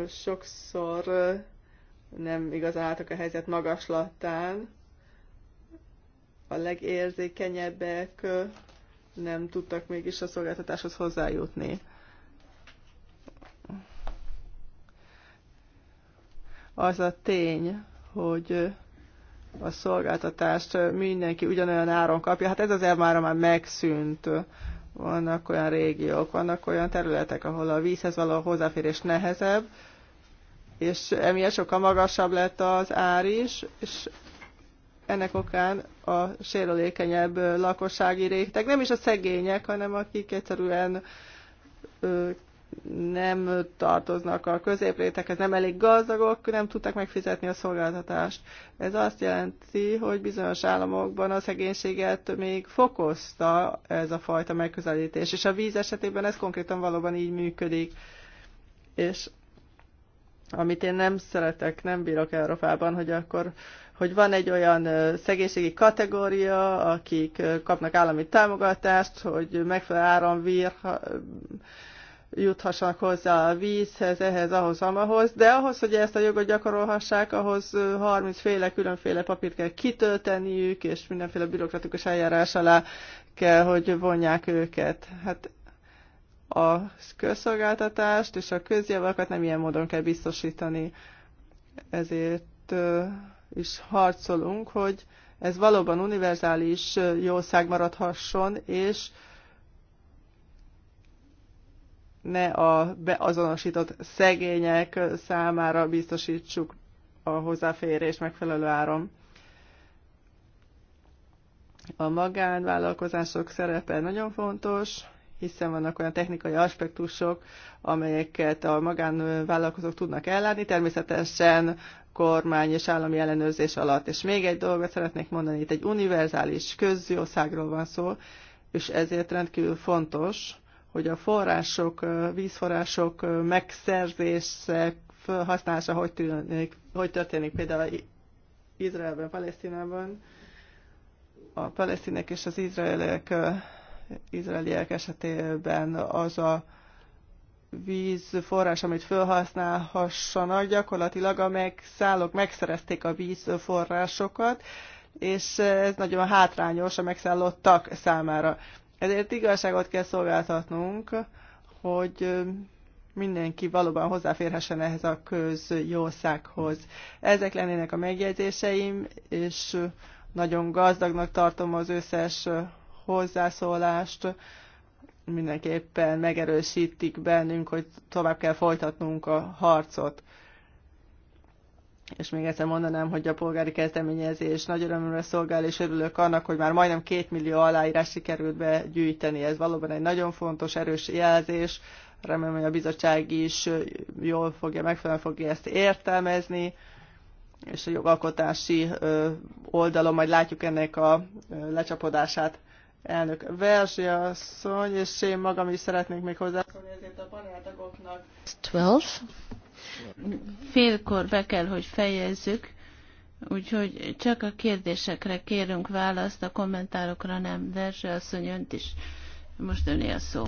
sokszor nem igazán álltak a helyzet magaslatán, a legérzékenyebbek nem tudtak mégis a szolgáltatáshoz hozzájutni. Az a tény, hogy a szolgáltatást mindenki ugyanolyan áron kapja. Hát ez az elv már, már megszűnt. Vannak olyan régiók, vannak olyan területek, ahol a vízhez való hozzáférés nehezebb, és emiatt sokkal magasabb lett az ár is, és ennek okán a sérülékenyebb lakossági réteg, nem is a szegények, hanem akik egyszerűen nem tartoznak a középrétekhez, nem elég gazdagok, nem tudták megfizetni a szolgáltatást. Ez azt jelenti, hogy bizonyos államokban a szegénységet még fokozta ez a fajta megközelítés, és a víz esetében ez konkrétan valóban így működik. És amit én nem szeretek, nem bírok Európában, hogy akkor hogy van egy olyan szegénységi kategória, akik kapnak állami támogatást, hogy megfelelő áram vír, juthassanak hozzá a vízhez, ehhez, ahhoz, amahoz, de ahhoz, hogy ezt a jogot gyakorolhassák, ahhoz 30 féle különféle papírt kell kitölteniük, és mindenféle bürokratikus eljárás alá kell, hogy vonják őket. Hát a közszolgáltatást és a közjavakat nem ilyen módon kell biztosítani. Ezért is harcolunk, hogy ez valóban univerzális jószág maradhasson, és ne a beazonosított szegények számára biztosítsuk a hozzáférés megfelelő áron. A magánvállalkozások szerepe nagyon fontos, hiszen vannak olyan technikai aspektusok, amelyeket a magánvállalkozók tudnak ellátni. Természetesen kormány és állami ellenőrzés alatt. És még egy dolgot szeretnék mondani, itt egy univerzális közjószágról van szó, és ezért rendkívül fontos, hogy a források, vízforrások megszerzése, felhasználása hogy történik, hogy történik például Izraelben, Palesztinában, a palesztinek és az izraeliek, izraeliek esetében az a vízforrás, amit felhasználhassanak gyakorlatilag, a szállók megszerezték a vízforrásokat, és ez nagyon hátrányos a megszállottak számára. Ezért igazságot kell szolgáltatnunk, hogy mindenki valóban hozzáférhessen ehhez a közjószághoz. Ezek lennének a megjegyzéseim, és nagyon gazdagnak tartom az összes hozzászólást, mindenképpen megerősítik bennünk, hogy tovább kell folytatnunk a harcot. És még egyszer mondanám, hogy a polgári kezdeményezés nagy örömömre szolgál, és örülök annak, hogy már majdnem két millió aláírás sikerült begyűjteni. Ez valóban egy nagyon fontos, erős jelzés. Remélem, hogy a bizottság is jól fogja, megfelelően fogja ezt értelmezni és a jogalkotási oldalon majd látjuk ennek a lecsapodását elnök Verzsi asszony, és én magam is szeretnék még hozzászólni ezért a paneltagoknak. 12. Félkor be kell, hogy fejezzük, úgyhogy csak a kérdésekre kérünk választ, a kommentárokra nem. Verzsi asszony, önt is most öné a szó.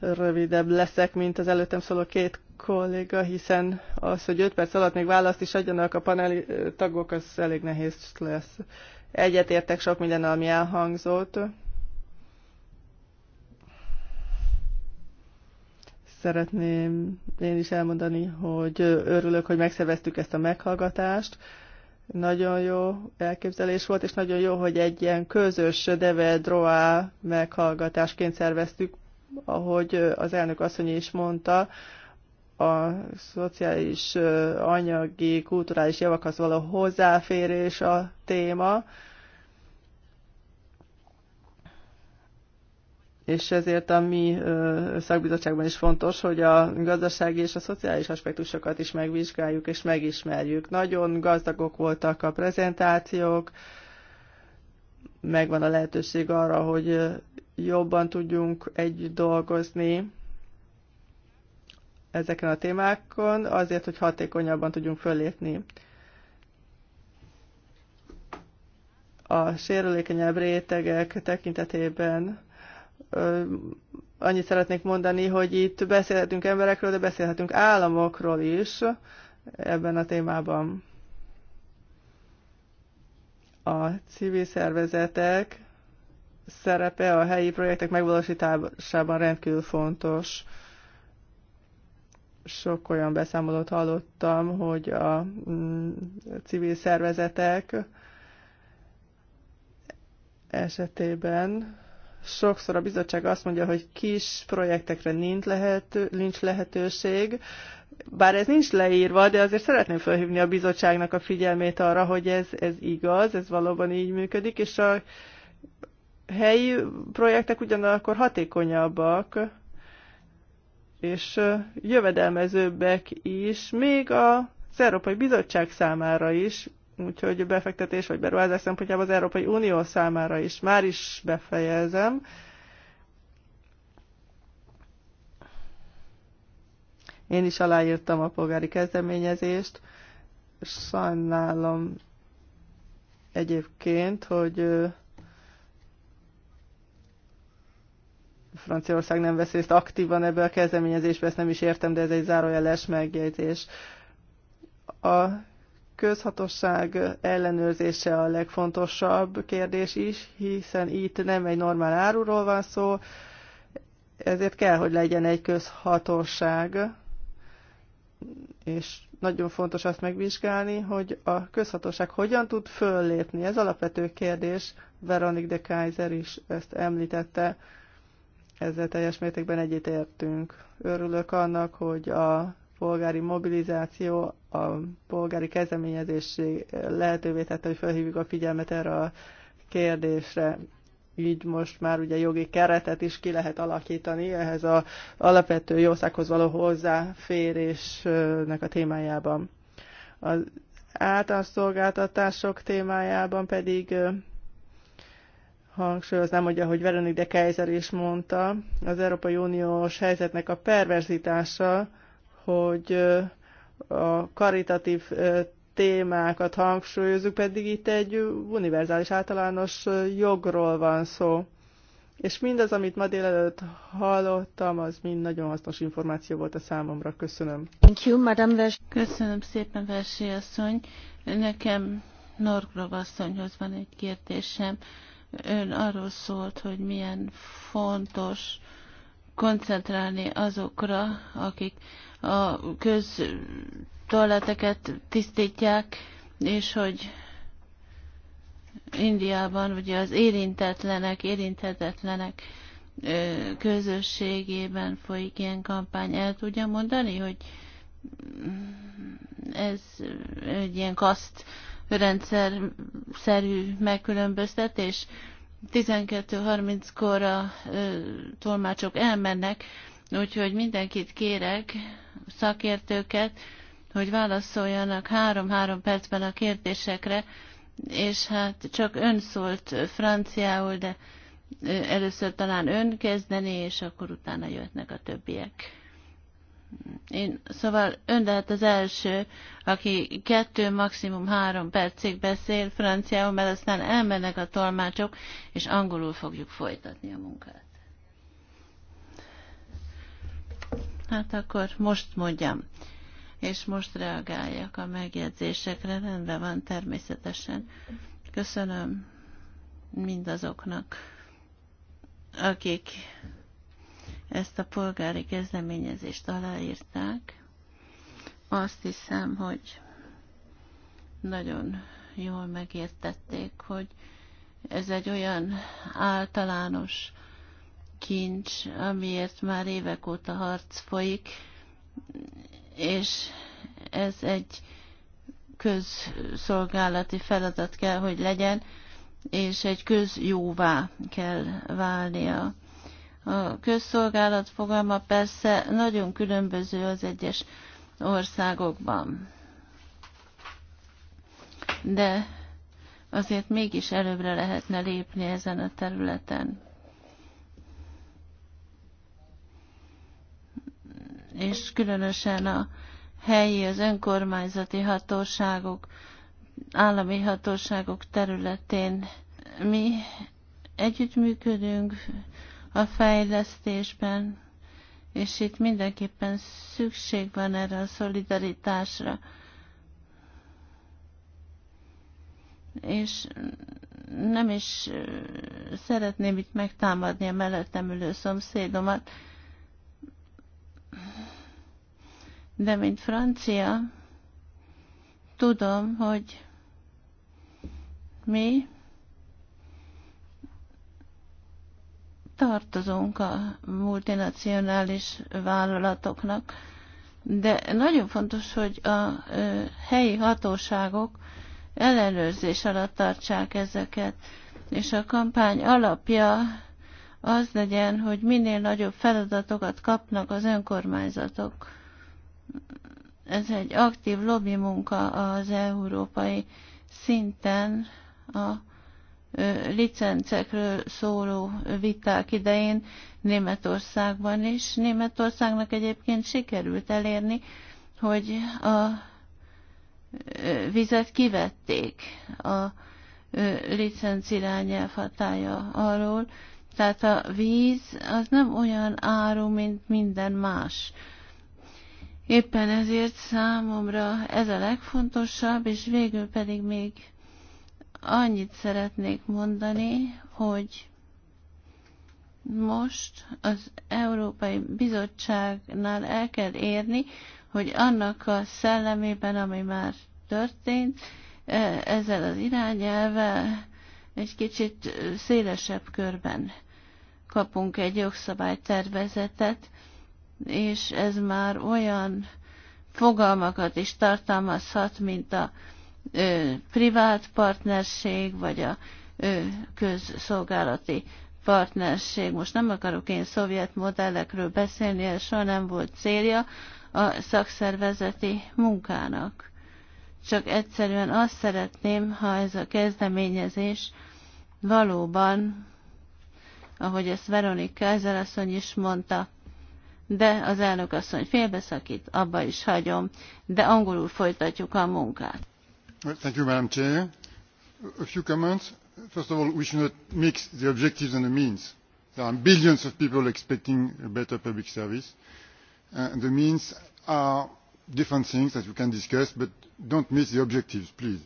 Rövidebb leszek, mint az előttem szóló két kolléga, hiszen az, hogy 5 perc alatt még választ is adjanak a panel tagok, az elég nehéz lesz. Egyetértek sok minden, ami elhangzott. Szeretném én is elmondani, hogy örülök, hogy megszerveztük ezt a meghallgatást. Nagyon jó elképzelés volt, és nagyon jó, hogy egy ilyen közös Deve droá meghallgatásként szerveztük, ahogy az elnök asszony is mondta, a szociális, anyagi, kulturális javakhoz való hozzáférés a téma, és ezért a mi szakbizottságban is fontos, hogy a gazdasági és a szociális aspektusokat is megvizsgáljuk és megismerjük. Nagyon gazdagok voltak a prezentációk, megvan a lehetőség arra, hogy jobban tudjunk együtt dolgozni, ezeken a témákon, azért, hogy hatékonyabban tudjunk fölépni. A sérülékenyebb rétegek tekintetében annyit szeretnék mondani, hogy itt beszélhetünk emberekről, de beszélhetünk államokról is ebben a témában. A civil szervezetek szerepe a helyi projektek megvalósításában rendkívül fontos sok olyan beszámolót hallottam, hogy a mm, civil szervezetek esetében sokszor a bizottság azt mondja, hogy kis projektekre nincs, lehető, nincs lehetőség, bár ez nincs leírva, de azért szeretném felhívni a bizottságnak a figyelmét arra, hogy ez, ez igaz, ez valóban így működik, és a helyi projektek ugyanakkor hatékonyabbak, és jövedelmezőbbek is, még az Európai Bizottság számára is, úgyhogy befektetés vagy beruházás szempontjából az Európai Unió számára is. Már is befejezem. Én is aláírtam a polgári kezdeményezést. Sajnálom egyébként, hogy Franciaország nem vesz részt aktívan ebbe a kezdeményezésbe, ezt nem is értem, de ez egy zárójeles megjegyzés. A közhatosság ellenőrzése a legfontosabb kérdés is, hiszen itt nem egy normál áruról van szó, ezért kell, hogy legyen egy közhatóság, és nagyon fontos azt megvizsgálni, hogy a közhatóság hogyan tud föllépni. Ez alapvető kérdés, Veronik de Kaiser is ezt említette, ezzel teljes mértékben egyetértünk. Örülök annak, hogy a polgári mobilizáció, a polgári kezdeményezés lehetővé tette, hogy felhívjuk a figyelmet erre a kérdésre. Így most már ugye jogi keretet is ki lehet alakítani ehhez az alapvető jószághoz való hozzáférésnek a témájában. Az általános szolgáltatások témájában pedig hangsúlyoznám, hogy ahogy Veronik de Kaiser is mondta, az Európai Uniós helyzetnek a perverzitása, hogy a karitatív témákat hangsúlyozunk, pedig itt egy univerzális általános jogról van szó. És mindaz, amit ma délelőtt hallottam, az mind nagyon hasznos információ volt a számomra. Köszönöm. Thank you, Madam Vers. Köszönöm szépen, Versi asszony. Nekem Norgrov asszonyhoz van egy kérdésem. Ön arról szólt, hogy milyen fontos koncentrálni azokra, akik a köztoaleteket tisztítják, és hogy Indiában ugye az érintetlenek, érinthetetlenek közösségében folyik ilyen kampány. El tudja mondani, hogy ez egy ilyen kaszt rendszer szerű megkülönböztetés. 12.30-kor a tolmácsok elmennek, úgyhogy mindenkit kérek, szakértőket, hogy válaszoljanak három-három percben a kérdésekre, és hát csak ön szólt franciául, de először talán ön kezdené, és akkor utána jöhetnek a többiek. Én, szóval ön lehet az első, aki kettő, maximum három percig beszél franciául, mert aztán elmennek a tolmácsok, és angolul fogjuk folytatni a munkát. Hát akkor most mondjam, és most reagáljak a megjegyzésekre, rendben van természetesen. Köszönöm mindazoknak, akik ezt a polgári kezdeményezést aláírták. Azt hiszem, hogy nagyon jól megértették, hogy ez egy olyan általános kincs, amiért már évek óta harc folyik, és ez egy közszolgálati feladat kell, hogy legyen, és egy közjóvá kell válnia a közszolgálat fogalma persze nagyon különböző az egyes országokban. De azért mégis előbbre lehetne lépni ezen a területen. És különösen a helyi, az önkormányzati hatóságok, állami hatóságok területén mi együttműködünk, a fejlesztésben, és itt mindenképpen szükség van erre a szolidaritásra. És nem is szeretném itt megtámadni a mellettem ülő szomszédomat, de mint francia, tudom, hogy mi tartozunk a multinacionális vállalatoknak, de nagyon fontos, hogy a helyi hatóságok ellenőrzés alatt tartsák ezeket, és a kampány alapja az legyen, hogy minél nagyobb feladatokat kapnak az önkormányzatok. Ez egy aktív lobby munka az európai szinten a licencekről szóló viták idején Németországban, is Németországnak egyébként sikerült elérni, hogy a vizet kivették a licenc irányelv hatája arról, tehát a víz az nem olyan áru, mint minden más. Éppen ezért számomra ez a legfontosabb, és végül pedig még Annyit szeretnék mondani, hogy most az Európai Bizottságnál el kell érni, hogy annak a szellemében, ami már történt, e, ezzel az irányelvel egy kicsit szélesebb körben kapunk egy jogszabálytervezetet, és ez már olyan fogalmakat is tartalmazhat, mint a privát partnerség, vagy a közszolgálati partnerség. Most nem akarok én szovjet modellekről beszélni, ez soha nem volt célja a szakszervezeti munkának. Csak egyszerűen azt szeretném, ha ez a kezdeményezés valóban, ahogy ezt Veronika ezelasszony is mondta, de az elnök asszony félbeszakít, abba is hagyom, de angolul folytatjuk a munkát. Thank you, Madam Chair. A few comments. First of all, we should not mix the objectives and the means. There are billions of people expecting a better public service. Uh, the means are different things that we can discuss, but don't miss the objectives, please.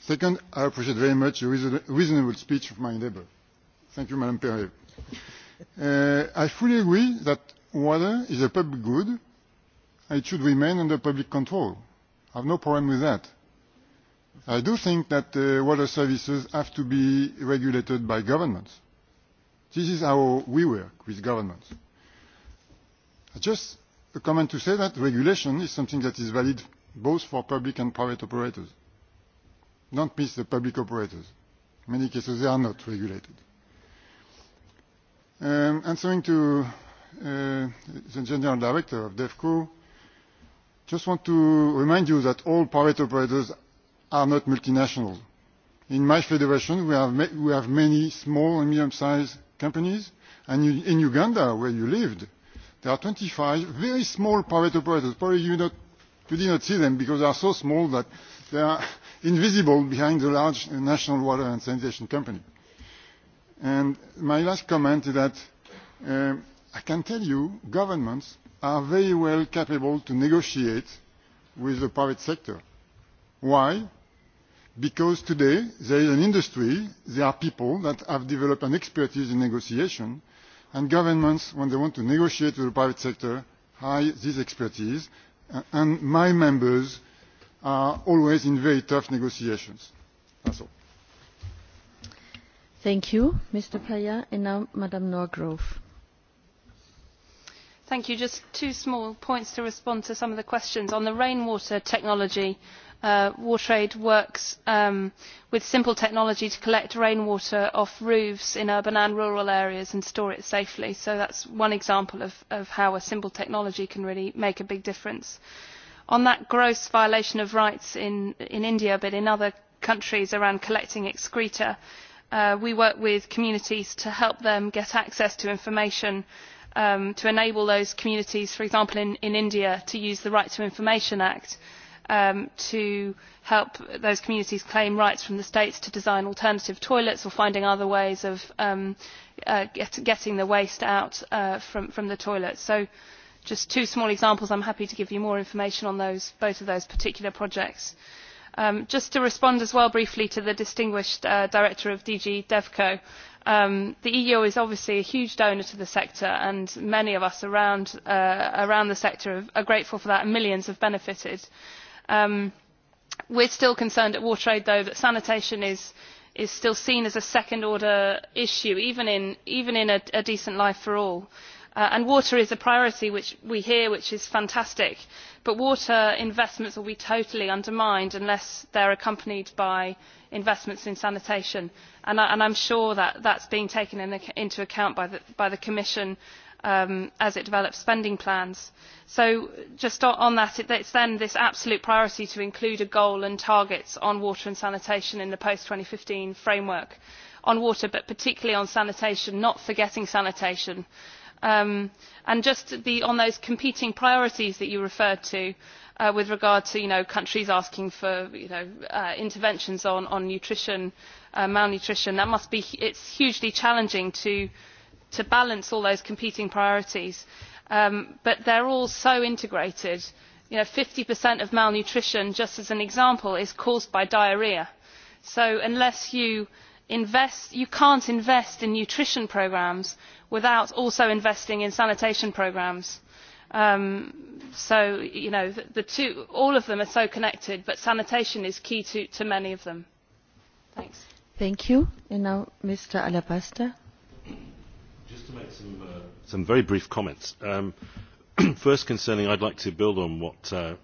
Second, I appreciate very much the reasonable speech of my neighbour. Thank you, Madam Perret. Uh, I fully agree that water is a public good. and It should remain under public control. I have no problem with that I do think that uh, water services have to be regulated by governments. This is how we work with governments. Just a comment to say that regulation is something that is valid both for public and private operators. Don't miss the public operators. In many cases, they are not regulated. Um, answering to uh, the General Director of DEFCO, just want to remind you that all private operators are not multinational. In my federation, we have, we have many small and medium-sized companies. And you, in Uganda, where you lived, there are 25 very small private operators. Probably you, not, you did not see them because they are so small that they are invisible behind the large national water and sanitation company. And my last comment is that um, I can tell you governments are very well capable to negotiate with the private sector why? because today there is an industry there are people that have developed an expertise in negotiation and governments when they want to negotiate with the private sector hire this expertise and my members are always in very tough negotiations. That's all. Thank you, Mr. Paya, And now, Madam Norgrove. Thank you. Just two small points to respond to some of the questions. On the rainwater technology, Uh, WaterAid works um, with simple technology to collect rainwater off roofs in urban and rural areas and store it safely so that is one example of, how a simple technology can really make a big difference. on that gross violation of rights in, india but in other countries around collecting excreta uh, we work with communities to help them get access to information um, to enable those communities for example in, india to use the right to information act um, to help those communities claim rights from the states to design alternative toilets or finding other ways of um, uh, get, getting the waste out uh, from, from the toilets. So just two small examples. I'm happy to give you more information on those, both of those particular projects. Um, just to respond as well briefly to the distinguished uh, director of DG DevCo, um, the EU is obviously a huge donor to the sector and many of us around, uh, around the sector are grateful for that and millions have benefited Um, we are still concerned at WaterAid, though, that sanitation is, still seen as a second-order issue, even in, a, decent life for all. Uh, and water is a priority, which we hear, which is fantastic. But water investments will be totally undermined unless they are accompanied by investments in sanitation. And, I, am sure that is being taken into account by the, by the Commission um, as it develops spending plans. so just on that it is then this absolute priority to include a goal and targets on water and sanitation in the post two thousand and fifteen framework on water but particularly on sanitation not forgetting sanitation. Um, and just the, on those competing priorities that you referred to uh, with regard to you know, countries asking for you know, uh, interventions on, on nutrition uh, malnutrition that must be, it's hugely challenging to to balance all those competing priorities um, but they are all so integrated. fifty of malnutrition just as an example is caused by diarrhoea so unless you invest you cannot invest in nutrition programmes without also investing in sanitation programmes. Um, all of them are so connected but sanitation is key to, many of them. Just to make some, uh, some very brief comments. Um, first concerning, I'd like to build on what uh,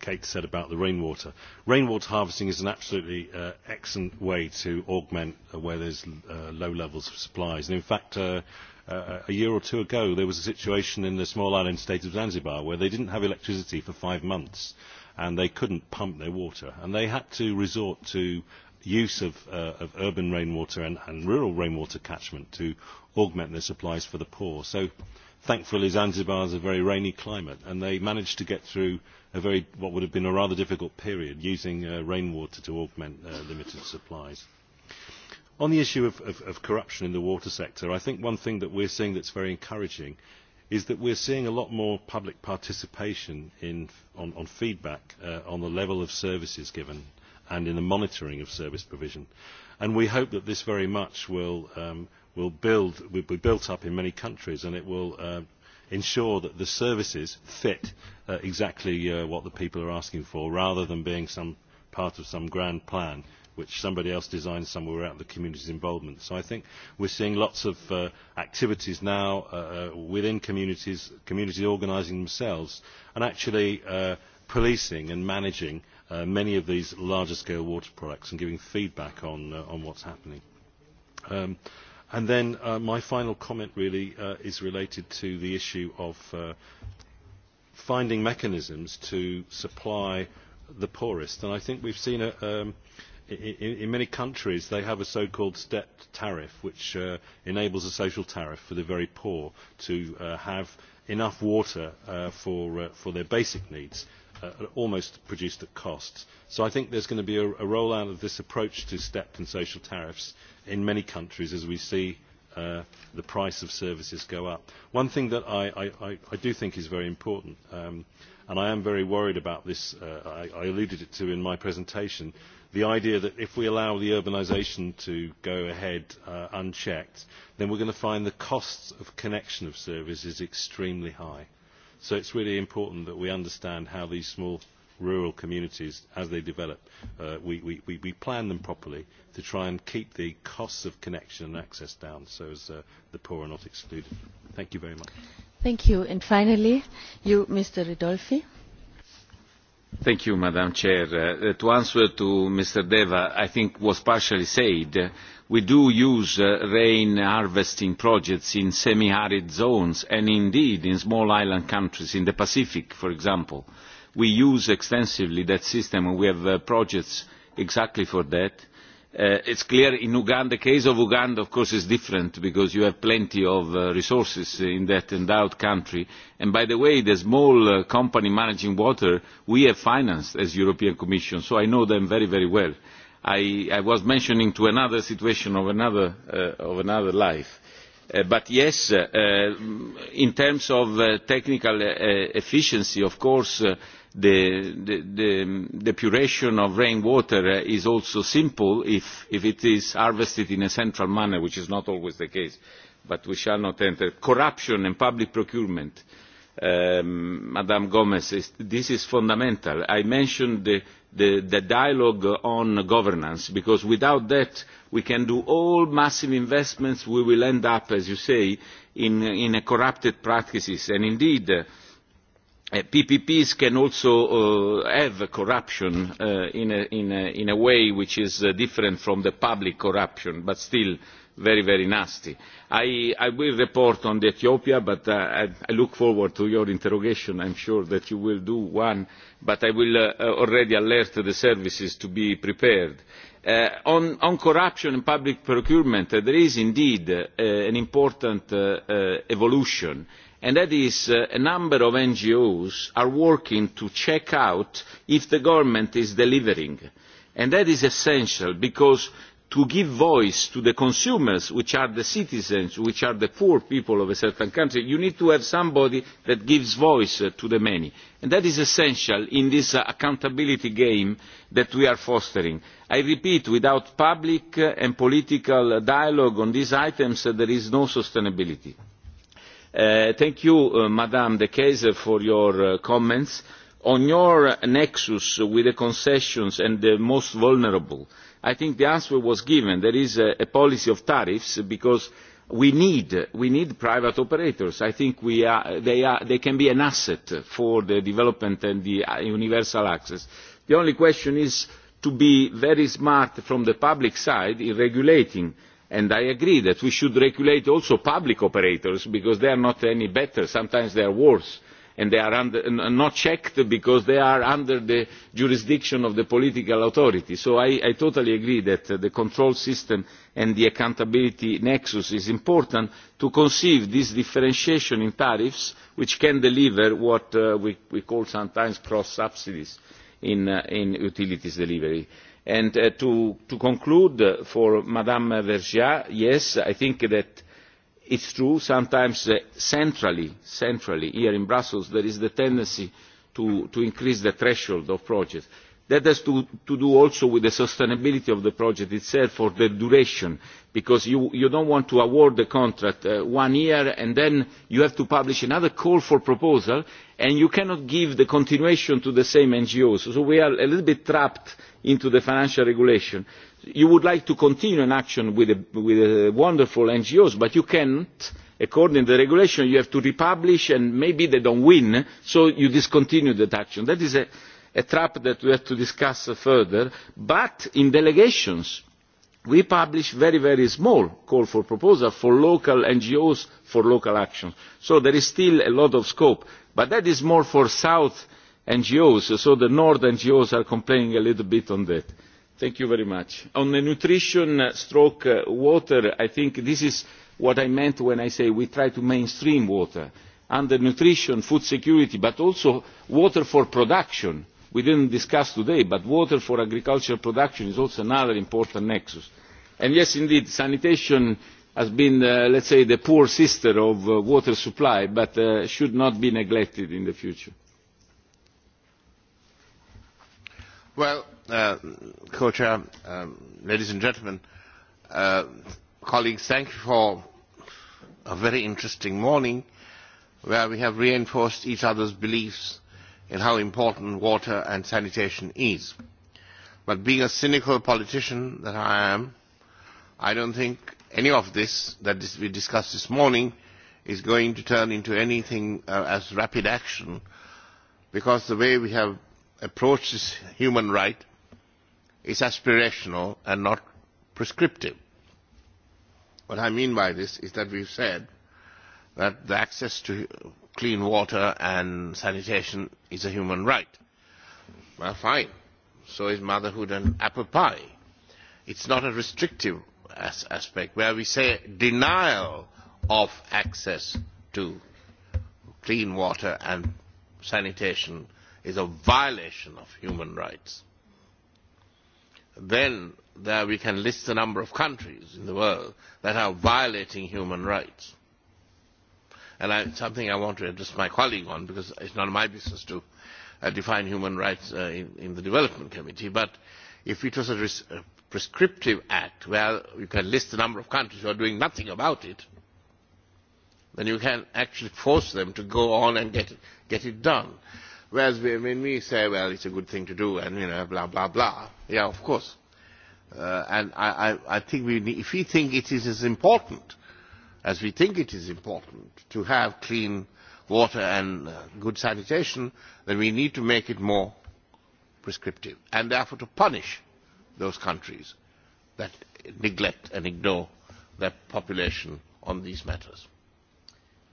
Kate said about the rainwater. Rainwater harvesting is an absolutely uh, excellent way to augment uh, where there's uh, low levels of supplies. And in fact, uh, uh, a year or two ago, there was a situation in the small island state of Zanzibar where they didn't have electricity for five months and they couldn't pump their water. And they had to resort to use of, uh, of urban rainwater and, and rural rainwater catchment to augment their supplies for the poor. So thankfully Zanzibar is a very rainy climate and they managed to get through a very, what would have been a rather difficult period using uh, rainwater to augment uh, limited supplies. On the issue of, of, of corruption in the water sector, I think one thing that we're seeing that's very encouraging is that we're seeing a lot more public participation in, on, on feedback uh, on the level of services given and in the monitoring of service provision. And we hope that this very much will, um, will, build, will be built up in many countries and it will uh, ensure that the services fit uh, exactly uh, what the people are asking for rather than being some part of some grand plan which somebody else designed somewhere out of the community's involvement. So I think we're seeing lots of uh, activities now uh, uh within communities, communities organising themselves and actually uh, policing and managing uh, Uh, many of these larger scale water products and giving feedback on, uh, on what's happening. Um, and then uh, my final comment really uh, is related to the issue of uh, finding mechanisms to supply the poorest. And I think we've seen a, um, in many countries they have a so called stepped tariff which uh, enables a social tariff for the very poor to uh, have enough water uh, for, uh, for their basic needs Uh, almost produced at cost. So I think there's going to be a, a rollout of this approach to stepped and social tariffs in many countries as we see uh, the price of services go up. One thing that I, I, I do think is very important, um, and I am very worried about this, uh, I, I alluded it to in my presentation, the idea that if we allow the urbanisation to go ahead uh, unchecked, then we're going to find the costs of connection of services extremely high so it is really important that we understand how these small rural communities as they develop uh, we, we, we plan them properly to try and keep the costs of connection and access down so as uh, the poor are not excluded. Thank you very much. Thank you. And finally, you, Mr. Ridolfi. Thank you, Madam Chair. Uh, to answer to Mr. Deva, I think was partially said. We do use uh, rain harvesting projects in semi-arid zones and indeed in small island countries in the Pacific, for example. We use extensively that system and we have uh, projects exactly for that Uh, it is clear in Uganda, the case of uganda of course is different because you have plenty of uh, resources in that endowed country and by the way the small uh, company managing water we have financed as the european commission so i know them very very well. i, I was mentioning to another situation of another, of another life but yes um, in terms of technical efficiency of course the, the, the depuration of rainwater uh, is also simple if, if it is harvested in a central manner, which is not always the case, but we shall not enter. Corruption and public procurement. Um, Madam Gomez, is, this is fundamental. I mentioned the, the, the dialogue on governance, because without that we can do all massive investments, we will end up, as you say, in, in a corrupted practices. And indeed, uh, Eh, PPPs can also uh, have corruption uh, in, a, in, a, in a way which is uh, different from the public corruption, but still very, very nasty. I, I will report on Ethiopia, but uh, I, I look forward to your interrogation. I'm sure that you will do one, but I will uh, uh already alert the services to be prepared. Uh, on, on corruption and public procurement, uh, there is indeed uh, an important uh, uh, evolution. Uh, and that is uh, a number of ngos are working to check out if the government is delivering and that is essential because to give voice to the consumers which are the citizens which are the poor people of a certain country you need to have somebody that gives voice uh, to the many and that is essential in this uh, accountability game that we are fostering. i repeat without public uh, and political dialogue on these items there is no sustainability. Uh, thank you uh, madam de keyser for your uh, comments. on your nexus with the concessions and the most vulnerable i think the answer was given there is a, policy of tariffs because we need, private operators. i think they can be an asset for the development and the uh, universal access. the only question is to be very smart from the public side in regulating and i agree that we should regulate also public operators because they are not any better sometimes they are worse and they are not checked because they are under the jurisdiction of the political authority. so I, totally agree that uh, the control system and the accountability nexus is important to conceive this differentiation in tariffs which can deliver what uh, we, we call sometimes cross subsidies in uh, utilities delivery. And uh, to, conclude uh, for ms vergiat yes, I think that it is true sometimes uh, centrally, here in Brussels there is the tendency to, increase the threshold of projects. That has to, do also with the sustainability of the project itself or the duration, because you, do not want to award a contract for one year and then you have to publish another call for proposals and you cannot give the continuation to the same NGOs. So we are a little bit trapped into the financial regulation. You would like to continue an action with, a, with a wonderful NGOs, but you can't. According to the regulation, you have to republish, and maybe they don't win, so you discontinue that action. That is a, a trap that we have to discuss further. But in delegations, we publish very, very small call for proposal for local NGOs for local action. So there is still a lot of scope. But that is more for South ngos so the nord ngos are complaining a little bit on that. thank you very much. on the nutrition uh, stroke uh, water i think this is what i meant when i said we try to mainstream water under nutrition food security but also water for production we did not discuss today but water for agricultural production is also another important nexus. and yes indeed sanitation has been uh, let us say the poor sister of uh, water supply but uh, should not be neglected in the future. Well, uh, co-chair, um, ladies and gentlemen, uh, colleagues, thank you for a very interesting morning where we have reinforced each other's beliefs in how important water and sanitation is. But being a cynical politician that I am, I don't think any of this that this we discussed this morning is going to turn into anything uh, as rapid action because the way we have approach this human right is aspirational and not prescriptive. What I mean by this is that we've said that the access to clean water and sanitation is a human right. Well, fine. So is motherhood and apple pie. It's not a restrictive as aspect where we say denial of access to clean water and sanitation is a violation of human rights. Then there we can list the number of countries in the world that are violating human rights. And I, something I want to address my colleague on, because it's not my business to uh, define human rights uh, in, in the Development Committee, but if it was a, res a prescriptive act where you can list the number of countries who are doing nothing about it, then you can actually force them to go on and get it, get it done. Whereas we, I mean, we say, well, it's a good thing to do, and you know, blah blah blah. Yeah, of course. Uh, and I, I, I think we, need, if we think it is as important as we think it is important to have clean water and uh, good sanitation, then we need to make it more prescriptive, and therefore to punish those countries that neglect and ignore their population on these matters.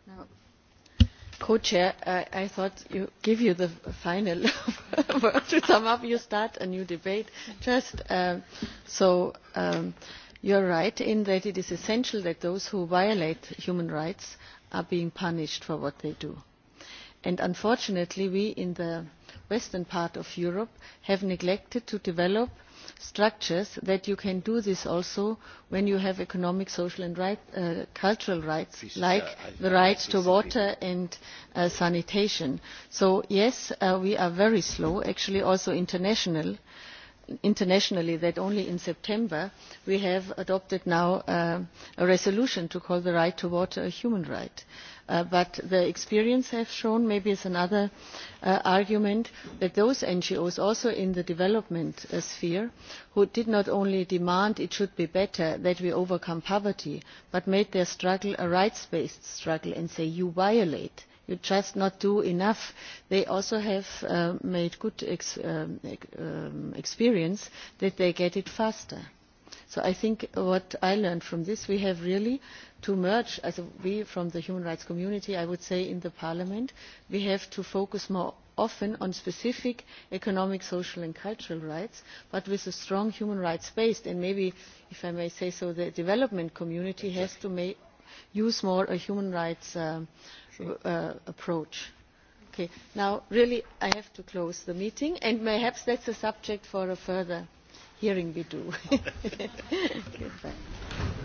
Now, co-chair, I, I thought you give you the final word to sum up. You start a new debate. Just um, so um, you're right in that it is essential that those who violate human rights are being punished for what they do. And unfortunately, we in the western part of Europe have neglected to develop structures that you can do this also when you have economic social and uh, cultural rights like uh, the right to water and uh, sanitation. so yes we are very slow actually also internationally that only in september we have adopted now a resolution to call the right to water a human right. Uh, but the experience has shown maybe this is another uh, argument that those ngos also in the development uh, sphere who did not only demand it should be better that we overcome poverty but made their struggle a rights based struggle and said you violate you are just not doing enough. They also have made good um, um, experience that they get it faster so i think what i learned from this is that we have really to merge as we from the human rights community i would say in parliament we have to focus more often on specific economic social and cultural rights but with a strong human rights base and maybe if i may say so the development community has to use more of a human rights uh, uh, approach. Okay. now really i have to close the meeting and perhaps that is a subject for a further hearing we do.